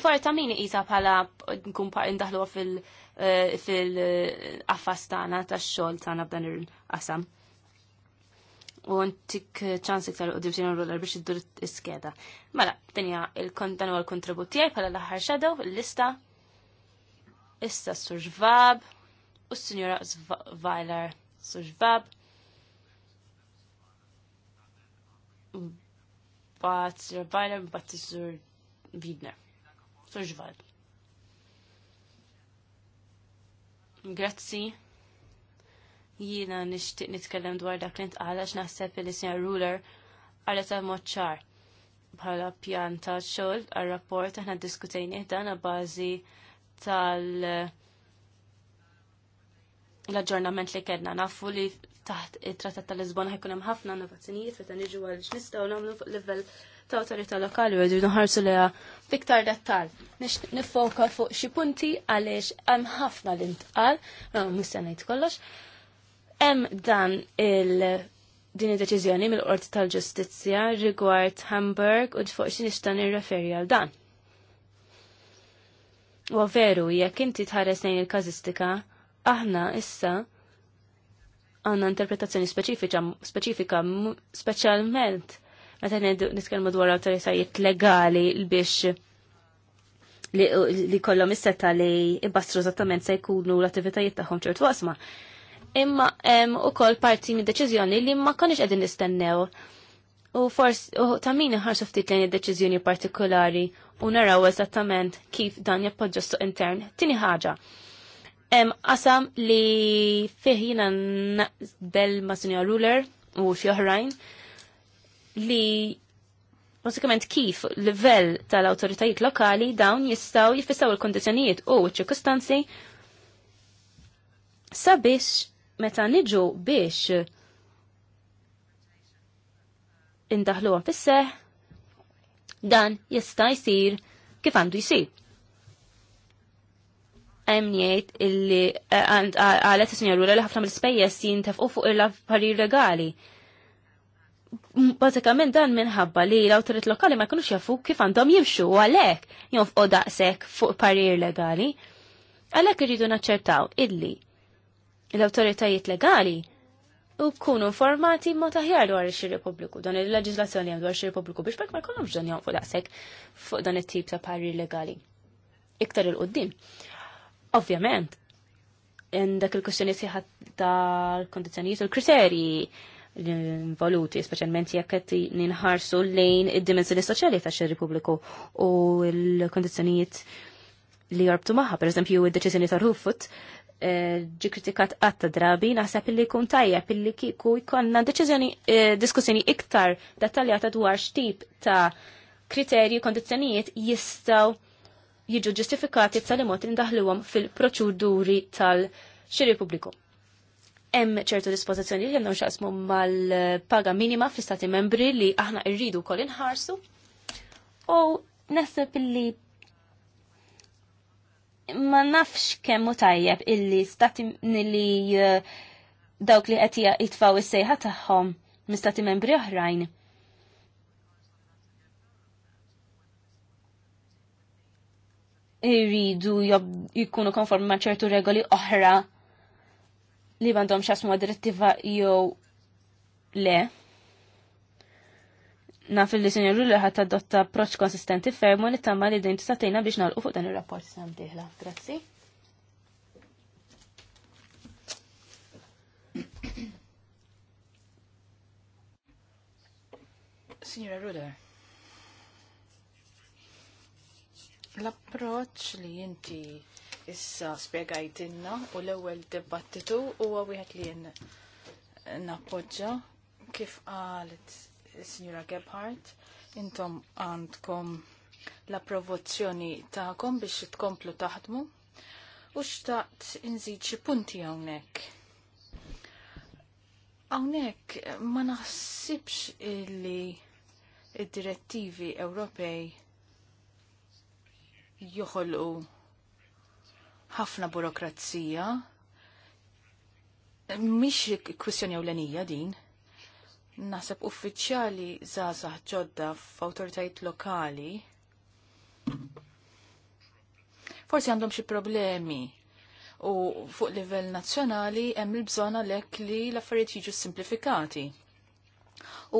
forri min jisa bħala ndaħlu fil-affas eh, tana ta' xol tana b'dan il-qasam. U għantik ċans iktar u u roller biex id-dur iskeda. Mela, dinja il-kontan u l-kontributijaj bħala l-ħar shadow, l-lista issa Surġvab u s-Sinjora Vajlar Surġvab. Bat Sir Vajlar, bat Sir Vidner. Surġvab. Grazzi. Jiena nixtieq nitkellem dwar dak li ntqal naħseb li Sinja Ruler għalet mod moċċar bħala pjan ta' xogħol rapport aħna diskutajni dan bażi tal l-aġġornament li kedna nafu li taħt it-trattat tal-Lisbona ħajkun hemm ħafna innovazzjonijiet meta niġu għal x'nistgħu nagħmlu fuq livell ta' awtorità lokali u jridu nħarsu liha fiktar dettall. Nix nifoka fuq xi punti għaliex hemm ħafna li ntqal, mista' ngħid kollox. Hemm dan il- din id-deċiżjoni mill-Qorti tal-Ġustizzja rigward Hamburg u fuq xi nixtan nirreferi għal dan. U veru, jekk inti tħares lejn il-kazistika, aħna issa għanna interpretazzjoni speċifika, speċifika speċjalment meta nitkellmu dwar awtoritajiet legali biex li, li kollhom is-seta li ibastru eżattament se jkunu l-attivitajiet tagħhom ċert wasma, Imma hemm ukoll parti minn deċiżjoni li ma konniex qegħdin nistennew u forsi u tamina ħarsu ftit lejn deċiżjoni partikolari u naraw eżattament kif dan jappoġġa suq intern. Tini ħaġa. Hemm qasam li fih jiena naqbel ma' Sunja Ruler u xi oħrajn li Basikament kif livell tal-autoritajiet lokali dawn jistaw jifissaw il-kondizjonijiet u ċirkustanzi sabiex meta niġu biex indaħluhom fis-seħ, dan jista' jsir kif għandu jsir. Hemm jgħid illi qalet eh, is-sinjor li ħafna mill-ispejjeż jintefqu fuq il parir regali. Bażikament dan minħabba li l-awtorit lokali ma jkunux jafu kif għandhom jimxu għalhekk jonfqu daqshekk fuq parir legali. Għalhekk irridu naċċertaw illi l-awtoritajiet legali u kunu informati ma taħjar dwar ix-Republiku, dan il-leġislazzjoni dwar ix-Republiku biex bekk ma jkollhomx dan jonfu daqshekk fuq dan it-tip ta' parri legali. Iktar il-qoddim. Ovvjament, dak il kustjoni siħat tal-kondizzjonijiet u l-kriterji l involuti specialment jekk qed ninħarsu lejn id-dimensjoni soċjali tax repubbliku u l-kondizzjonijiet li jorbtu maħħa, per eżempju, id-deċiżjoni ta' Rufut ġi kritikat għatta drabi, naħseb illi kun tajjeb illi kiku jkonna deċizjoni eh, diskussjoni iktar dettaljata dwar x'tip ta' kriterji kondizjonijiet jistaw jiġu ġustifikati b'tal-imot indaħluhom fil proċuduri tal-xiri pubbliku. Hemm ċertu dispożizzjoni li għandhom xaqsmu mal-paga minima fl-istati membri li aħna rridu kol inħarsu u nasib li ma nafx kemm hu tajjeb illi stati li eh, dawk li qed jitfaw is-sejħa tagħhom mistati membri oħrajn. Iridu jikunu konformi ma' ċertu regoli oħra li m'għandhomx xasmu direttiva jew le naf li sinjor Rulli ħat adotta approċ konsistenti fermu u nittama li din tistatejna biex nalqu fuq dan il-rapport sam diħla. Grazzi. Signora Ruder, l-approċ li jinti issa spiegajtinna u l-ewwel dibattitu huwa wieħed li nappoġġa kif qalet Signora Gebhardt, intom għandkom l provozzjoni ta'kom biex tkomplu taħdmu u xtaqt inżid xi punti hawnhekk. Hawnhekk ma naħsibx illi id-direttivi Ewropej joħolqu ħafna burokrazija. Mish kwistjoni ewlenija din naħseb uffiċjali zazah ġodda f'awtoritajiet lokali forsi għandhom xi problemi u fuq livell nazzjonali hemm il-bżonn għalhekk li l-affarijiet jiġu simplifikati.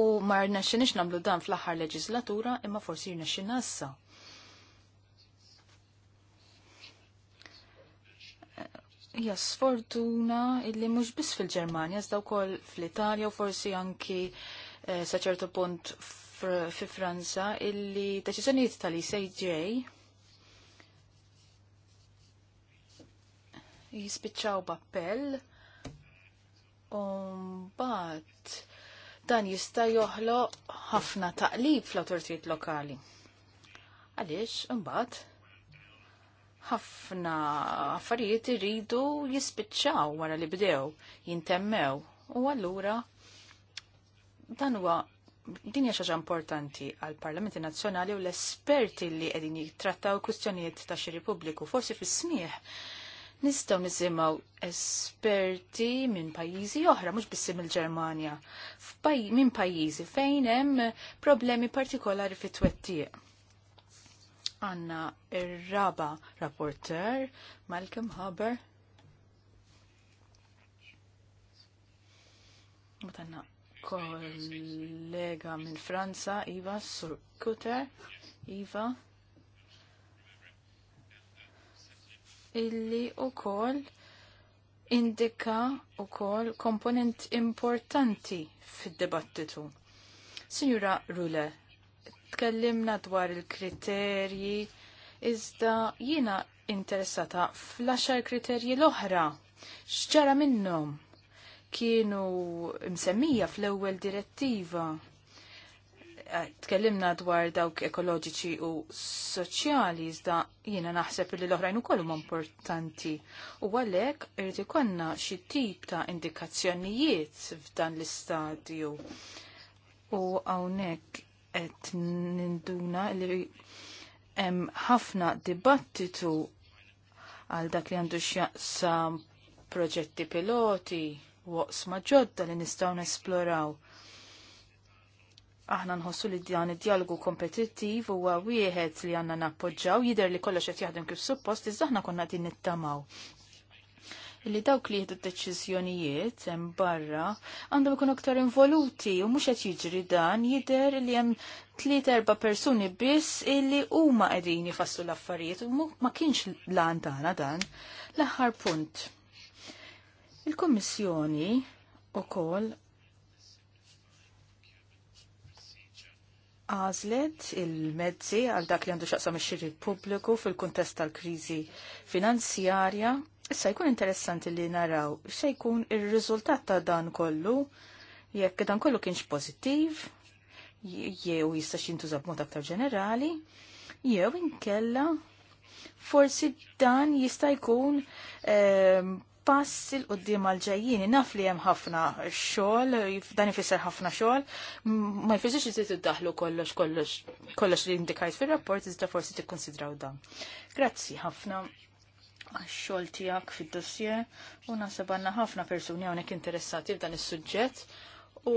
U ma rnexxinix nagħmlu dan fl-aħħar leġislatura imma forsi rnexxin issa. Ja, sfortuna illi mhux biss fil-Ġermanja, iżda wkoll fl-Italja u forsi anki eh, sa ċertu punt fi Franza illi deċiżjonijiet tal-ICJ jispiċċaw b'appell u mbagħad dan jista' joħloq ħafna taqlib fl-awtoritajiet lokali. Għaliex imbagħad ħafna affarijiet iridu jispiċċaw wara li bdew, jintemmew. U allura dan huwa din hija xaġa importanti għal parlamenti Nazzjonali u l-esperti li qegħdin jittrattaw kwistjonijiet ta' xi Repubbliku forsi fis-smieħ nistgħu nisimgħu esperti minn pajjiżi oħra mhux biss mill-Ġermanja, minn pajjiżi fejn hemm problemi partikolari fit-twettieq għanna il raba rapporter Malcolm Haber. għanna kollega minn Franza, Iva Surkuter, Iva. Illi u koll indika u koll komponent importanti fid-debattitu. Signora Rule, tkellimna dwar il-kriterji, iżda jiena interessata fl-axar kriterji l-oħra. Xġara minnhom? Kienu msemmija fl-ewwel direttiva. Eh, tkellimna dwar dawk ekoloġiċi u soċjali, iżda jiena naħseb li l-oħrajn ukoll huma importanti. U għalhekk irid ikollna xi tip ta' indikazzjonijiet f'dan l-istadju. U hawnhekk qed ninduna li hemm ħafna dibattitu għal dak li għandu x'jaqsam proġetti piloti, waqsma ġodda li nistgħu nesploraw. Aħna nħossu li dan id-dialogu kompetittiv huwa wieħed li għandna nappoġġaw jidher li kollox qed jaħdem kif suppost iżda aħna konna din nittamaw li dawk li jieħdu d-deċiżjonijiet hemm barra għandhom ikun aktar involuti u mhux qed jiġri dan jidher li hemm tliet erba' persuni biss illi huma qegħdin jifassu l-affarijiet u ma kienx lan tagħna dan. L-aħħar punt. Il-Kummissjoni wkoll għazlet il-mezzi għal dak li għandu xaqsam ix-xiri pubbliku fil-kuntest tal-kriżi finanzjarja Issa jkun interessanti li naraw se jkun ir-riżultat ta' dan kollu jekk dan kollu kienx pozittiv, jew jista' jintuża b'mod aktar ġenerali, jew inkella forsi dan jista' jkun ehm, pass il qoddim għal-ġajjini, naf li hemm ħafna xogħol, dan ifisser ħafna xogħol, ma jfissirx li daħlu kollox kollox kollox li indikajt fir-rapport iżda forsi tikkonsidraw dan. Grazzi ħafna għax-xogħol tiegħek fid-dossier u naħseb għandna ħafna persuni hawnhekk interessati f'dan is-suġġett u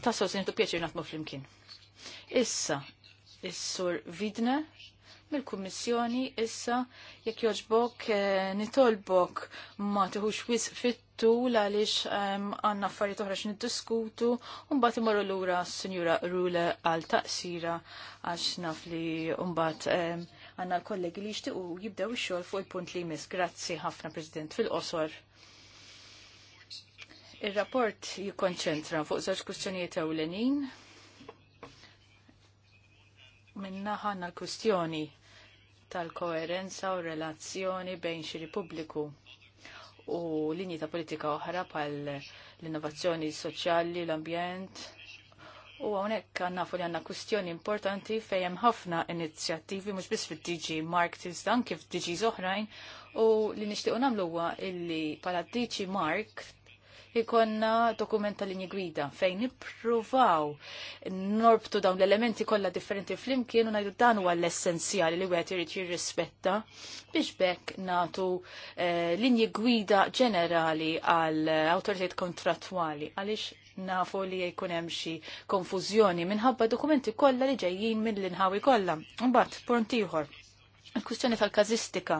sinitu pieċi pjaċir naħdmu flimkien. Issa, is-sur Vidne mill-Kummissjoni issa jekk joġbok eh, nitolbok ma tiħux wisq fittu għaliex ehm, għandna affarijiet oħra niddiskutu u mbagħad imorru lura s-Sinjura Rule għal taqsira għax naf li mbagħad ehm, għanna l-kollegi li jishtiqu jibdew ix-xogħol fuq il-punt li jmiss. Grazzi ħafna President fil-qosor. Ir-rapport jikkonċentra fuq żewġ kwistjonijiet ewlenin. Minna ħanna l-kwistjoni tal-koerenza u relazzjoni bejn xi Repubbliku u linji ta' politika oħra pal l-innovazzjoni soċjali, l-ambjent, U għonek nafu li għanna kustjoni importanti fejem ħafna inizjattivi, mux bis fil-DG Mark tizdan kif DG zoħrajn, u li nishtiqo namlu huwa illi pala DG Mark ikonna dokumenta linji gwida fejn nipruvaw norbtu dawn l-elementi kollha differenti flimkien u najdu dan huwa l-essenzjali li wieħed irid jirrispetta biex bekk natu eh, linji gwida ġenerali għal awtoritajiet kontrattwali għaliex nafu li jkun hemm xi konfużjoni minħabba dokumenti kollha li ġejjin mill-inħawi kollha. Mbagħad punt ieħor. Il-kwistjoni tal-kazistika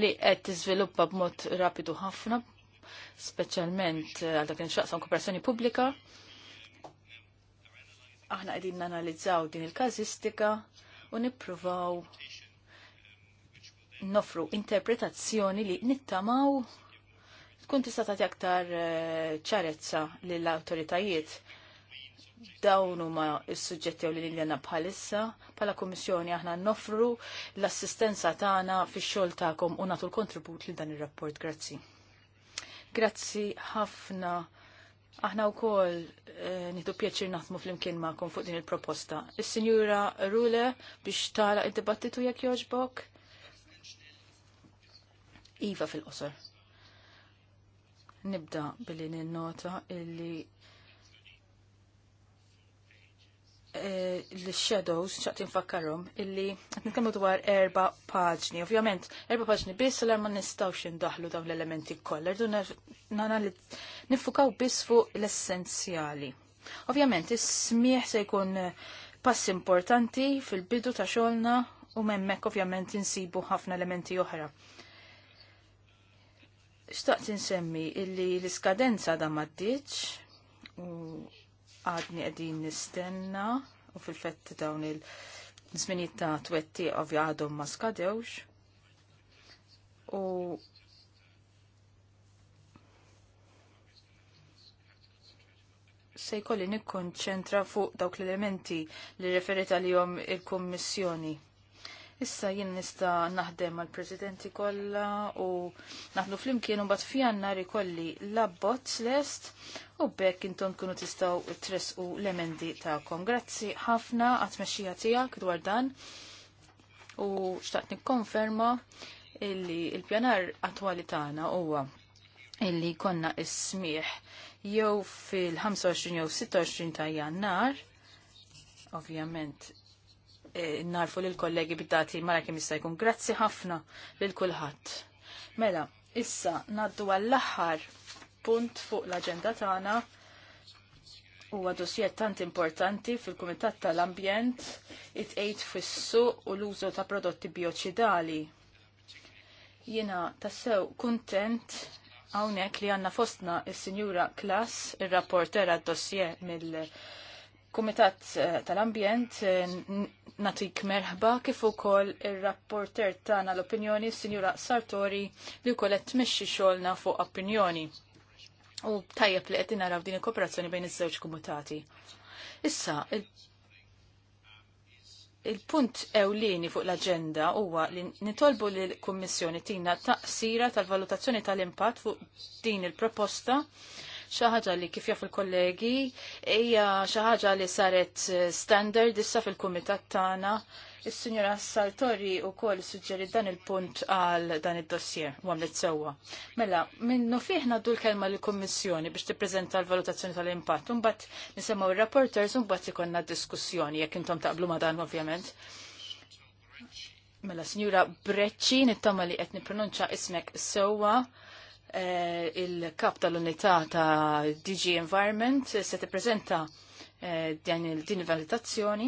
li qed tiżviluppa b'mod rapidu ħafna, speċjalment għal dak inxaqsam kooperazzjoni pubblika. Aħna qegħdin nanalizzaw din il-kazistika u nippruvaw nofru interpretazzjoni li nittamaw tkun tista' tagħti aktar eh, ċarezza lill awtoritajiet dawn huma s-suġġetti u li għandna bħalissa bħala kummissjoni aħna noffru l-assistenza tagħna fix-xogħol tagħkom u nagħtu l-kontribut li dan ir-rapport. Grazzi. Grazzi ħafna. Aħna wkoll eh, nieħdu pjaċir naħdmu flimkien magħkom fuq din il-proposta. Is-Sinjura Rule biex tara id-dibattitu jekk jogħġbok. Iva fil-qosor. Nibda billi ninnota illi eh, l-shadows, xaqt infakkarum illi għet nitkellmu dwar erba paġni. Ovvjament, erba paġni biss l ma nistawx indaħlu dawn l-elementi kollha. Rdu nifukaw biss fuq l-essenzjali. Ovvjament, is-smieħ se jkun pass importanti fil-bidu ta' xogħolna u memmek ovvjament insibu ħafna elementi oħra. Xtaqt insemmi illi l-iskadenza da maddiċ u għadni għedin nistenna u fil-fett dawn il-żminijiet ta' twetti ovvja għadhom ma skadewx. U se jkolli nikkonċentra fuq dawk l-elementi li referita li jom il-Kommissjoni. Issa jien nista naħdem għal presidenti kollha u naħdu flimkien u bat fjannar ikolli l lest u bekk intom kunu tistgħu tresqu l-emendi ta' kongrazzi ħafna għat-tmexxija tiegħek dwar dan u xtaqt nikkonferma illi il-pjanar attwali tagħna huwa illi konna is-smieħ jew fil-25 jew 26 ta' jannar ovvjament narfu lil kollegi bid-dati mara kemm jista' jkun. Grazzi ħafna lil kulħadd. Mela, issa naddu għall-aħħar punt fuq l-aġenda tagħna huwa dossier tant importanti fil-Kumitat tal-Ambjent it ejt fis u l-użu ta' prodotti bioċidali. Jiena tassew kuntent hawnhekk li għandna fostna il sinjura Klas, ir-rapporter għad-dossier mill- Kumitat eh, tal-Ambjent eh, natik merħba kif ukoll ir-rapporter tagħna l-opinjoni Sinjura Sartori li wkoll qed tmexxi xogħolna fuq opinjoni. U tajjeb li qed naraw din il-kooperazzjoni bejn iż-żewġ kumitati. Issa, il-punt ewlieni fuq l-agenda huwa li nitolbu li l-Kummissjoni tina taqsira tal-valutazzjoni tal-impatt fuq din il-proposta xaħġa ħaġa li kif jaf il-kollegi hija xi ħaġa li saret eh, standard issa fil-kumitat tagħna. il sinjora Saltori u kol suġġeri dan il-punt għal dan id-dossier u għamlet sewa. Mela, minnu fiħna ddu l-kelma l-Kommissjoni biex tippreżenta l-valutazzjoni tal-impatt, unbat nisemmaw il-rapporters, unbat ikonna diskussjoni, jekk intom taqblu ma dan ovvjament. Mela, Sinjura Brecci, nittama li qed pronunċa ismek sewa. Eh, il-kap tal-unità ta' DG Environment se tippreżenta eh, din il-valutazzjoni.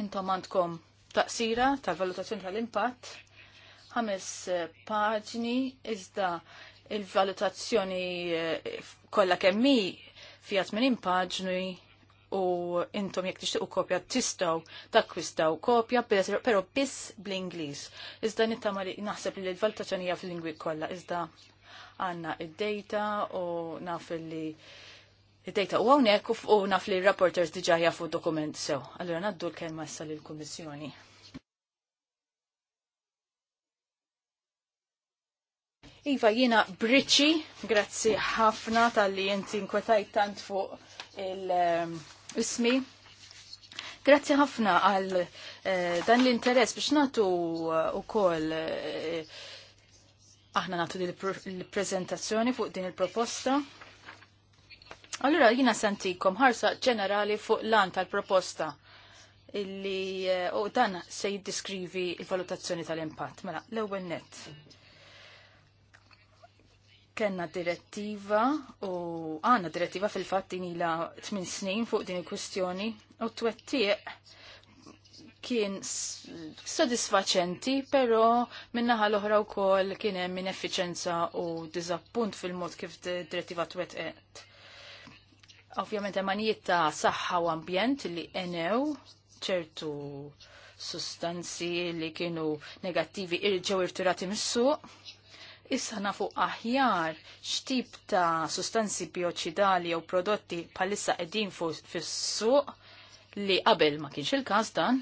Intom għandkom taqsira tal-valutazzjoni tal-impatt ħames eh, paġni iżda il-valutazzjoni eh, kollha kemmi fiha 80 paġni u intom jekk tixtiqu kopja tistgħu takkwistaw kopja però biss bl-Ingliż. Iżda nittam li naħseb li l-valutazzjoni hija fil-lingwi kollha iżda għandna id-data u naf li id-data u hawnhekk u naf li r-rapporters diġà jafu dokument sew. Allura naddu l-kelma issa lill-Kummissjoni. Iva, jina Briċi, grazzi ħafna tal-li jinti nkwetajt tant fuq il- ehm, ismi. Grazzi ħafna għal eh, dan l-interess biex natu eh, u koll eh, aħna natu l-prezentazzjoni fuq din il-proposta. Allora jina santikom ħarsa ġenerali fuq lan tal-proposta illi u dan se jiddiskrivi il-valutazzjoni tal-impatt. Mela, l-ewwel net kena direttiva u għana direttiva fil-fat din ila 8 snin fuq din il kwestjoni u t-twettiq kien sodisfaċenti, pero minnaħa l-oħra u kol kien hemm effiċenza u diżappunt fil-mod kif direttiva twetqet. Ovvjament emanijiet ta' saħħa u ambjent li enew ċertu sustanzi li kienu negattivi irġew irturati mis-suq Issa nafu aħjar x'tip ta' sustanzi bioċidali jew prodotti bħalissa qegħdin fis-suq li qabel ma kienx il-każ dan,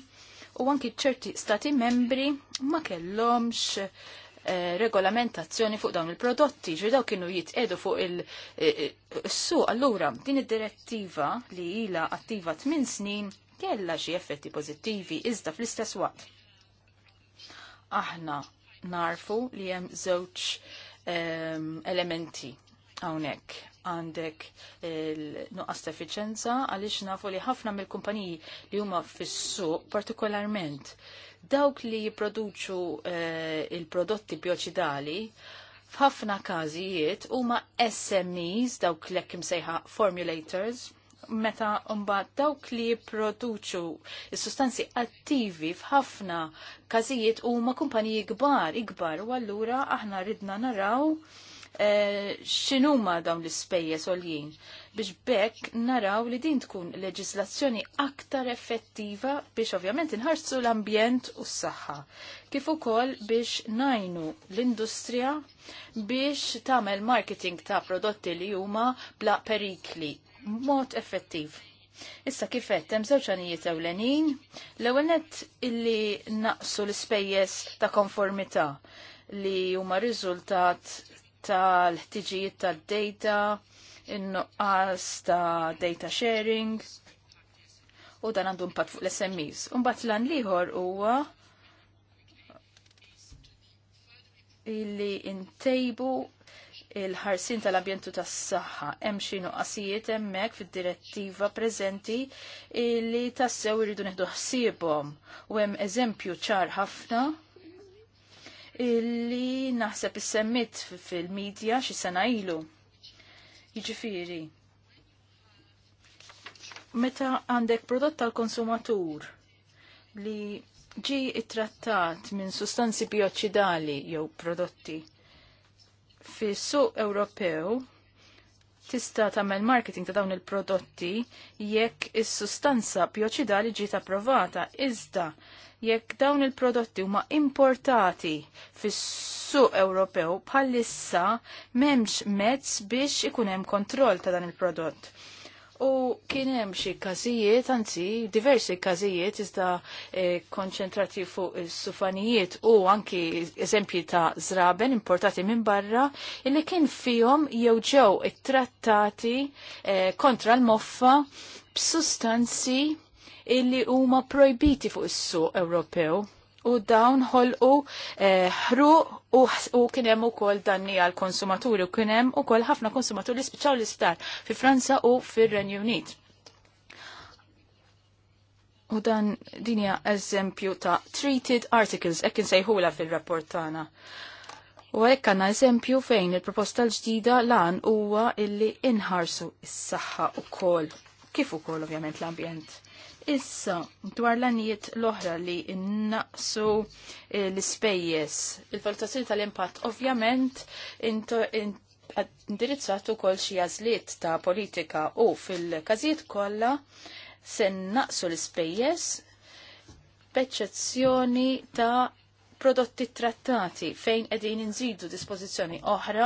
u anki ċerti stati membri ma kellhomx eh, regolamentazzjoni fuq dawn il-prodotti, ġi daw kienu jitqedu fuq il-suq. Eh, eh, allura, din id-direttiva li ila attiva 8 snin kella xi effetti pożittivi iżda fl-istess waqt. Aħna narfu li hemm żewġ um, elementi hawnhekk għandek il-nuqqas ta' efficienza għaliex nafu li ħafna mill-kumpaniji li huma fis-suq partikolarment dawk li jipproduċu eh, il-prodotti bioċidali f'ħafna każijiet huma SMEs dawk lekk sejħa formulators meta mbagħad dawk li jipproduċu s-sustanzi attivi f'ħafna każijiet huma kumpaniji kbar ikbar u allura aħna ridna naraw eh, x'inhuma dawn l-ispejjeż għoljin biex bekk naraw li din tkun leġislazzjoni aktar effettiva biex ovvjament inħarsu l-ambjent u s-saħħa. Kif ukoll biex najnu l-industrija biex tagħmel marketing ta' prodotti li huma bla perikli mod effettiv. Issa kifet, hemm żewġ għanijiet ewlenin. L-ewwel nett illi naqsu l-ispejjeż ta' konformità li huma riżultat tal-ħtiġijiet tad-data, in-nuqqas ta' data sharing, u dan għandu mpat fuq l-SMEs. Imbagħad lan liħor huwa illi intejbu il-ħarsin tal-ambjentu tas saħħa hemm xi nuqqasijiet hemmhekk fid-direttiva preżenti li tassew iridu neħdu ħsiebhom u hemm eżempju ċar ħafna illi naħseb is-semmit fil-medja xi sena ilu. Jiġifieri. Meta għandek prodott tal-konsumatur li ġi ittrattat minn sustanzi bioċidali jew prodotti fis-suq Ewropew tista' tagħmel marketing ta' dawn il-prodotti jekk is-sustanza pjoċidali ġiet approvata iżda jekk dawn il-prodotti huma importati fis-suq Ewropew bħalissa m'hemmx mezz biex ikun hemm kontroll ta' dan il-prodott U kien hemm xi każijiet, anzi diversi każijiet iżda eh, konċentrati fuq is-sufanijiet u anki eżempji ta' żraben importati minn barra illi kien fihom jew ġew ittrattati eh, kontra l-moffa b'sustanzi illi huma projbiti fuq is-suq Ewropew u dawn ħolqu eh, ħru u kienem u kol danni għal konsumaturi u kienem u kol ħafna konsumaturi spiċaw l-istar fi Franza u fir renju Unit. U dan dinja eżempju ta' treated articles, ekkin sejħula fil-rapport tagħna. U għek għanna eżempju fejn il-proposta l-ġdida lan huwa illi inħarsu s-saħħa u kol, kif u kol ovvjament l-ambjent. Issa, dwar l-anijiet l-oħra li innaqsu eh, l-spejjes, il-valutazzjoni tal-impatt ovvjament indirizzatu kol xi ta' politika u fil-każijiet kollha se naqsu l-ispejjeż b'eċċezzjoni ta' prodotti trattati fejn qegħdin nżidu dispożizzjoni oħra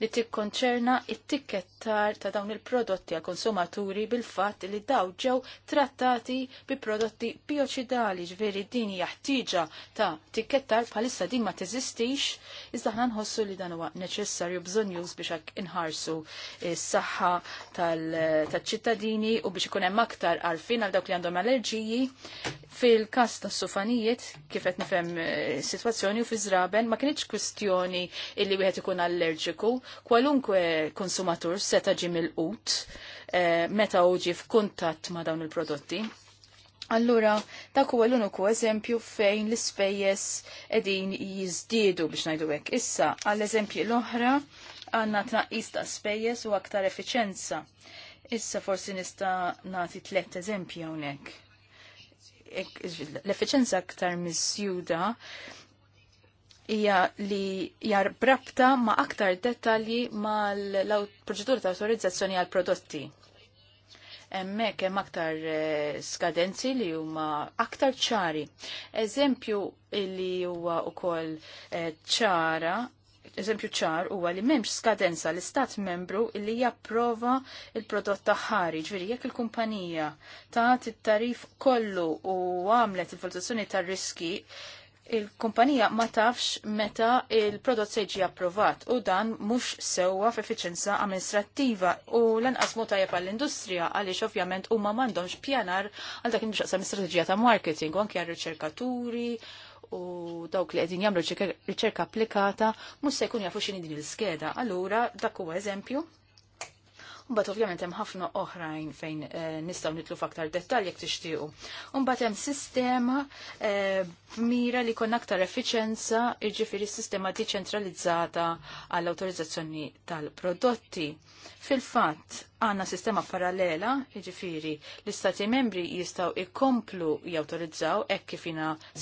li tikkonċerna it tikkettar ta' dawn il-prodotti għal konsumaturi bil-fatt li daw ġew trattati bi prodotti bioċidali ġveri din jaħtiġa ta' tikkettar bħalissa din ma teżistix, iżda ħna nħossu li dan huwa neċessarju bżonn biex inħarsu s-saħħa tal-ċittadini u biex ikun hemm aktar għarfien għal dawk li għandhom allerġiji, Fil-kas ta' sufanijiet, kifet nifem eh, situazzjoni u fi ma kienieċ kwistjoni illi wieħed ikun allerġiku, kwalunkwe konsumatur seta ġim il-qut, eh, meta uġi f'kuntatt ma' dawn il-prodotti. Allura, dak kuwa l-uniku eżempju fejn l-ispejjeż qegħdin jiżdiedu biex ngħidu hekk. Issa, għall-eżempji l-oħra għandna tnaqqis ta' spejjeż u aktar efficienza. Issa forsi nista' nagħti tliet eżempji hawnhekk l-efficienza aktar misjuda hija li jarbrabta brabta ma' aktar dettalji mal-proċedura ta' autorizzazzjoni għal prodotti. Hemmhekk hemm aktar eh, skadenzi li huma aktar ċari. Eżempju li huwa wkoll eh, ċara eżempju ċar huwa li m'hemmx skadenza l-istat membru li japprova il-prodott ħari, ġviri jekk il-kumpanija tat it-tarif kollu u għamlet il-valutazzjoni tar-riski il-kumpanija ma tafx meta il-prodott se jiġi approvat u dan mhux sewwa f'effiċenza amministrattiva u lanqas mod tajjeb għall-industrija għaliex ovvjament huma m'għandhomx pjanar għal dak xaqsam istrateġija ta' marketing u anke għar-riċerkaturi, u dawk li qegħdin jagħmlu riċerka applikata mhux se jkun jafu x'inhi din il-skeda. Allura dak huwa eżempju Mbagħad ovvjament hemm ħafna oħrajn fejn eh, nistgħu nitlu f'aktar dettalji jekk tixtiequ. Mbagħad hemm sistema b'mira eh, li jkun aktar effiċenza, jiġifieri sistema diċentralizzata għall awtorizzazzjoni tal-prodotti. Fil-fatt għandna sistema parallela, jiġifieri l-istati membri jistgħu jkomplu jawtorizzaw hekk kif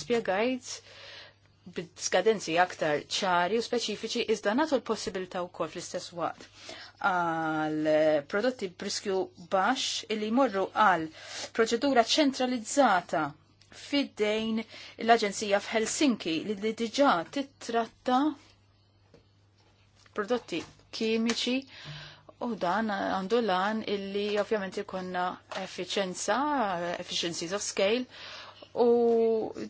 spjegajt b'skadenzi aktar ċari u speċifiċi iżda nagħtu l-possibilità wkoll fl-istess waqt għal prodotti briskju baxx illi jmorru għal proċedura ċentralizzata fid-dejn l-Aġenzija f'Helsinki li diġà titratta prodotti kimiċi u dan għandu lan illi ovvjament ikonna efficienza, efficiencies of scale u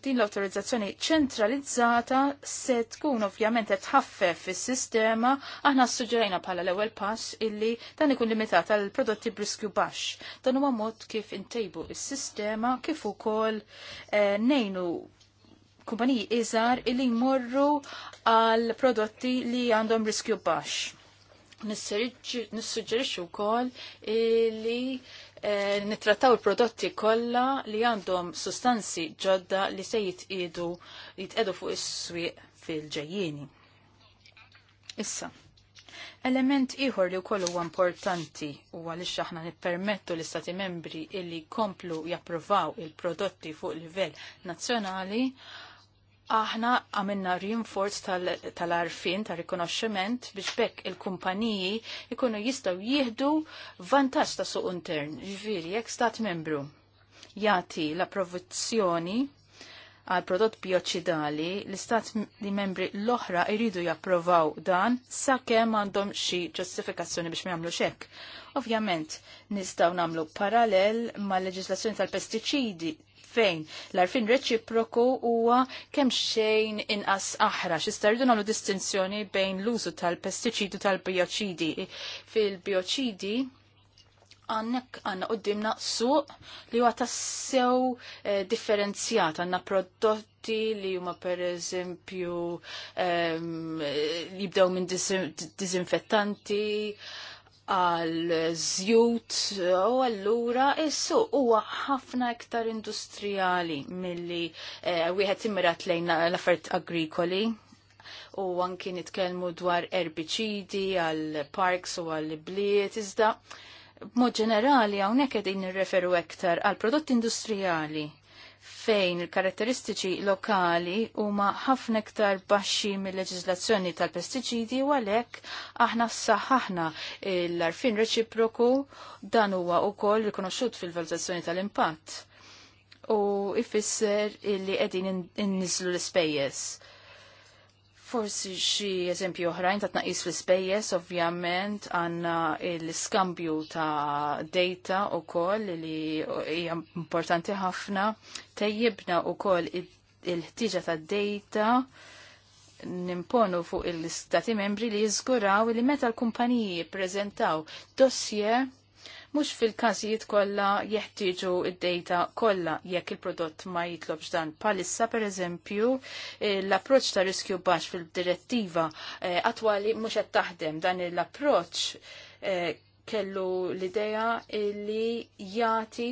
din l-autorizzazzjoni ċentralizzata se tkun ovvjament qed tħaffef is-sistema aħna suġġerajna bħala l-ewwel pass illi dan ikun limitat għal prodotti briskju baxx. Dan huwa mod kif intejbu is-sistema kif ukoll eh, nejnu kumpaniji iżgħar illi jmorru għal prodotti li għandhom riskju baxx nissuġġerixxu wkoll li Eh, nittrattaw il-prodotti kollha li għandhom sustanzi ġodda li se jitqidu jitqedu fuq is-swieq fil-ġejjieni. Issa, element ieħor li wkoll huwa importanti huwa għaliex aħna nippermettu l-Istati membri illi komplu japprovaw il-prodotti fuq livell nazzjonali aħna għamilna rinforz tal-arfin, tal tal-rikonoxximent biex bekk il-kumpaniji ikunu jistaw jihdu vantaġġ ta' suq intern, ġviri, jekk stat membru jati l-approvazzjoni għal prodott bioċidali, l-istat li membri l-oħra jridu japprovaw dan sakemm għandhom xi ġustifikazzjoni biex ma xek. Ovjament, Ovvjament, nistgħu nagħmlu parallel mal leġislazzjoni tal-pestiċidi fejn l-arfin reċiproku huwa kemm xejn inqas aħra. Xistardu nagħmlu distinzjoni bejn l-użu tal pestiċidu tal-bioċidi. Fil-bioċidi għannek għanna qoddimna suq li huwa tassew eh, differenzjat għanna prodotti li huma per eżempju ehm, eh, jibdew minn disinfettanti, għal zjut u allura issu huwa ħafna iktar industrijali milli eh, wieħed immirat lejn l-affert agrikoli u anki nitkellmu dwar erbicidi għal parks u għal bliet iżda b'mod ġenerali hawnhekk qegħdin nirreferu iktar għal prodotti industrijali fejn il-karatteristiċi lokali huma ħafna iktar baxxi mill-leġiżlazzjoni tal-pestiċidi u għalhekk aħna saħħaħna l-arfin reċiproku dan huwa wkoll rikonoxxut fil-valutazzjoni tal-impatt u ifisser li qegħdin inniżlu l-ispejjeż. Forsi xi eżempju oħrajn ta' tnaqis fl-ispejjeż ovvjament għandna l-iskambju ta' data wkoll li hija importanti ħafna tejjibna wkoll il-ħtiġa ta' data nimponu fuq il istati membri li jiżguraw li meta l-kumpaniji ppreżentaw dossier Mhux fil-każijiet kollha jeħtieġu id-data kollha jekk il-prodott ma jitlobx dan. Palissa pereżempju l-approċċ ta' riskju baxx fil-direttiva eh, attwali mhux qed taħdem dan l-approċċ eh, kellu l-idea li jati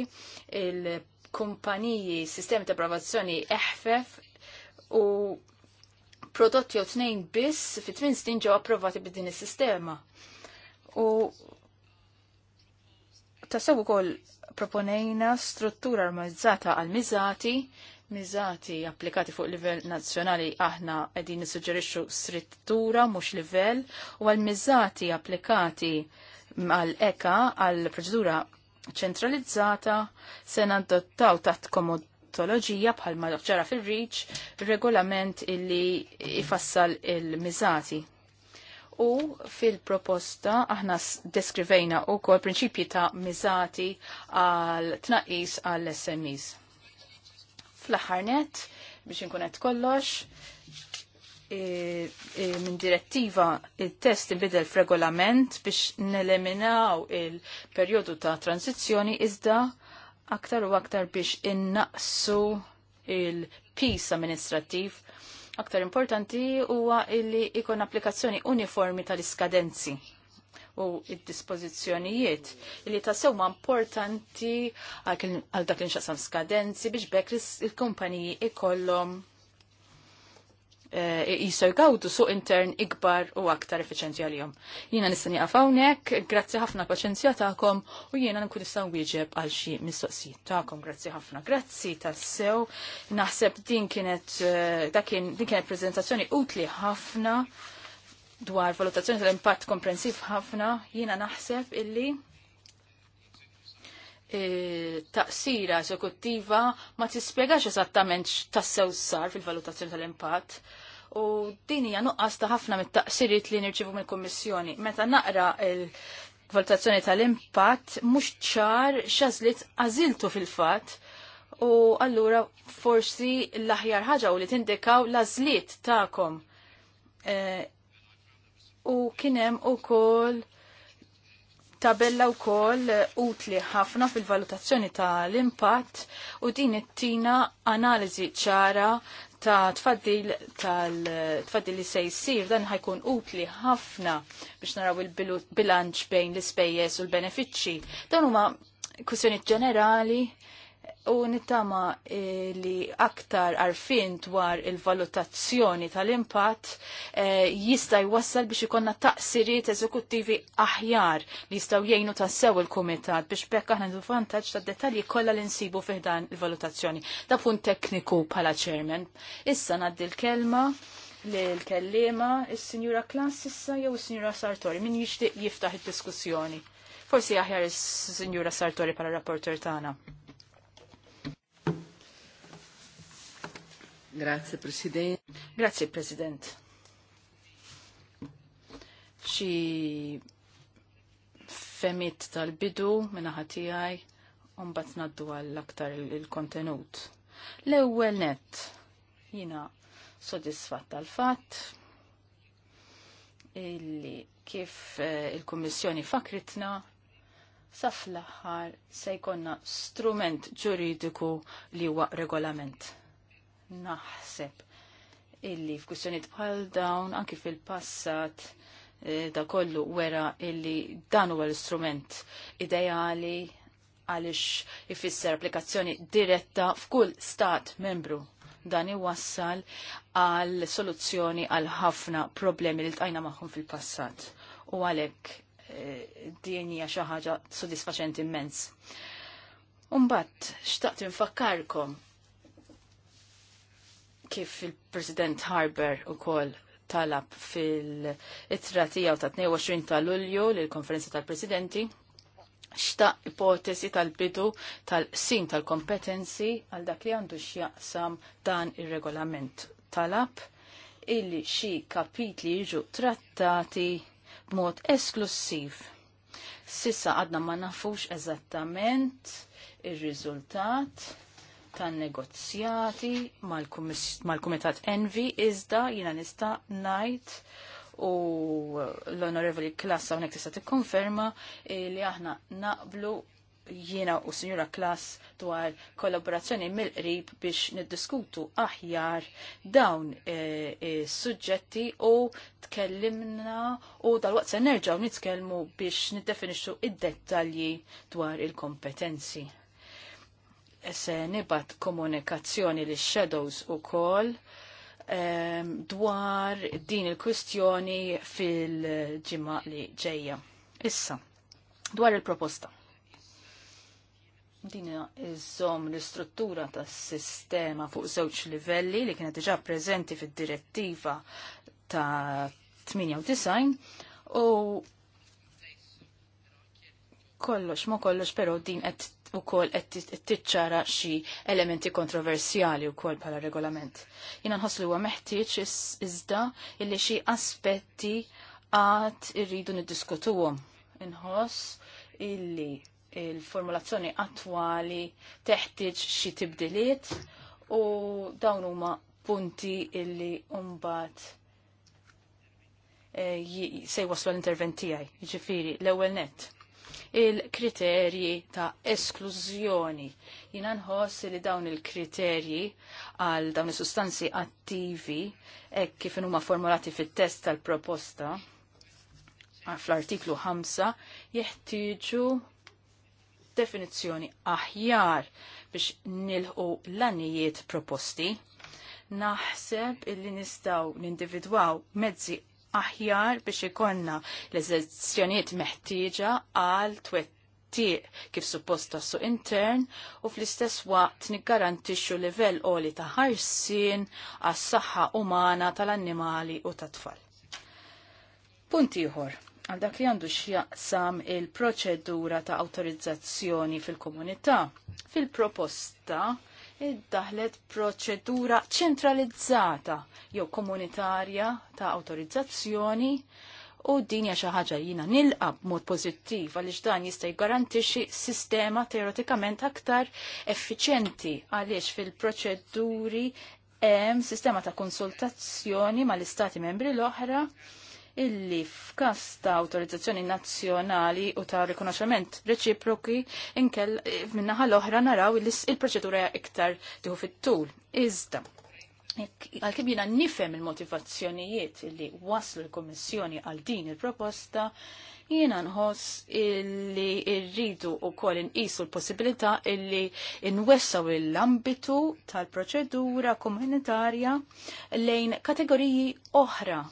il-kumpaniji sistemi ta' provazzjoni eħfef u prodotti u tnejn biss fit tmien snin ġew approvati bid-din is-sistema. U Tassew ukoll proponejna struttura armazzata għal miżati miżati applikati fuq livell nazzjonali aħna qegħdin nissuġġerixxu struttura mhux livell u għal miżati applikati għal eka għal proċedura ċentralizzata se nadottaw taħt komodoloġija bħal ma ġara fil-riċ regolament illi ifassal il-miżati u fil-proposta aħna deskrivejna u kol prinċipji ta' mizati għal tnaqis għal SMEs. Fl-ħarnet, biex nkunet kollox, e, e, minn direttiva il-test f f'regolament biex neleminaw il-perjodu ta' transizjoni iżda aktar u aktar biex innaqsu il-pis amministrativ aktar importanti huwa illi ikon applikazzjoni uniformi tal-iskadenzi u id-dispozizjonijiet li ta' sewma importanti għal dak li nxaqsam skadenzi biex bekk il-kumpaniji ikollhom Eh, jisaw jgawdu suq intern ikbar u aktar effiċenti għalihom. Jina nistani għafawnek, grazzi ħafna paċenzja ta'kom u jiena nkun nistaw wieġeb għal xi mistoqsijiet ta'kom, grazzi ħafna. Grazzi tassew, naħseb din kienet, eh, dakin, din kienet prezentazzjoni utli ħafna dwar valutazzjoni tal-impatt komprensiv ħafna, jiena naħseb illi E, taqsira esekuttiva ma tispjegax eżattament x'tassew sar fil-valutazzjoni tal-impatt. U din hija nuqqas ta' ħafna mit-taqsiriet li nirċivu mill-Kummissjoni. Meta naqra l valutazzjoni tal-impatt mhux ċar x'għażliet għażiltu fil-fatt u allura forsi l-aħjar ħaġa u li tindikaw l-għażliet tagħkom. E, u kienem u koll tabella u kol utli ħafna fil-valutazzjoni ta' l-impatt u din it-tina analizi ċara ta' tfaddil tal-tfaddil li se jisir dan ħajkun utli ħafna biex naraw il-bilanċ bejn l-ispejjeż u l-benefiċċji. Dan huma kwistjoni ġenerali u nittama eh, li aktar arfin dwar il-valutazzjoni tal-impatt eh, jista' jwassal biex ikonna taqsiriet eżekuttivi aħjar li jistgħu jgħinu tassew il-kumitat biex bekk aħna ndu vantaġġ tad dettalji kollha li nsibu fih dan il-valutazzjoni. Da punt tekniku bħala chairman. Issa ngħaddi l-kelma lill kellima is-Sinjura Klas issa jew is-Sinjura Sartori min jixtieq jiftaħ id-diskussjoni. Forsi aħjar is-Sinjura Sartori bħala rapporter tagħna. Grazie President. Grazie President. Xi femit tal-bidu minna ħatijaj unbat naddu għall-aktar il-kontenut. L-ewwel net jina sodisfat tal-fatt illi kif eh, il-Kummissjoni fakritna saf l-aħħar se jkonna strument ġuridiku li huwa regolament naħseb illi f'kwistjoniet bħal dawn anki fil-passat eh, da kollu wera illi dan huwa l-istrument ideali għaliex ifisser applikazzjoni diretta f'kull stat membru dan iwassal għal soluzzjoni għal ħafna problemi li tajna magħhom fil-passat. U għalhekk eh, din hija xi ħaġa sodisfaċenti immens. Umbatt, xtaqt infakkarkom kif il-President Harber u kol talab fil-ittra tijaw ta' 22 ta' Lulju l-konferenza tal-Presidenti xta' ipotesi tal-bidu tal-sin tal-kompetenzi għal dak li għandu x'jaqsam dan ir-regolament talab illi xi kapitli jiġu trattati b'mod esklusiv. Sissa għadna ma nafux eżattament ir-riżultat tan-negozjati mal-Kumitat Envi iżda jiena nista' ngħid u l-Onorevoli Klass hawnhekk tista' tikkonferma li aħna naqblu jiena u Sinjura Klass dwar kollaborazzjoni mill-qrib biex niddiskutu aħjar dawn is-suġġetti e, e, u tkellimna u dal-waqt se nerġa'w nitkellmu biex niddefinixxu id-dettalji dwar il-kompetenzi se nibat komunikazzjoni li shadows u kol dwar din il kustjoni fil-ġimma li ġeja. Issa, dwar il-proposta. Dina iżom l-istruttura tas sistema fuq żewġ livelli li kienet diġà preżenti fid-direttiva ta' 98 u kollox ma kollox però din qed u kol t tċara xi elementi kontroversjali u kol pala regolament. Jina nħoslu huwa meħtieġ iżda illi xi aspetti għad irridu niddiskutuhom. Inħoss illi il-formulazzjoni attwali teħtieġ xi tibdiliet u dawn huma punti illi mbagħad sej eh, se waslu l-intervent tiegħi. Jiġifieri l-ewwel nett il-kriterji ta' esklużjoni. Jina nħoss li dawn il-kriterji għal dawn il-sustanzi attivi e kif huma formulati fit-test tal-proposta fl-artiklu 5 jeħtieġu definizzjoni aħjar biex nilħu l-anijiet proposti. Naħseb illi nistaw nindividwaw mezzi aħjar biex ikonna l-eżezzjoniet meħtieġa għal twettiq kif supposta su intern u fl-istess waqt niggarantixxu livell qoli ta' ħarsien għas saħħa umana tal-annimali u tat-tfal. Punt ieħor għal dak li għandu x'jaqsam il-proċedura ta' awtorizzazzjoni fil-komunità. Fil-proposta iddaħlet proċedura ċentralizzata jew komunitarja ta' autorizzazzjoni u din hija xi ħaġa jina nilqa b'mod pozittiv għaliex dan jista' jgarantixxi sistema teoretikament aktar effiċenti għaliex fil-proċeduri hemm sistema ta' konsultazzjoni mal-istati membri l-oħra illi f'kas ta' autorizzazzjoni nazzjonali u ta' rikonoxxament reċiproki inkell minnaħa l-oħra naraw il-proċedura iktar tieħu fit-tul. Iżda, għal kib jina nifem il-motivazzjonijiet li waslu l-Komissjoni għal din il-proposta, jina nħoss illi irridu u koll inqisu l-possibilità illi inwessaw l-ambitu tal-proċedura komunitarja lejn kategoriji oħra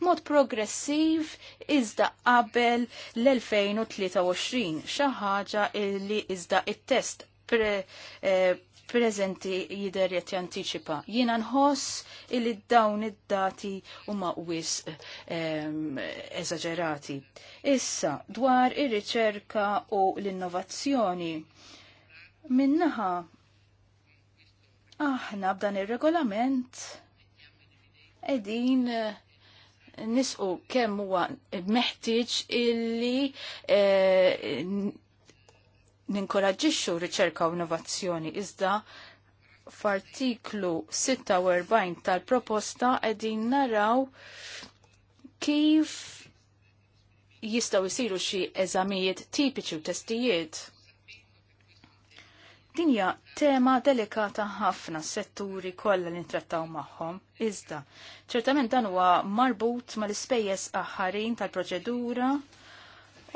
B'mod progressiv iżda qabel l-2023, xi ħaġa li iżda it-test pre, eh, prezenti jider jett jantiċipa. Jiena nħoss illi dawn id-dati huma wis ehm, eżaġerati. Issa, dwar ir-riċerka u l-innovazzjoni. Minnaħa, aħna b'dan ir-regolament edin uh, nisqu kemm huwa meħtieġ illi ninkoraġixxu eh, ninkoraġġixxu riċerka u innovazzjoni iżda f'artiklu 46 tal-proposta qegħdin naraw kif jistgħu jsiru xi eżamijiet tipiċi u testijiet Dinja tema delikata ħafna setturi kollha li ntrattaw magħhom. Iżda, ċertament dan huwa marbut mal-ispejjeż aħħarin tal-proċedura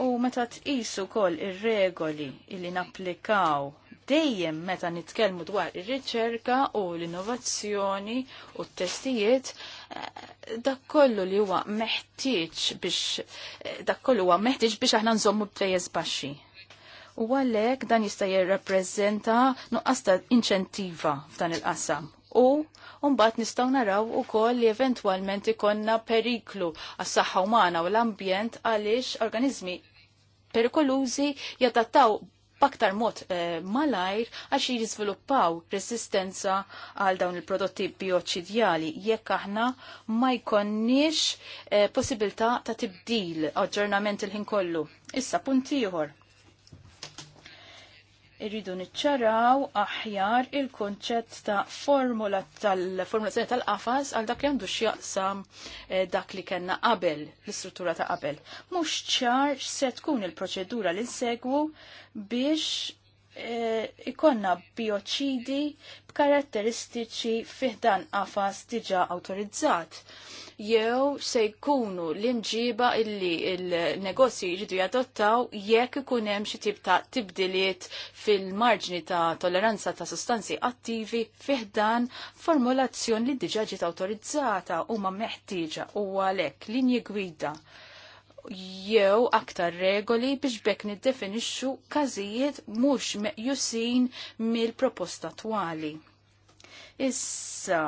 u meta tqisu wkoll ir-regoli li napplikaw dejjem meta nitkellmu dwar ir-riċerka u l-innovazzjoni u t-testijiet, eh, dak kollu li huwa meħtieġ biex eh, dak kollu huwa meħtieġ biex aħna nżommu b'trejjeż baxxi u għalhekk dan jista' jirrappreżenta nuqqas ta' inċentiva f'dan il-qasam. U mbagħad nistaw naraw u li eventualment ikonna periklu għas saħħa umana u l-ambjent għaliex organizmi perikolużi jadattaw baktar mod eh, malajr għax jiżviluppaw resistenza għal dawn il-prodotti bioċidjali jekk aħna ma jkonniex eh, possibilità ta' tibdil aġġornament il-ħin kollu. Issa punt ieħor irridu niċċaraw aħjar il-konċett ta' formula tal-formulazzjoni tal-qafas għal dak li għandu x'jaqsam eh, dak li kellna qabel, l-istruttura ta' qabel. Mhux ċar se tkun il-proċedura li nsegwu biex Eh, ikonna bioċidi b'karatteristiċi fiħdan qafas diġa autorizzat. Jew se jkunu l-imġiba illi il-negozji jridu jadottaw jekk ikun hemm xi tip ta' tibdiliet fil-marġni ta' tolleranza ta' sostanzi attivi fiħdan formulazzjoni li diġa ġiet autorizzata huma meħtieġa u għalhekk linji gwida jew aktar regoli biex bekk niddefinixxu każijiet mhux meqjusin mill-proposta twali. Issa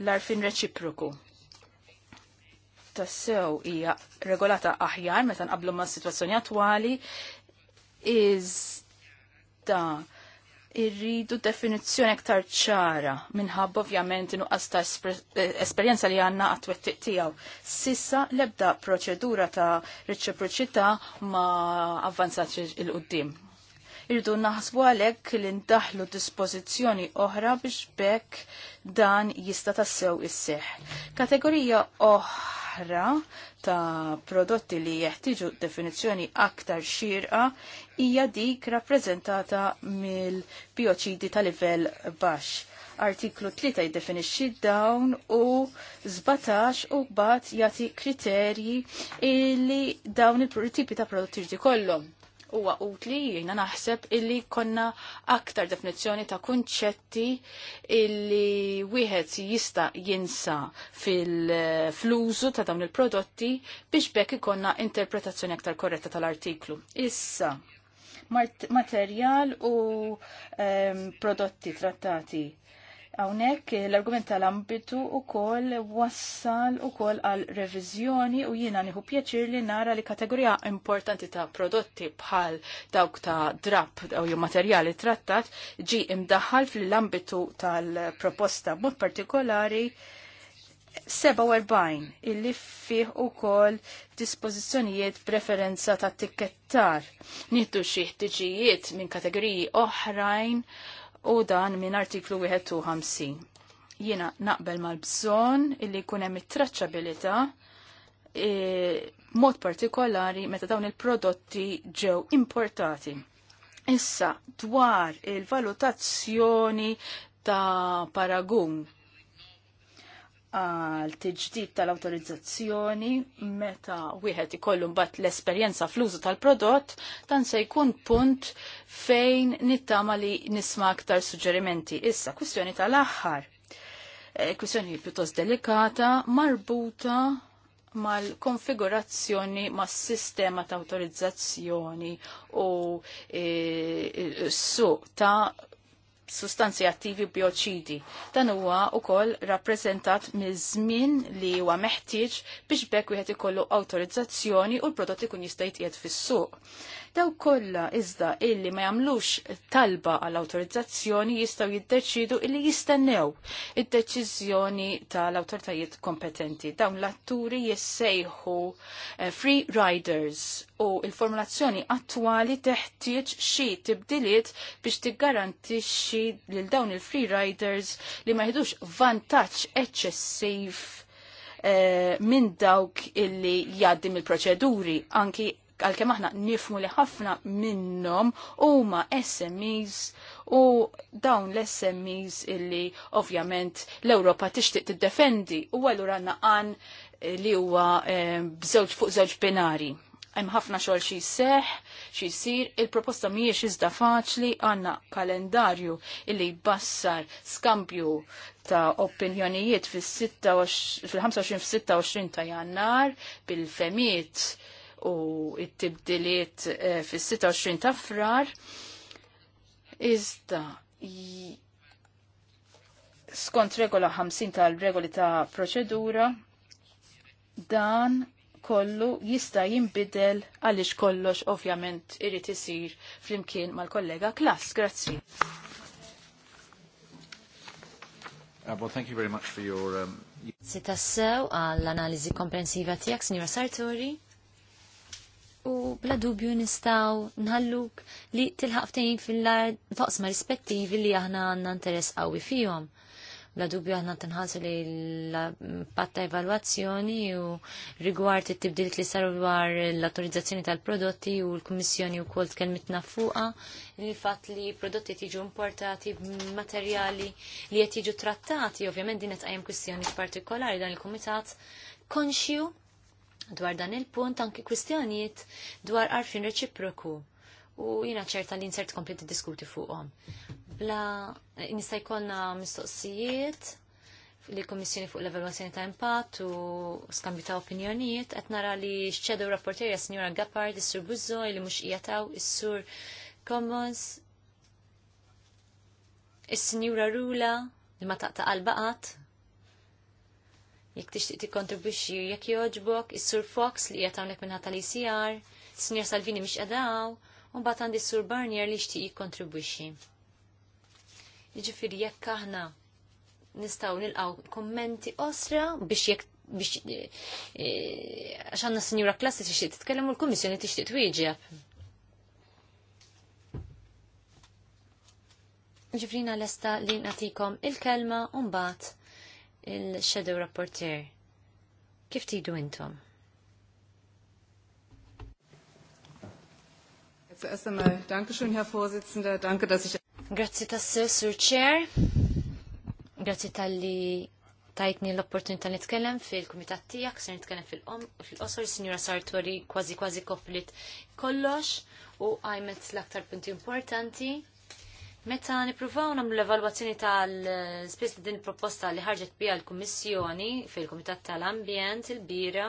l-arfin reċiproku tassew hija regolata aħjar meta nqablu ma' situazzjoni attwali ta' irridu definizzjoni aktar ċara minħabba ovvjament nuqqas ta' eh, esperjenza li għanna għatwettiq tiegħu. Sissa lebda proċedura ta' reċiproċità ma' avvanzat il-qudiem. Irdu naħsbu għalhekk li ndaħlu dispożizzjoni oħra biex bekk dan jista' tassew is-seħ. Kategorija oħra ta' prodotti li jeħtiġu definizzjoni aktar xirqa hija dik rappreżentata mill-bioċidi ta' livell baxx artiklu 3 jiddefinixxi dawn u 17 u bat jagħti kriterji illi dawn il-tipi ta' prodotti ġdi kollhom huwa utli jiena naħseb illi konna aktar definizzjoni ta' kunċetti illi wieħed jista' jinsa fil-flużu ta' dawn il-prodotti biex bekk ikonna interpretazzjoni aktar korretta tal-artiklu. Issa, materjal u um, prodotti trattati Hawnhekk l-argument tal-ambitu kol wassal ukoll għal reviżjoni u jiena nieħu pjaċir li nara li kategorija importanti ta' prodotti bħal dawk ta' drab u jew materjali trattat ġi imdaħħal fl-ambitu tal-proposta mod partikolari 47 illi fih u kol dispozizjonijiet preferenza ta' tikettar. Nittu xieħtiġijiet minn kategoriji oħrajn u dan minn artiklu 51. Jiena naqbel mal-bżon illi kunem it traċabilita e, mod partikolari meta dawn il-prodotti ġew importati. Issa dwar il-valutazzjoni ta' paragun għal tiġdid tal-autorizzazzjoni meta wieħed ikollu mbagħad l-esperjenza fl-użu tal-prodott dan se jkun punt fejn nittama li nisma aktar suġġerimenti. Issa, kwistjoni tal-aħħar. Eh, kwistjoni pjuttost delikata marbuta mal-konfigurazzjoni mas sistema ta' autorizzazzjoni u s e, su ta' sustanzi attivi bioċidi. Dan huwa wkoll rappreżentat miż-żmien li huwa meħtieġ biex bekk wieħed ikollu awtorizzazzjoni u l prodotti ikun jista' jitqiegħed fis-suq. Daw kollha iżda illi ma jagħmlux talba għall awtorizzazzjoni jistgħu jiddeċidu illi jistennew id-deċiżjoni tal-awtoritajiet kompetenti. Dawn l-atturi jissejħu eh, free riders u il-formulazzjoni attwali teħtieġ xi tibdiliet biex tiggarantixxi lil dawn il-free riders li ma jħidux vantaġġ eċċessiv eh, minn dawk illi jaddim il-proċeduri anki għalkemm aħna nifmu li ħafna minnhom huma SMEs u dawn l-SMEs illi ovvjament l-Ewropa tixtieq tiddefendi u allura għandna qan eh, li huwa eh, bżewġ fuq żewġ binari hemm ħafna xogħol xi seħ, xi jsir, il-proposta mhijiex iżda faċli għandna kalendarju illi jbassar skambju ta' opinjonijiet fil-25 fil-26 ta' jannar bil-femiet u it-tibdiliet eh, fis-26 ta' frar. Iżda skont regola 50 tal-regoli ta' proċedura dan kollu jista' jinbidel għaliex kollox ovvjament irid isir flimkien mal-kollega Klass. Grazzi. Uh, well, thank you very much for your... Um... għall-analizi komprensiva tijak, Signora Sartori u bla dubju nistaw nħalluk li tilħaqtejn fil faqs ma rispettivi li aħna għanna interess qawwi fihom. Bla dubju aħna tinħasu li l-patta evalwazzjoni u rigward it-tibdilit li saru dwar l-autorizzazzjoni tal-prodotti u l-Kummissjoni wkoll tkellmitna fuqha li fatt li prodotti tiġu importati materjali li qed jiġu trattati, ovvjament din qed qajjem kwistjoni partikolari dan il-kumitat konxju dwar dan il-punt anki kwistjonijiet dwar arfin reċiproku u jina ċerta li insert kompleti diskuti fuqhom. Bla nista' jkollna mistoqsijiet li komissjoni fuq l-evaluazzjoni ta' impatt u skambju ta' opinjonijiet qed nara li xċedu rapporterja Sinjora Gappard, is-Sur Buzzo li mhux jataw, is-Sur Commons, is-Sinjura Rula li ma taqta' qalbaqat jekk tixtieq tikkontribwixxi jekk jogħġbok, is-Sur Fox li qiegħed hawnhekk minn tal-ICR, is-Sinjor Salvini mish qedaw, u mbagħad għandi s-Sur Barnier li jixtieq jikkontribwixxi. Jiġifieri jekk aħna nistgħu nilqgħu kummenti osra biex jek biex e, e, għax għanna sinjura klassi tixtieq titkellem u l-kummissjoni tixtieq twieġeb. Ġifrina lesta li natikom il-kelma un-bat il-Shadow Rapporteur. Kif tidu intom? Zuerst einmal Dankeschön, Herr Vorsitzender. Danke, dass ich... Grazie tassew, sur Chair. Grazie tali tajtni l-opportunità li nitkellem fil-kumitat tiegħek, se nitkellem fil fil fil-osor, Sinjura Sartori kważi kważi koplit kollox u għajmet l-aktar punti importanti Meta nipruvaw namlu l-evalwazzjoni tal-spiss din proposta li ħarġet bija l-Kummissjoni fil-Kumitat tal-Ambjent il-bira,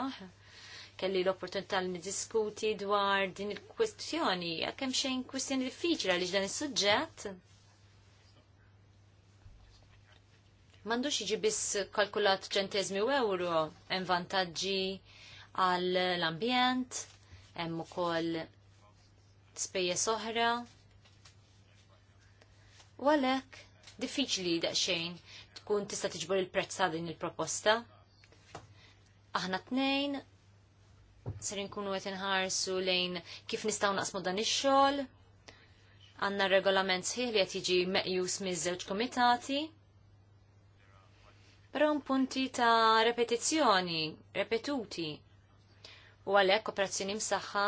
kelli l-opportunità li niddiskuti dwar din il-kwestjoni, jekk hemm xejn kwestjoni diffiċli għaliex dan is-suġġett. M'għandux jiġi biss kalkulat ċentezmi u euro, hemm vantaġġi għall-ambjent, hemm ukoll spejjeż oħra U għalhekk diffiċli daqsxejn tkun tista' tiġbor il-prezz ta' din il-proposta. Aħna tnejn ser kunu qed inħarsu lejn kif nistgħu naqsmu dan ix-xogħol. Għandna regolament sħiħ li qed jiġi meqjus miż-żewġ komitati. Però un punti ta' repetizzjoni, repetuti. U għalhekk operazzjoni msaħħa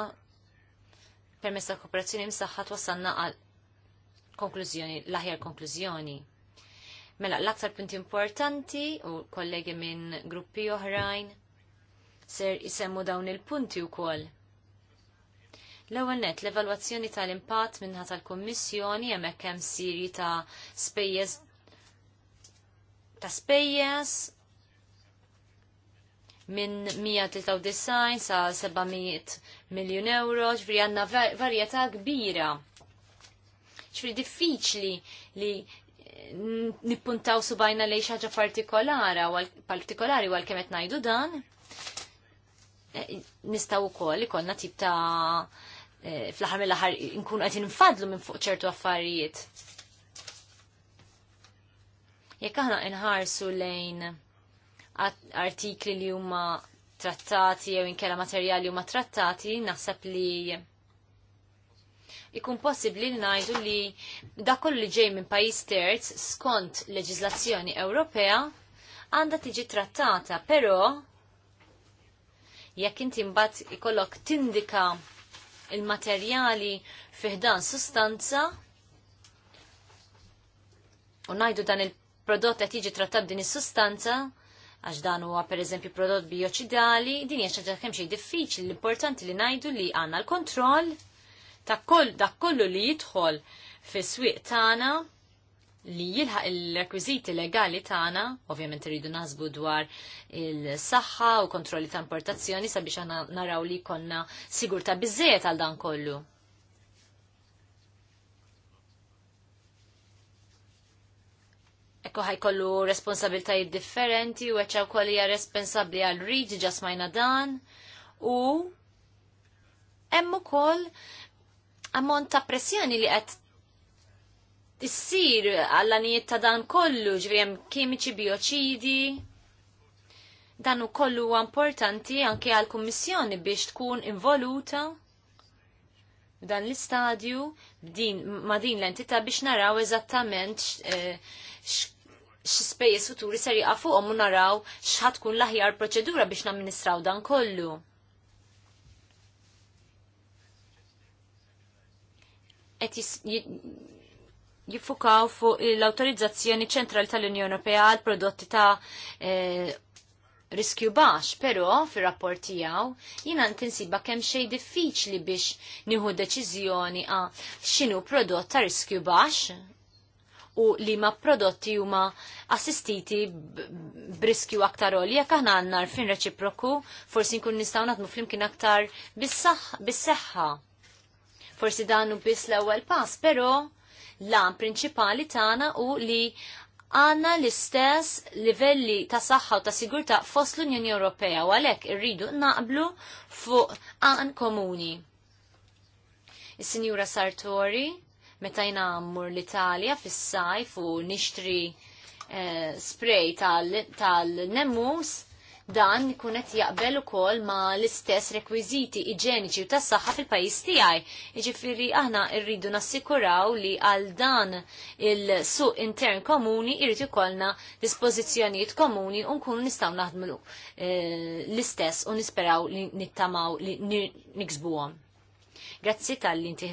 permessa kooperazzjoni msaħħa twassalna għal konklużjoni, l-aħjar konklużjoni. Mela, l-aktar punti importanti u kollegi minn gruppi oħrajn ser jisemmu dawn il-punti u koll. L-ewwel net, l-evalwazzjoni tal-impatt minnha tal-Kummissjoni hemmhekk hemm siri ta' spejjeż ta' spejjeż minn 193 sa' 700 miljon euro, ġviri għanna varjetà kbira ċfri diffiċli li eh, nippuntaw subajna lej xaġa partikolari għal kemet najdu dan, eh, nistaw ukoll konna tip ta' eh, fl-ħar mill-ħar nkun qed infadlu minn fuq ċertu affarijiet. Jekk aħna nħarsu lejn artikli li huma trattati jew inkella materjali huma trattati, naħseb li ikun possibli li najdu li da kollu li ġej minn pajis terz skont leġizlazzjoni Ewropea għanda tiġi trattata, però jekk inti mbagħad ikollok tindika il-materjali fiħdan sustanza u najdu dan il-prodott qed jiġi trattat din is-sustanza għax dan huwa pereżempju prodott bioċidali, din hija xi ħaġa kemm xi diffiċli, l-importanti li ngħidu li għandna l-kontroll ta' koll dak kollu li jidħol fis-swieq tagħna li jilħaq il-rekwiziti legali tagħna, ovvjament iridu naħsbu dwar il-saħħa u kontrolli ta' importazzjoni sabiex aħna naraw li konna ta' biżejjed għal dan kollu. Ekku kollu responsabiltajiet differenti u eċaw kolli ja responsabbli għal rid ġasmajna dan u hemm ukoll ammont ta' pressjoni li qed issir għallanijiet ta' dan kollu, ġvijem kimiċi bioċidi. Dan u kollu importanti anke għal kummissjoni biex tkun involuta dan l-istadju b'din ma' din l-entità biex naraw eżattament x'spejjeż eh, futuri ser fuqhom u naraw x'ħad tkun l-aħjar proċedura biex namministraw dan kollu. qed jiffukaw fuq l-autorizzazzjoni ċentrali tal-Unjoni Ewropea għal prodotti ta' e, riskju baxx, però fir-rapport tiegħu jiena tinsiba kemm xejn diffiċli biex nieħu deċiżjoni a x'inhu prodott ta' riskju baxx u li ma prodotti huma assistiti briskju aktar oli jekk aħna għannar fin reċiproku forsi nkun nistgħu nagħmlu flimkien aktar bis-saħħa. bis seħħa bis Forsi danu biss l-ewwel pass, però l-an principali tagħna u li għanna l-istess livelli ta' saħħa u ta' sigurta fost l-Unjoni Ewropea u għalhekk irridu naqblu fuq għan komuni. Is-Sinjura Sartori, meta jina l-Italja fis-sajf u nixtri eh, spray tal-nemmus, dan ikun qed jaqbel ukoll ma l-istess rekwiżiti iġeniċi u tas-saħħa fil-pajjiż tiegħi. Jiġifieri aħna rridu nassikuraw li għal dan il-suq intern komuni jrid ikollna dispożizzjonijiet komuni u nkunu nistgħu naħdmu eh, l-istess u nisperaw li nittamaw li niksbuhom. Grazzi tal-li inti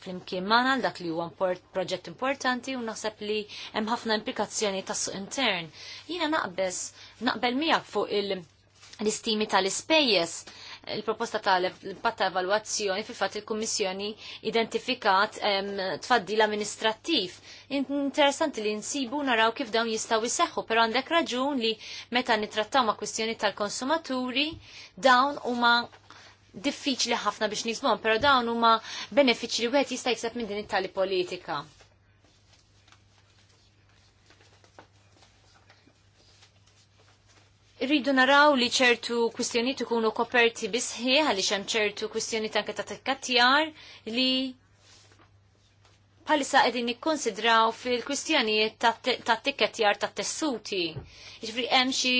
fl-imkien magħna dak li huwa import, proġett importanti u naħseb li hemm ħafna implikazzjoni tas-suq intern. Jiena naqbes naqbel miegħek fuq il-istimi tal-ispejjeż il-proposta tal-impatt ta' evalwazzjoni fil-fatt il-Kummissjoni identifikat tfaddil amministrattiv. Interessanti li nsibu naraw kif dawn jistaw jisseħħu, pero għandek raġun li meta nitrattaw ma' kwistjoni tal-konsumaturi dawn huma diffiċli ħafna biex nizmon, pero dawn huma benefiċi li wieħed jista' jikseb minn din it-tali politika. Irridu naraw li ċertu kwistjoniet ikunu koperti bisħi għaliex hemm ċertu kwistjoniet anke ta' tikkatjar li bħalissa qegħdin nikkonsidraw fil-kwistjonijiet ta' tikkettjar ta' tessuti. Jiġifieri hemm xi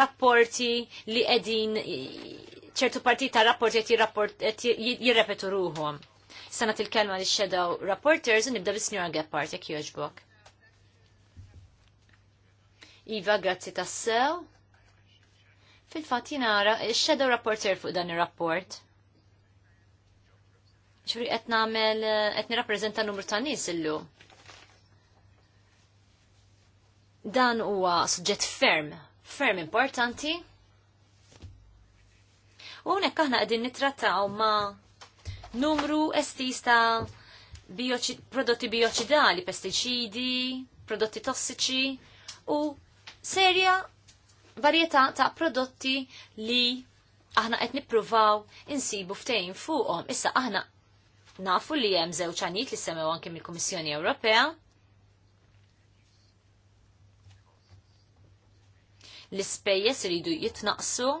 rapporti li qegħdin ċertu parti ta' rapport qed jirrepetu ruhom. Sanat il-kelma li xedaw rapporters nibda bis-Sinjora Gephardt jekk jogħġbok. Iva, grazzi tassew. Fil-fatt jinara xedaw shadow rapporter fuq dan ir-rapport. Ċifri qed nagħmel qed nirrappreżenta numru ta' nies illu. Dan huwa suġġett ferm, ferm importanti U hawnhekk aħna qegħdin nittrattaw ma' numru estis ta' prodotti bioċidali, pestiċidi, prodotti tossiċi u serja varjetà ta' prodotti li aħna qed nippruvaw insibu ftejn fuqhom. Issa aħna nafu li hemm żewġ għanijiet li semmew anke mill-Kummissjoni Ewropea. L-ispejjeż iridu jitnaqsu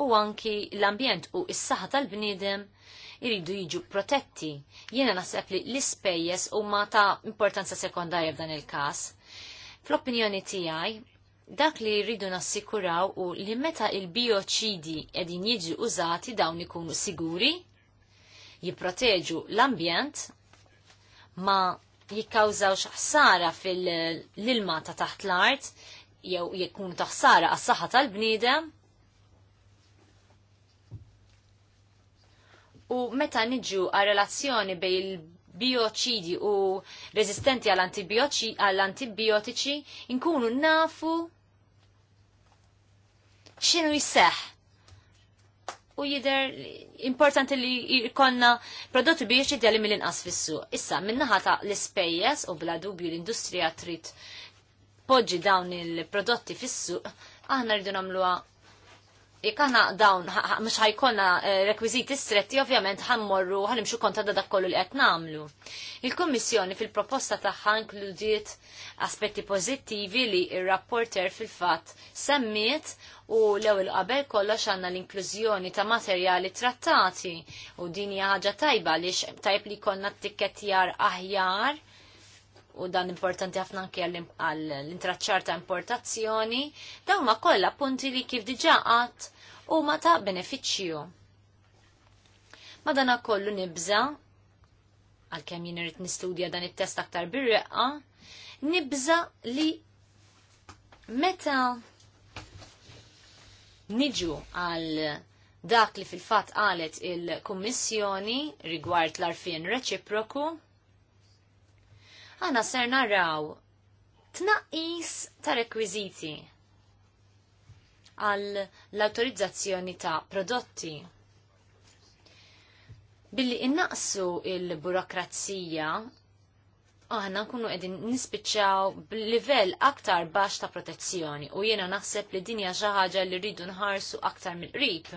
u anki l-ambjent u s-saħħa tal-bniedem iridu jiġu protetti. Jiena naħseb li l-ispejjeż huma ta' importanza sekondarja f'dan il-każ. Fl-opinjoni tiegħi, dak li rridu nassikuraw u li meta il-bioċidi edin jiġu użati dawn ikunu siguri, jipproteġu l-ambjent, ma jikkawżawx ħsara fil-ilma ta' taħt l-art, jew jekun taħsara għas saħħa tal-bniedem, U meta niġu għal relazzjoni bej il-bioċidi u rezistenti għall-antibiotiċi, inkunu nafu xinu jisseħ. U jider importanti li jkonna prodotti bioċidi għalli mill-inqas fissu. Issa, minnaħa ta' l-spejjes u bla dubju l-industrija trid poġġi dawn il-prodotti fissu, aħna rridu namluha jekana dawn mux ħajkonna eh, rekwiziti stretti, ovvjament ħammorru ħanimxu konta da kollu li qed namlu. Il-Kommissjoni fil-proposta tagħha inkludiet aspetti pożittivi li il rapporter fil-fatt semmiet u l-ewwel qabel kollox għandna l-inklużjoni ta' materjali trattati u din hija ħaġa tajba li tajb li konna t-tikketjar aħjar u dan importanti ħafna anke għall-intraċċar ta' importazzjoni, dawn ma kollha punti li kif diġà qatt huma ta' benefiċċju. dan kollu nibża, għalkemm jien irid nistudja dan it-test aktar bir-reqqa, nibża li meta niġu għal dak li fil-fat qalet il-Kummissjoni rigward l-arfin reċiproku, Għana ser naraw tnaqis ta' rekwiziti għal l-autorizzazzjoni ta' prodotti. Billi innaqsu il-burokrazija, aħna nkunu qegħdin nispiċċaw b'livell aktar baxx ta' protezzjoni u jiena naħseb li dinja xi ħaġa li rridu nħarsu aktar mill-qrib.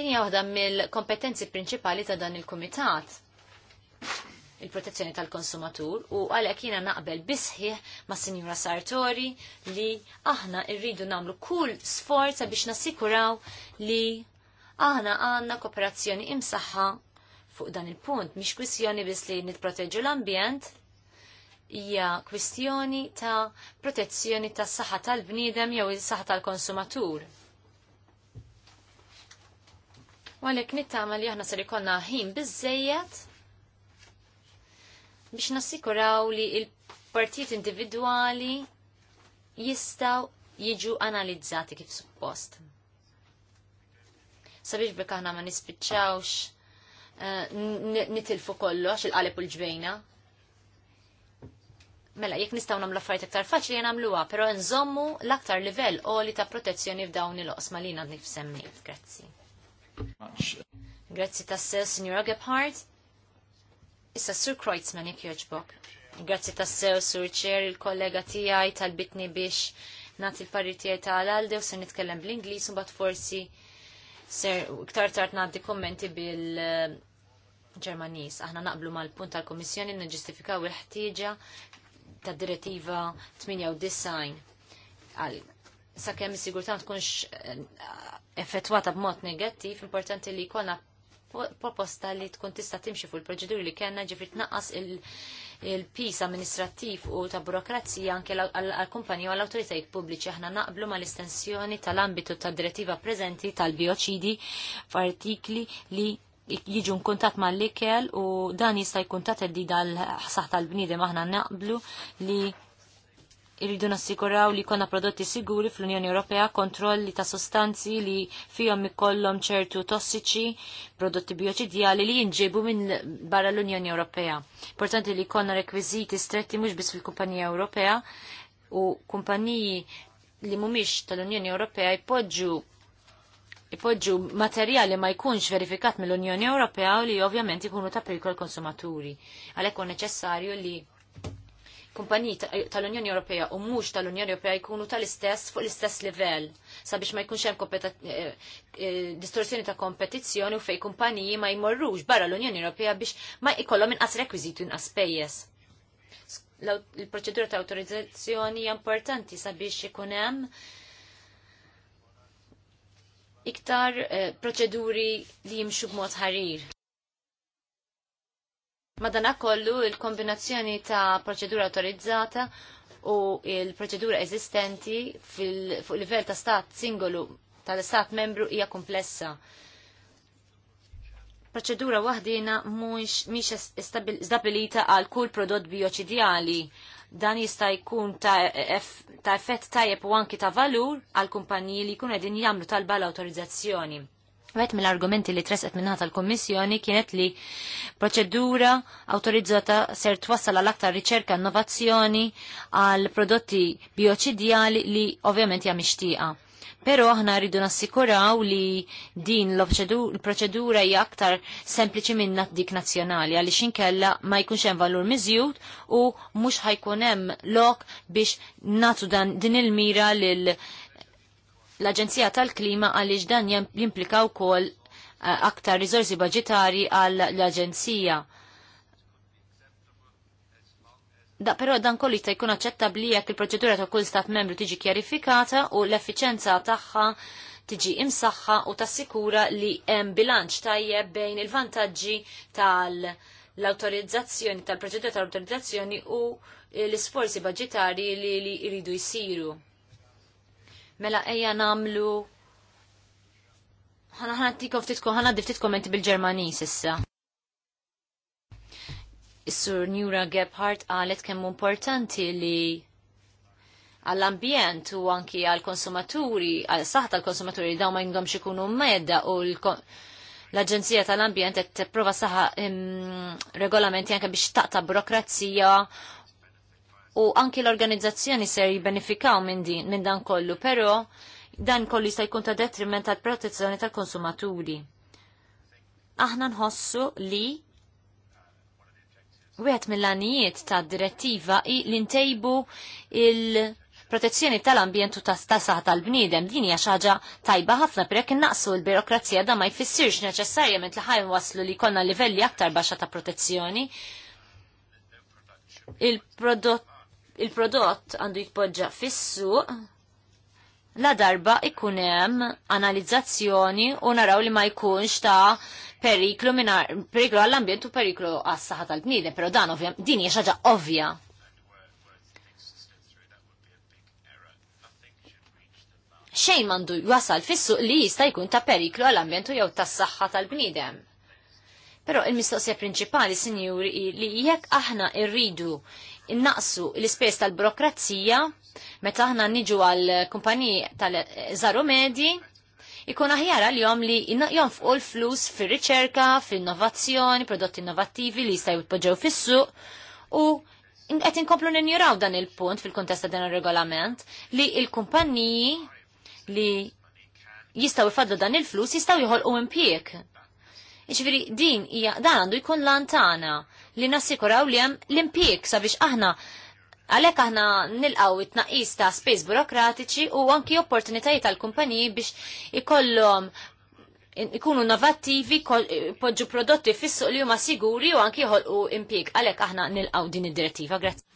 Dinja waħda mill-kompetenzi prinċipali ta' dan il-kumitat il-protezzjoni tal-konsumatur u għalhekk jiena naqbel bisħi ma' Sinjura Sartori li aħna rridu nagħmlu kull sforza biex nassikuraw li aħna għandna kooperazzjoni imsaħħa fuq dan il-punt. Mhix kwistjoni biss li nitproteġu l-ambjent, hija kwistjoni ta' protezzjoni tas-saħħa tal-bniedem jew is-saħħa tal-konsumatur. Għalhekk nittama li aħna ser ikollna ħin biżejjed biex nassikuraw li il-partijiet individwali jistaw jiġu analizzati kif suppost. Sabiex bekk aħna ma nispiċċawx eh, nitilfu kollox il-qalep u l-ġbejna. Mela, jekk nistgħu nagħmlu affarijiet aktar faċli jien nagħmluha, però nżommu l-aktar livell li ta' protezzjoni f'dawn il-oqsma li għandni f'semmejt. Grazzi. Grazzi tassel, Signora Gebhardt. Issa Sur Kreutzmann jek joġbok. Grazzi tas-sew, Sur Chair, il-kollega tijaj tal-bitni biex nat il-parri tijaj tal-għalde u sen nitkellem bl-Inglis un bat forsi ser iktar tart naddi kommenti bil- Ġermanis, aħna naqblu mal-punt tal-Komissjoni n u il-ħtieġa ta' direttiva 98 għal sakemm is-sigurtà tkunx eh, effettwata b'mod negattiv, importanti li jkollna proposta li tkun tista' timxi fuq il-proċeduri li kellna ġifri tnaqqas il-pis amministrattiv u ta' burokrazija anke għall-kumpanija u għal awtoritajiet pubbliċi aħna naqblu mal istensjoni tal-ambitu tad direttiva preżenti tal-bioċidi f'artikli li jiġu kuntat ma' l-ikel u dan jista' jkun ta' teddi dal ħsaħ tal-bniedem aħna naqblu li irridu nassiguraw li jkollna prodotti siguri fl-Unjoni Ewropea kontrolli ta' sostanzi li fihom ikollhom ċertu tossiċi, prodotti bioċidjali li jinġibu minn barra l-Unjoni Ewropea. Importanti li jkollna rekwiżiti stretti mhux biss fil-Kumpanija Ewropea u kumpaniji li mhumiex tal-Unjoni Ewropea jpoġġu ipoġġu materjali ma jkunx verifikat mill-Unjoni Ewropea u li ovvjament ikunu ta' perikol konsumaturi. Għalhekk huwa neċessarju li kumpaniji tal-Unjoni Ewropea u mhux tal-Unjoni Ewropea jkunu tal-istess fuq l-istess livell sabiex ma jkunx hemm eh, eh, distorsjoni ta' kompetizzjoni u fej kumpaniji ma jmorrux barra l-Unjoni Ewropea biex ma jkollhom inqas rekwiżiti inqas pejjeż. Il-proċedura ta' awtorizzazzjoni hija importanti sabiex ikun hemm iktar eh, proċeduri li jimxu b'mod ħarir. Madanakollu il-kombinazzjoni ta' proċedura autorizzata u il-proċedura eżistenti fuq livell ta' stat singolu tal-istat membru hija komplessa. Proċedura waħdina mhix stabilita għal kull prodott bioċidjali dan jista' jkun ta', ta effett tajjeb u anki ta' valur għal kumpaniji li jkunu qegħdin jagħmlu talba l-awtorizzazzjoni Għet mill-argumenti li tresqet minna tal-Kommissjoni kienet li proċedura autorizzata ser twassal għal aktar riċerka innovazzjoni għal prodotti bioċidjali li ovvjament hija mixtieqa. Pero aħna rridu nassikuraw li din l-proċedura hija aktar sempliċi minn dik nazzjonali għaliex inkella ma jkunx hemm valur miżjud u mhux ħajkun hemm lok biex natu dan din il-mira lil l-Aġenzija tal-Klima għaliex dan jimplika wkoll eh, aktar rizorsi budġetari għall l-Aġenzija. Da, però dan kollu jista' jkun aċċettabbli jekk il-proċedura ta' kull stat membru tiġi kjarifikata u l-effiċenza tagħha tiġi imsaħħa u tassikura li hemm bilanċ tajjeb bejn il-vantaġġi tal-autorizzazzjoni tal-proċedura tal-autorizzazzjoni u l-isforzi budġetari li jridu jsiru mela ejja namlu ħana ħana tikom ftitkom ħana di ftitkom bil-Ġermani sissa. Is-sur Njura Gebhardt għalet kemm importanti li għall-ambjent u anki għall-konsumaturi, għall-saħta tal konsumaturi daw ma jindom xikunu medda u l-Aġenzija tal-Ambjent qed tipprova saħa mm, regolamenti anke biex taqta' burokrazija u anki l-organizzazzjoni ser jibbenefikaw minn din minn dan kollu, però dan kollu jista' jkun ta' detriment tal protezzjoni tal-konsumaturi. Aħna nħossu li wieħed mill-għanijiet ta' direttiva li ntejbu il- protezzjoni tal-ambjent u tas tal-bniedem din hija xi ħaġa tajba ħafna perek innaqsu l-birokrazija da ma jfissirx neċessarjament li ħajn waslu li jkollna livelli aktar baxxa ta' protezzjoni. Il-prodott il-prodott għandu jitpoġġa fis-suq la darba ikun hemm analizzazzjoni u naraw li ma jkunx ta' periklu minar, periklu għall-ambjent u periklu għas-saħħa tal-bniedem, però dan ovvja, din hija xaġa ovvja. Xejn mandu wasal fis-suq li jista' jkun ta' periklu għall-ambjent u jew tas-saħħa tal-bniedem. Pero il-mistoqsija prinċipali, sinjuri, li jekk aħna irridu innaqsu l ispejs tal-burokrazija meta aħna niġu għal kumpaniji tal-żaru medji ikun aħjar għal jom li jonfqu l-flus fir riċerka fil-innovazzjoni, prodotti innovattivi li jistaj jitpoġġew fis-suq u qed inkomplu ninjuraw dan il-punt fil-kontesta dan ir-regolament li l-kumpaniji li jistaw ifadlu dan il-flus jistaw jħolqu impjieg Iġveri din hija dan għandu jkun lantana li nassikuraw li hemm l-impjieg sabiex aħna għalhekk aħna nilqgħu it naqis ta' space burokratiċi u anki opportunitajiet tal-kumpaniji biex ikollhom ikunu innovattivi, poġġu prodotti fissu li huma siguri u anki jħolqu impieg. Għalhekk aħna nilqgħu din id-direttiva. Grazie.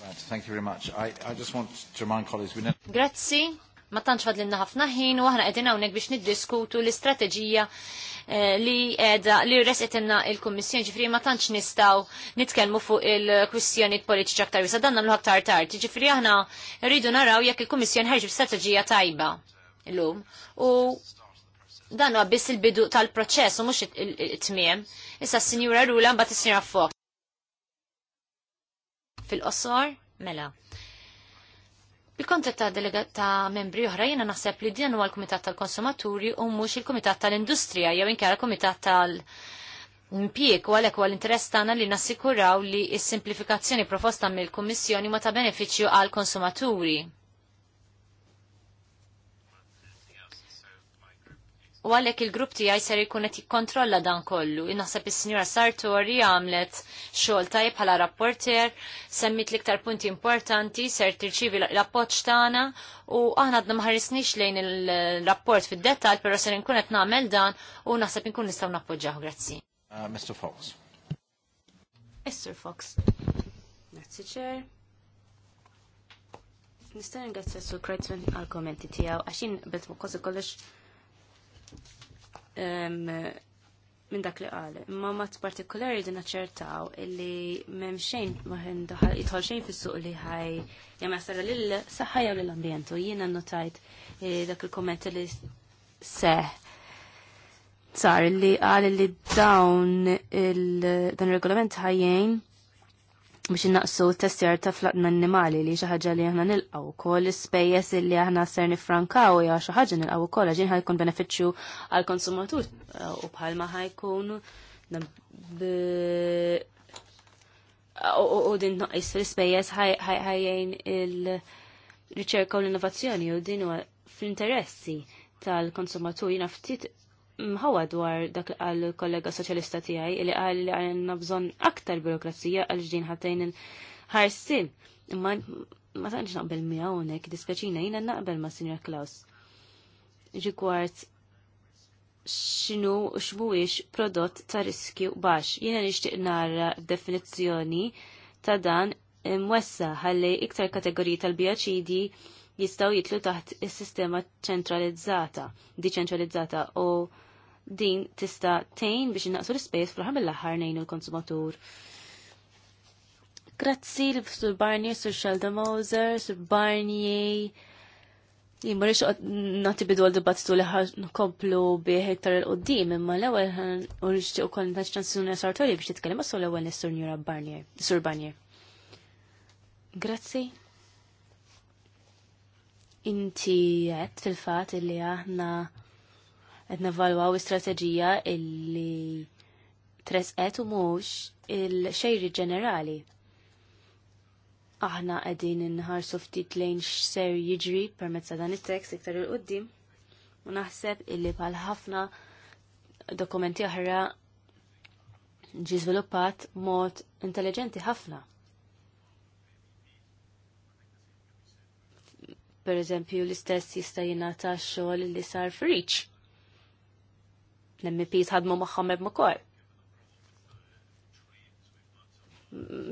Right, thank you very much. I, I just want to remind colleagues we never... Grazzi ma tantx fadlinna ħafna ħin u aħna qegħdin hawnhekk biex niddiskutu l-istrateġija eh, li qiegħda li resetinna il kummissjoni ġifri ma tantx nistaw nitkellmu fuq il-kwistjoni politiċi aktar wisa dan nagħmlu aktar tard. Ġifri aħna rridu naraw jekk il-Kummissjoni ħarġu strateġija tajba llum u dan huwa biss il-bidu tal-proċess u mhux it-tmiem. Issa s-Sinjura Rula mbagħad is-Sinjura Fil-qosor? Mela. Bil-kontet ta' delegata membri oħra jena naħseb li din huwa l-Kumitat tal-Konsumaturi u mhux il-Kumitat tal-Industrija jew inkara Kumitat tal- Impjek u għalek għal interess tagħna li nassikuraw li s-simplifikazzjoni proposta mill-Kummissjoni ma ta' benefiċċju għal konsumaturi. U għalek il-grupp tijaj ser jkun qed jikkontrolla dan kollu. Inaħseb is-Sinjora Sartori għamlet xogħol tajb bħala rapporter, semmit l-iktar punti importanti, ser tirċivi l-appoġġ tagħna u aħna għadna maħarisniex lejn il-rapport fid-dettal, però ser nkun qed nagħmel dan u naħseb inkun nistgħu nappoġġjaw. Grazzi. Uh, Mr. Fox. Mr. Fox. Grazzi ċer. Nista' ringrazzja Sur Kretzman għal-kommenti tiegħu għaxin jien bilmu kollox minn dak li qal. Imma mat partikolari din ċertaw illi m'hemm xejn ma jidħol xejn fis li ħaj jema sara lil saħħa jew lill-ambjent u jiena notajt eh, dak il-komment li seħ sar li qal li dawn il dan regolament ħajjen biex innaqsu testjar ta' flaq n annimali li xaħġa li aħna nilqaw kol spejjes li aħna ser nifrankaw ja xaħġa nilqaw kol għaxin ħajkun beneficju għal konsumatur u bħalma ħajkun u din naqis fil-spejjes ħajjajn il-riċerka u l-innovazzjoni u din fl-interessi tal-konsumatur jina ftit mħawa dwar dak li għal kollega soċjalista tiegħi li qal li għandna bżonn aktar birokrazija għal ġdin ħattejn ħarsin. Imma ma tantx naqbel miegħu hawnhekk diskaċina jiena naqbel ma' Sinjor Klaus. Rikward x'inhu x'mhuwiex prodott ta' riskju baxx. Jiena nixtieq nara definizjoni ta' dan mwessa ħalli iktar kategoriji tal-bioċidi jistaw jitlu taħt is-sistema ċentralizzata, diċentralizzata u din tista tejn biex innaqsu l-ispejs fl-ħar l aħħar nejnu l-konsumatur. Grazzi l-Sur Barnier, Sur Sheldon Moser, Sur Barnier, Jimma rix nati bidu għal-dibattitu li ħar nkomplu bieħ iktar l-qoddim, imma l-ewel ħan urġti u koll nħax ċansuna sartori biex titkellem, għassu l-ewel Njura Barnier, Sur Barnier. Grazzi. Inti għed fil-fat illi aħna għed nevalwaw istrateġija illi tresqet u mux il-xejri ġenerali. Aħna għedin nħarsu ftit lejn x'ser jiġri per mezza dan it-tekst iktar il-qoddim u naħseb illi bħal ħafna dokumenti oħra ġi żviluppat mod intelligenti ħafna. Per eżempju, l-istess jista' jingħata xogħol li sar friċ. L-MPs ħadmu magħhom hemm ukoll.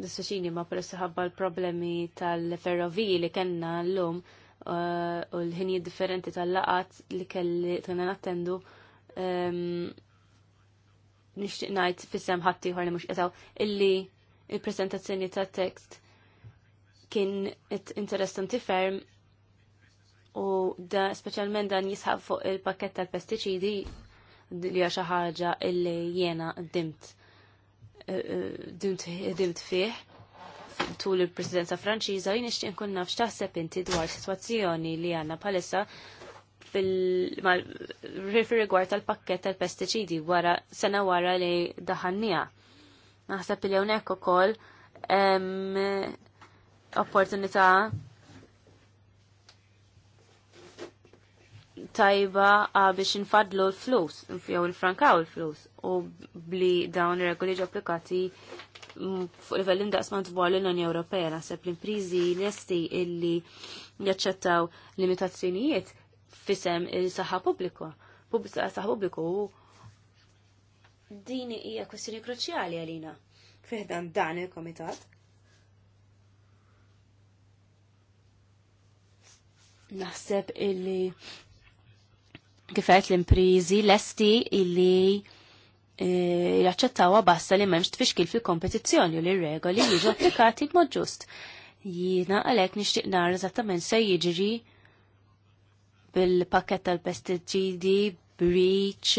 Nistaxini ma peress ħabba l-problemi tal-ferroviji li kellna llum uh, u l-ħinijiet differenti tal-laqat li kelli kena nattendu um, nixtieq ngħid fissem ħadd ieħor li mhux qetaw illi il-presentazzjoni ta' tekst kien interessanti ferm u da speċjalment dan jisħab fuq il-pakket tal-pestiċidi li hija xi ħaġa illi jiena dimt eh, eh, dimt dimt fih tul il-presidenza Franċiża jien nixtieq nkun naf x'taħseb inti dwar sitwazzjoni li għandna bħalissa fil-rigward tal-pakket tal-pestiċidi wara sena wara li daħannija. Naħseb li hawnhekk ukoll opportunità tajba ah, biex infadlu l-flus, jew il-frankaw l-flus, u bli dawn regoli ġo applikati mm, fuq livell indaqsman dwar l-Unjoni Ewropea naħseb l-imprizi l-esti illi jaċċettaw limitazzjonijiet fisem il-saħħa pubbliku. Saħħa u din hija kwestjoni kruċjali għalina fiħdan dan il-komitat. Naħseb illi kifet l-imprizi lesti illi eh, jaċċettawa bassa li memx tfixkil fil-kompetizzjoni u li regoli jiġu applikati b'mod ġust. Jina għalek nixtieq nara eżattament se jiġri bil-pakket tal-pestiċidi, breach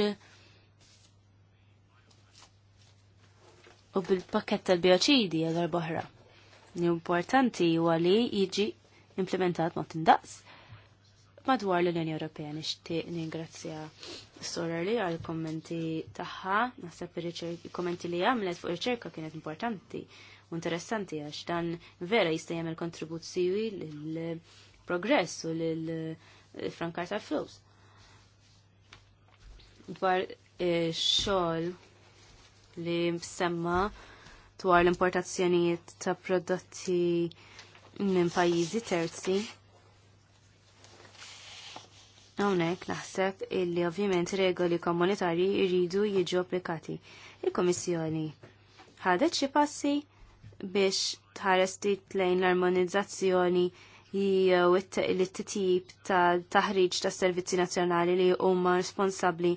u bil-pakket tal-bioċidi għal boħra. Importanti huwa li jiġi implementat mod indaqs madwar l-Unjoni Ewropea nixtieq ningrazzja li għal kommenti tagħha, naħseb il-kommenti li għamlet fuq ir-ċerka kienet importanti u interessanti għax dan vera jista' jagħmel kontribuzzjoni lill-progress u lill-frankar tal-flus. Dwar xogħol li semma dwar l-importazzjonijiet ta' prodotti minn pajjiżi terzi Hawnhekk naħseb illi ovvjament regoli komunitarji jridu jiġu applikati. Il-Komissjoni ħadet xi passi biex tħares lejn l-armonizzazzjoni jew it-tip tal-taħriġ tas servizzi nazzjonali li huma responsabbli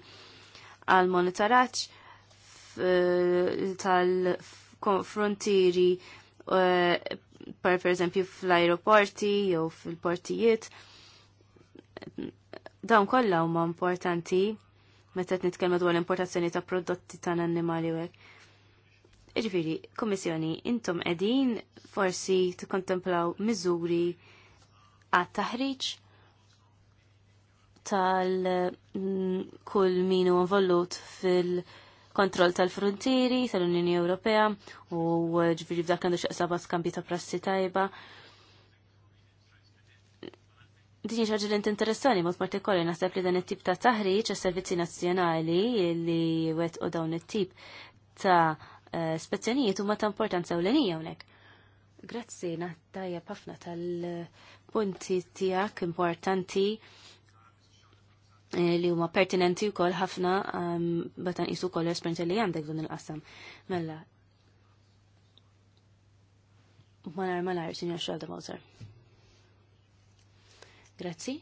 għal monitoraġġ tal-konfrontieri eh, per eżempju fl ajruporti jew fil-portijiet Dawn kollha huma importanti meta qed nitkellmu dwar l-importazzjoni ta' prodotti tan annimali hekk. Iġifieri, Kummissjoni, intom qegħdin forsi tikkontemplaw miżuri għat taħriġ tal mm, kull min hu involut fil- kontroll tal-frontieri tal-Unjoni Ewropea u ġviri f'dak għandu xaqsaba skambi ta' prassi tajba Din ħaġa li interessani mod partikoli naħseb li dan it-tip ta' taħriġ is servizzi nazzjonali li wettqu dawn it-tip ta' eh, spezzjonijiet huma ta' importanza ewlenija hawnhekk. Grazzi naħtajja ħafna tal-punti tiegħek importanti eh, li huma pertinenti wkoll ħafna ehm, meta nqisu wkoll l-esperjenza li għandek dun il-qasam. Mella. Ma nar ma nar, Grazzi.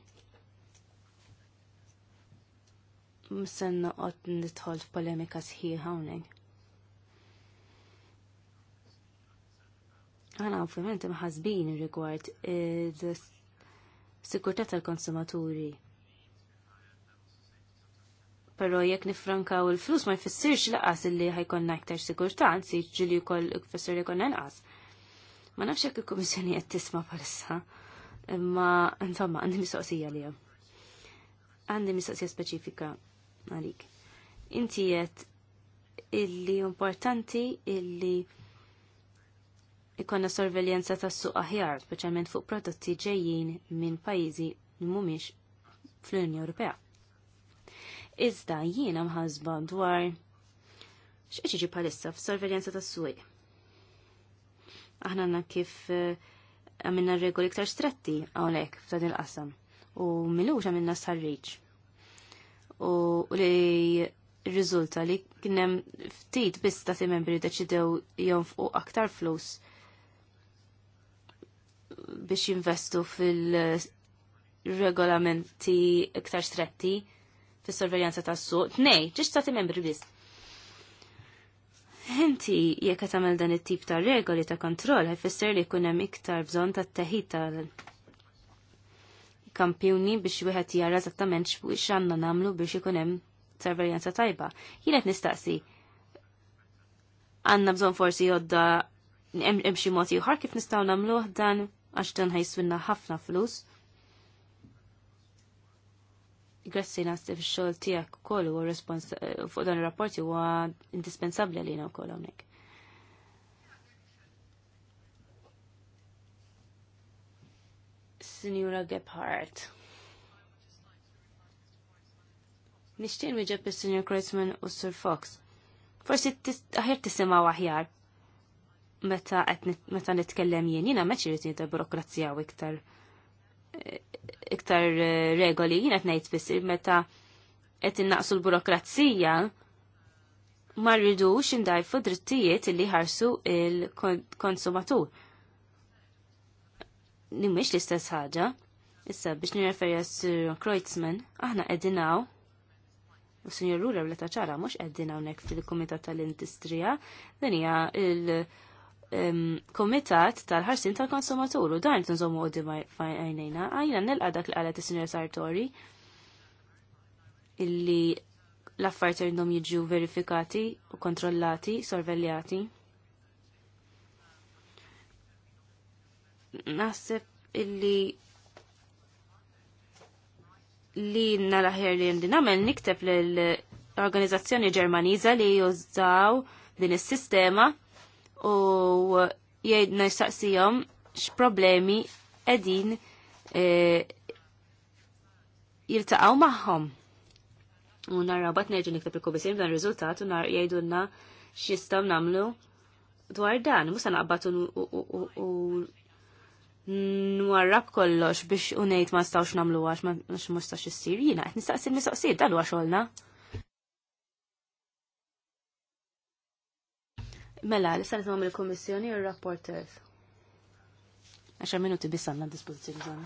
Msen noqgħod nidħol f'polemika sħiħa hawnhekk. Għana ovvjament imħazbin rigward sikurtà tal-konsumaturi. Però jekk nifrankaw il-flus ma jfissirx laqas illi ħajkonna aktar sigurtà, anzi ġili jkoll ikfisser li jkollna inqas. Ma nafx jekk il-Kummissjoni qed tisma' bħalissa imma insomma għandi mistoqsija li Għandi mistoqsija speċifika għalik. Inti qed illi importanti illi ikonna s-sorveljenza tas suq aħjar, speċjalment fuq prodotti ġejjin minn pajjiżi li mhumiex fl-Unjoni Ewropea. Iżda jiena mħasba dwar x'qed jiġi bħalissa f'sorveljanza tas-suq. Aħna għandna kif uh, għamilna regoli iktar stretti għawlek f'dan il-qasam u milux għamilna sarriċ. U li rizulta li kienem ftit biss ta' si membri deċidew jonfqu aktar flus biex jinvestu fil-regolamenti iktar stretti fis ta' tas suq Nej, ġiġ ta' membri biss Inti jekk qed tagħmel dan it-tip ta' regoli ta' kontroll ħifisser li jkun hemm iktar bżonn ta' teħid tal kampjuni biex wieħed jara eżattament x'għandna nagħmlu biex ikun hemm sorveljanza tajba. Jien qed nistaqsi għandna bżonn forsi jodda hemm xi mod ieħor kif nistgħu nagħmluh dan għax dan ħajswinna ħafna flus. Grazzi nasib xol tijak kollu u eh, fuq dan il-rapporti u indispensabli na u kol għonek. Signora Gebhardt. Nishtin miġab il-Signor Kreuzman u Sir Fox. Forsi aħjar tisima waħjar meta nitkellem jenina jina meċi rritni ta' burokrazija u iktar iktar eh, regoli, jina t-nejt bissir meta qed innaqsu l-burokrazija ma rridux indajfu drittijiet li ħarsu il-konsumatur. Nimmix l-istess ħaġa, issa biex nirreferi għas Kreutzman, aħna għedinaw, u Sinjor Rura ċara mhux għedinaw hawnhekk fil-Kumitat tal-Industrija, din hija il- komitat tal-ħarsin tal-konsumatur u dan tinżommu għoddi għajnejna. Għajna nilqa dak li għalet il-Sinjor Sartori illi l-affarijiet irnhom jiġu verifikati u kontrollati, sorveljati. Naħseb illi li nalaħjar li għandi namel nikteb l-organizzazzjoni ġermaniza li jużaw din is-sistema u jgħidna jistaqsijom x-problemi edin e, jiltaqaw maħħom. U narra bat nerġu niktab il-kubisim dan rizultat u nar jgħidunna x jistam namlu dwar dan. Musa naqbatu u nwarrab kollox biex unajt ma stawx namlu għax ma mustax jissir jina. Nistaqsi l dan għax olna. Mela, li saret il-Komissjoni u il-Rapporters. Għaxa minuti bisan na dispozizjoni zona.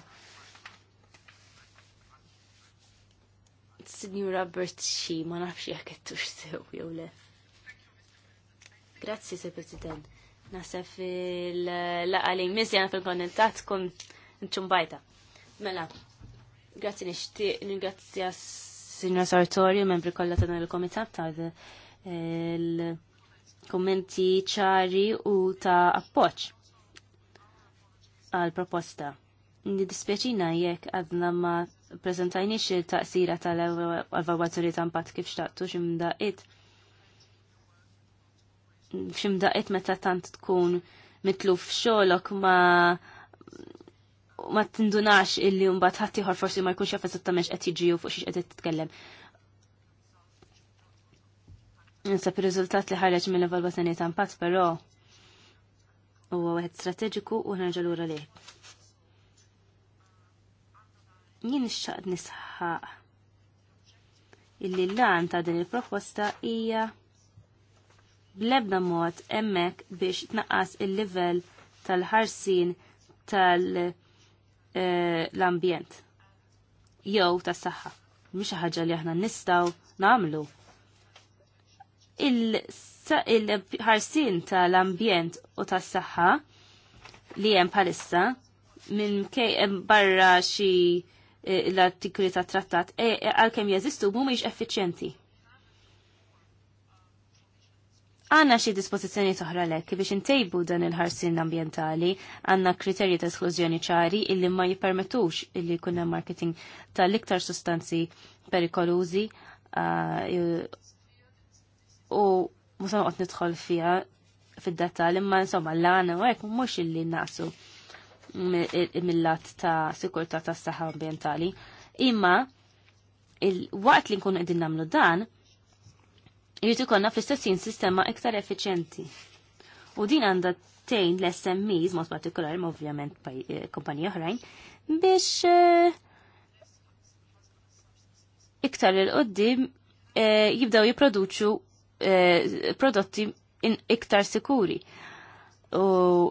Signora Xi, ma nafx jek xsew, sew jew le. Grazzi, se President. Nasef il-laqa li mizja fil kondentat kun nċumbajta. Mela, grazzi nishtiq, ningrazzja Signor Sartori, membri kollha tagħna il-Komitat ta' eh, il- kummenti ċari u ta' appoċ għal proposta. Nidispjaċina jekk għadna ma prezentajniex il-taqsira tal evaluatori ta' impatt kif xtaqtu ximdaqit. Ximdaqit meta tant tkun mitluf f'xogħlok ma ma tindunax illi mbagħad ħadd ieħor forsi ma jkunx jaffa eżattament qed jiġi u fuq xiex qed tkellem Nisab il-rizultat li ħareġ mill-evalwazzjoni ta' impatt, però huwa wieħed strateġiku u ħnerġa' lura li. Jien ixtaqt nisħaq illi l-lan ta' din il-proposta hija blebda mod emmek biex tnaqqas il-livell tal-ħarsin tal-ambjent eh, jew tas saħħa mhix ħaġa li aħna nistgħu nagħmlu il-ħarsin tal-ambjent u tas-saħħa li hemm palissa minn kejjem barra xi eh, l-artikoli ta' trattat e, e, għalkemm jeżistu mhumiex effiċjenti. Għanna xie dispozizjoni toħra lek biex intejbu dan il-ħarsin ambientali, għanna kriterji ta' esklużjoni ċari illi ma jipermetux illi kunna marketing tal-iktar sustanzi perikolużi ah, eh, u musan għot nidħol fija fid-detal imma insomma l-għana u għek mux illi nasu mill-lat ta' sikurta ta' s-saħħa ambientali imma il-waqt li nkunu għedin namlu dan jirrit konna fl-istessin sistema iktar effiċenti. U din għanda tejn l-SMEs, mod ma' ovvjament eh, kompanija oħrajn, biex eh, iktar l-qoddim eh, jibdaw jiproduċu Eh, prodotti iktar sikuri. U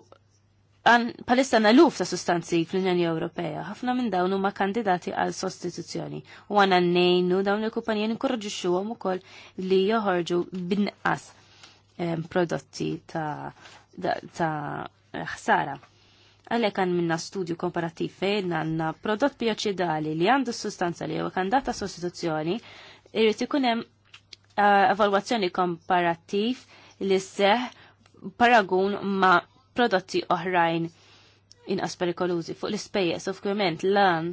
għan palissa naluf ta' sustanzi fl-Unjoni Ewropea, ħafna minn dawn huma kandidati għal sostituzzjoni. U għan għannejnu dawn il-kumpanijin inkorġiċu għom ukoll li joħorġu binqas eh, prodotti ta' ħsara. Għalek għan minna studju komparativ fejn għanna prodott bioċidali li għandu sustanza li għu kandidata sostituzzjoni, irrid ikun hemm Eh, evalwazzjoni komparattiv li seħ paragun ma' prodotti oħrajn inqas perikolużi fuq l-ispejjeż ovvjament lan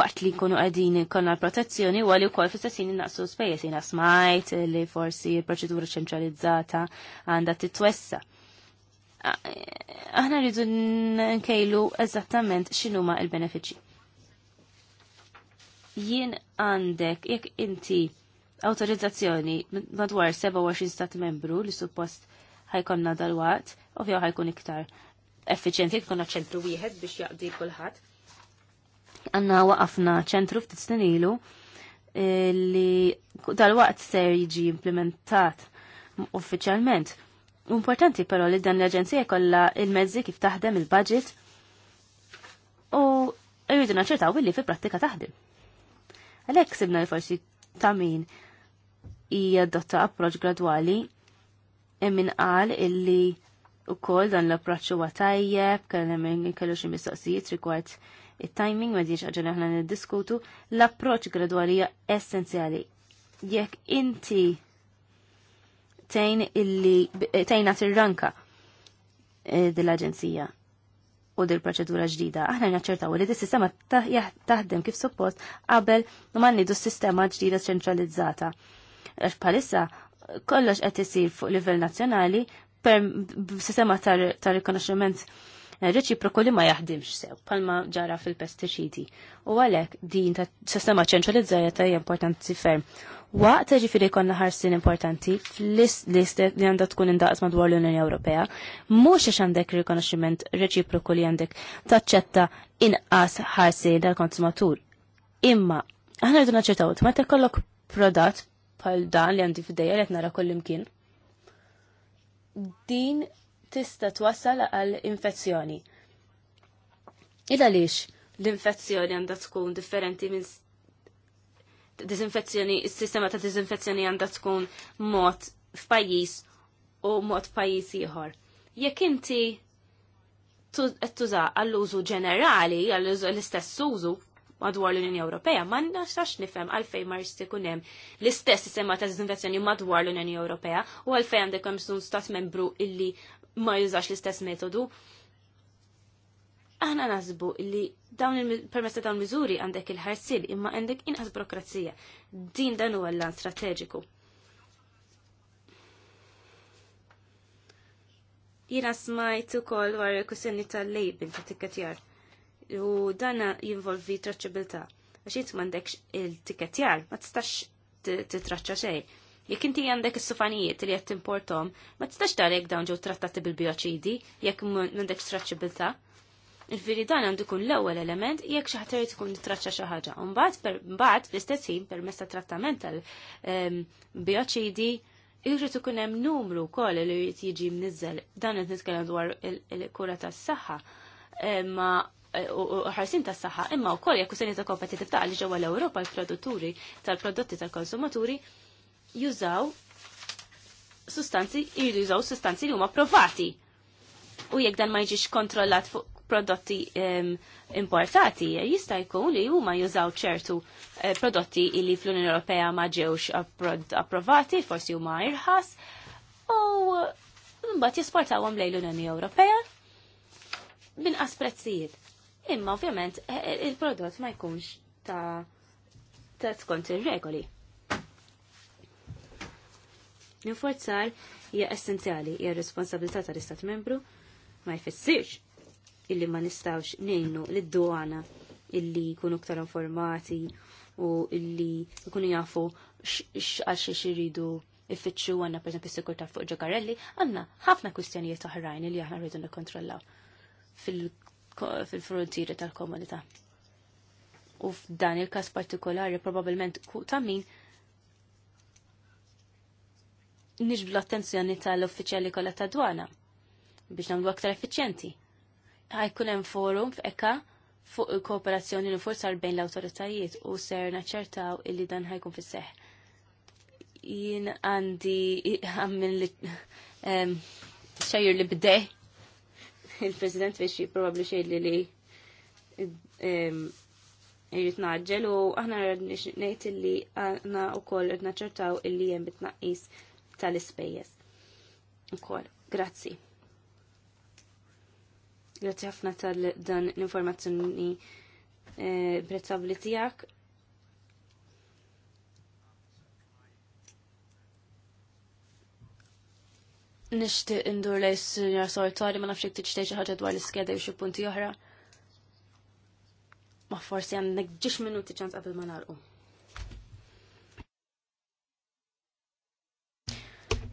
waqt li nkunu għadin konna protezzjoni u għalli u kol fissessin l spejjeż jiena smajt li forsi l proċedura ċentralizzata għandha titwessa. Aħna rridu nkejlu eżattament x'inhuma il-benefiċċji jien għandek, jekk inti autorizzazzjoni madwar 27 stat membru li suppost ħajkonna dal-waqt, ovvjaw ħajkun iktar effiċenti konna ċentru wieħed biex jaqdi kulħadd. Għanna waqafna ċentru ftit snin ilu eh, li dal-waqt ser jiġi implementat uffiċjalment. Importanti però li dan l-Aġenzija kollha il-mezzi kif taħdem il-budget u rridu naċċertaw illi fi prattika taħdem. Għalhekk sibna li forsi ta' min hija approċ gradwali min qal illi ukoll dan l-approċċ huwa tajjeb, kellem kellu xi mistoqsijiet rigward it-timing ma diġ ħaġa aħna niddiskutu, l-approċ gradwali hija essenzjali. Jekk inti tejn illi tejn ranka eh, dell-agenzija. aġenzija u dil proċedura ġdida. Aħna naċċertaw li dis-sistema taħdem kif suppost qabel ma nnidu s-sistema ġdida ċentralizzata. Għax palissa kollox qed isir fuq livell nazzjonali per sistema ta' rikonoxximent reċiproku li ma jaħdimx sew palma ġara fil-pestiċidi. U għalek din ta' sistema ċentralizzajja hija importanti ferm. Waqt ġifiri konna ħarsin importanti fl-list li għandha tkun indaqs madwar l-Unjoni Ewropea, mhux għax għandek rikonoxximent reċiproku li għandek taċċetta inqas ħarsin dal konsumatur Imma, aħna rridu naċċertaw, meta kollok prodat bħal dan li għandi f'dejja li qed nara kull Din tista twassal għal infezzjoni. Il lix l-infezzjoni għandha tkun differenti minn disinfezzjoni, il-sistema ta' disinfezzjoni għandha tkun mod f'pajjiż u mod pajjiż ieħor. Jekk inti qed tuża għall-użu ġenerali, għall-użu l-istess użu madwar l-Unjoni Ewropea, ma nistax nifhem għalfejn ma jista' ikun hemm l-istess sistema ta' disinfezzjoni madwar l-Unjoni Ewropea u għalfejn għandek hemm sun stat membru illi ma jużax l-istess metodu. Aħna nasbu li dawn il-permess ta' dawn miżuri għandek il-ħarsil imma għandek inqas burokrazija. Din dan huwa l-lan strateġiku. Jiena smajt ukoll wara kusenni tal-lejbin ta' tikketjar u dana jinvolvi traċċabilta. Għax jint m'għandekx il-tikketjar ma tistax titraċċa xejn Jekk inti għandek is-sufanijiet li qed importom, ma tistax tarek dawn ġew trattati bil-bioċidi jekk m'għandekx traċċabilità, il firi dan għandu jkun l-ewwel element jekk xi ħadd tkun traċċa xi ħaġa. Mbagħad mbagħad fl-istess ħin permezz ta' trattament tal-bioċidi ehm, jrid ikun hemm numru wkoll li jrid jiġi mniżel Dan qed nitkellem dwar il-kura tas-saħħa. Imma eh, u ħarsin tas saħħa imma wkoll jekk kusenja ta' kompetitività ġewwa l-Ewropa l-produtturi tal-prodotti tal-konsumaturi jużaw sustanzi, jridu jużaw sustanzi li huma provati. U jekk dan ma jiġix kontrollat fuq prodotti um, importati, jista' jkun li huma jużaw ċertu uh, prodotti li fl-Unjoni Ewropea ma ġewx approvati, forsi huma irħas, u mbagħad jesportawhom lejn l-Unjoni Ewropea binqas prezzijiet. Imma ovvjament eh, il-prodott ma jkunx ta' ta' skont ir-regoli. Ninforzar hija essenzjali, hija responsabilità tal-Istat membru ma jfissirx illi ma nistawx nejnu l-dwana illi jkunu ktar informati u illi jkunu jafu x'għax xiridu ifittxu għanna per esempio sekurta fuq ġokarelli, għanna ħafna kwistjonijiet oħrajn li aħna rridu nikkontrollaw fil-frontieri tal-komunità. U f'dan il-każ partikolari probabbilment ta' min niġbdu l-attenzjoni tal-uffiċjali kollha ta' dwana biex nagħmlu aktar effiċjenti. Ħajkun hemm forum f'eka fuq il-kooperazzjoni u forsa bejn l-awtoritajiet u ser naċċertaw illi dan ħajkun fis-seħ. Jien għandi għammin li xejjer li bdej il-President biex probabli xej li li jirrit naġġel u aħna rrid ngħid illi għandna wkoll qed naċċertaw illi hemm bitnaqqis tal-ispejjeż. Ukoll, grazzi. Grazzi ħafna tal-dan l-informazzjoni eh, prezzabli tiegħek. Nishtiq indur lej s-sinjar sortari ma nafxek t-ċtej ħaġa dwar l-skeda u punti oħra. Ma forsi għan nekġiġ minuti ċans qabel ma narqu.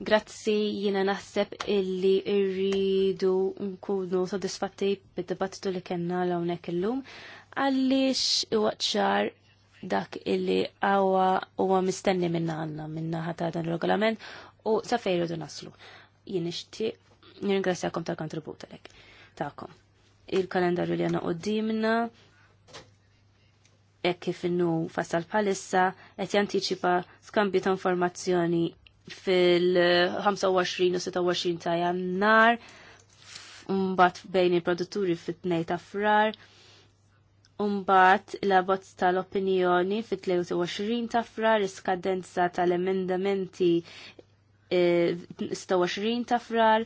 Grazzi jiena naħseb illi rridu nkunu sodisfatti bid-dibattitu li kellna hawnhekk illum għaliex huwa ċar dak illi għawa huwa mistenni minna għandna minna ħata dan il-regolament u sa fejn naslu. Jien nixtieq nirringrazzjakom tal-kontribut għalhekk tagħkom. Il-kalendarju li għanna qudiemna dimna, e kif innu fasal palissa qed jantiċipa skambju ta' informazzjoni fil-25 u 26 ta' jannar, mbagħad bejn il-produtturi fit-2 ta' frar, Umbat il-aboz abbozz tal-opinjoni fit-23 ta' frar iskadenza tal-emendamenti 26 eh, ta' frar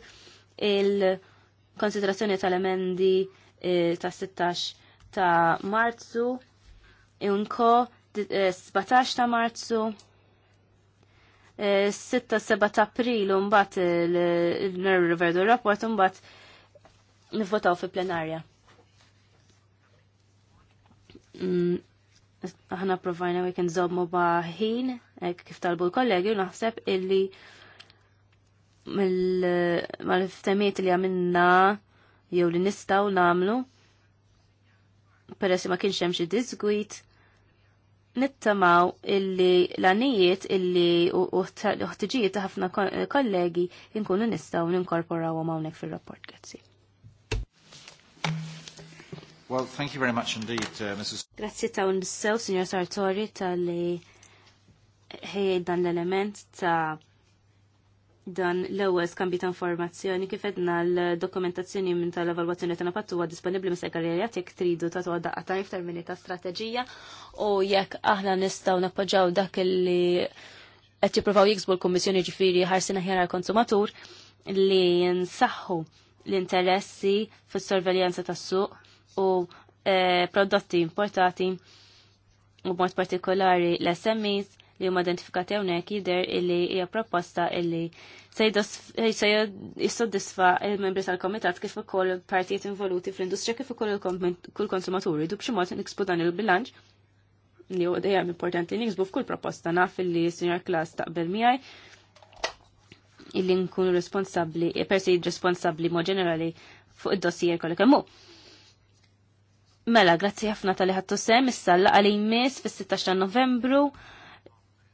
il-konsiderazzjoni tal-emendi eh, ta' 16 ta' marzu, e unko 17 eh, ta' marzu, 6-7 ta' april mbagħad il-Nerv Riverdu rapport mbagħad nivvotaw fi plenarja. Mm, aħna provajna weekend żobmu ba' ħin kif talbu l-kollegi u naħseb illi mal-ftemiet li għamilna jew li nistaw namlu peress ma kienx hemm xi disgwit nittamaw illi l-anijiet illi uħtiġijiet ta' ħafna kollegi inkunu nistaw ninkorporaw għamawnek fil-rapport. Grazzi. Well, thank you very much indeed, uh, Mrs. Grazzi ta' un-sew, Signor Sartori, tal-li dan l-element ta' dan l-ewwel skambi ta' informazzjoni kif edna l-dokumentazzjoni minn tal-evalwazzjoni ta' napattu huwa disponibbli ma' sekretarjat jekk tridu ta' tuwa daqqa ta' f'termini ta' strateġija u jekk aħna nistgħu nappoġġaw dak li qed jippruvaw jiksbu l-Kummissjoni ġifieri ħarsin aħjar għall-konsumatur li nsaħħu l-interessi fis-sorveljanza tas-suq u eh, prodotti importati u b'mod partikolari l-SMEs li huma identifikati hawnhekk jidher illi hija proposta illi se jissodisfa il-membri tal-komitat kif ukoll partijiet involuti fl-industrija kif ukoll kull konsumaturi dub xi mod niksbu dan il-bilanċ li huwa dejjem importanti niksbu f'kull proposta naf illi Sinjor Klas taqbel miegħi illi nkun responsabbli, persi responsabbli mod ġenerali fuq id-dossier kollha kemm hu. Mela, grazzi ħafna tal-li ħattu sem, issa l-għalin mis fis-16 ta' novembru.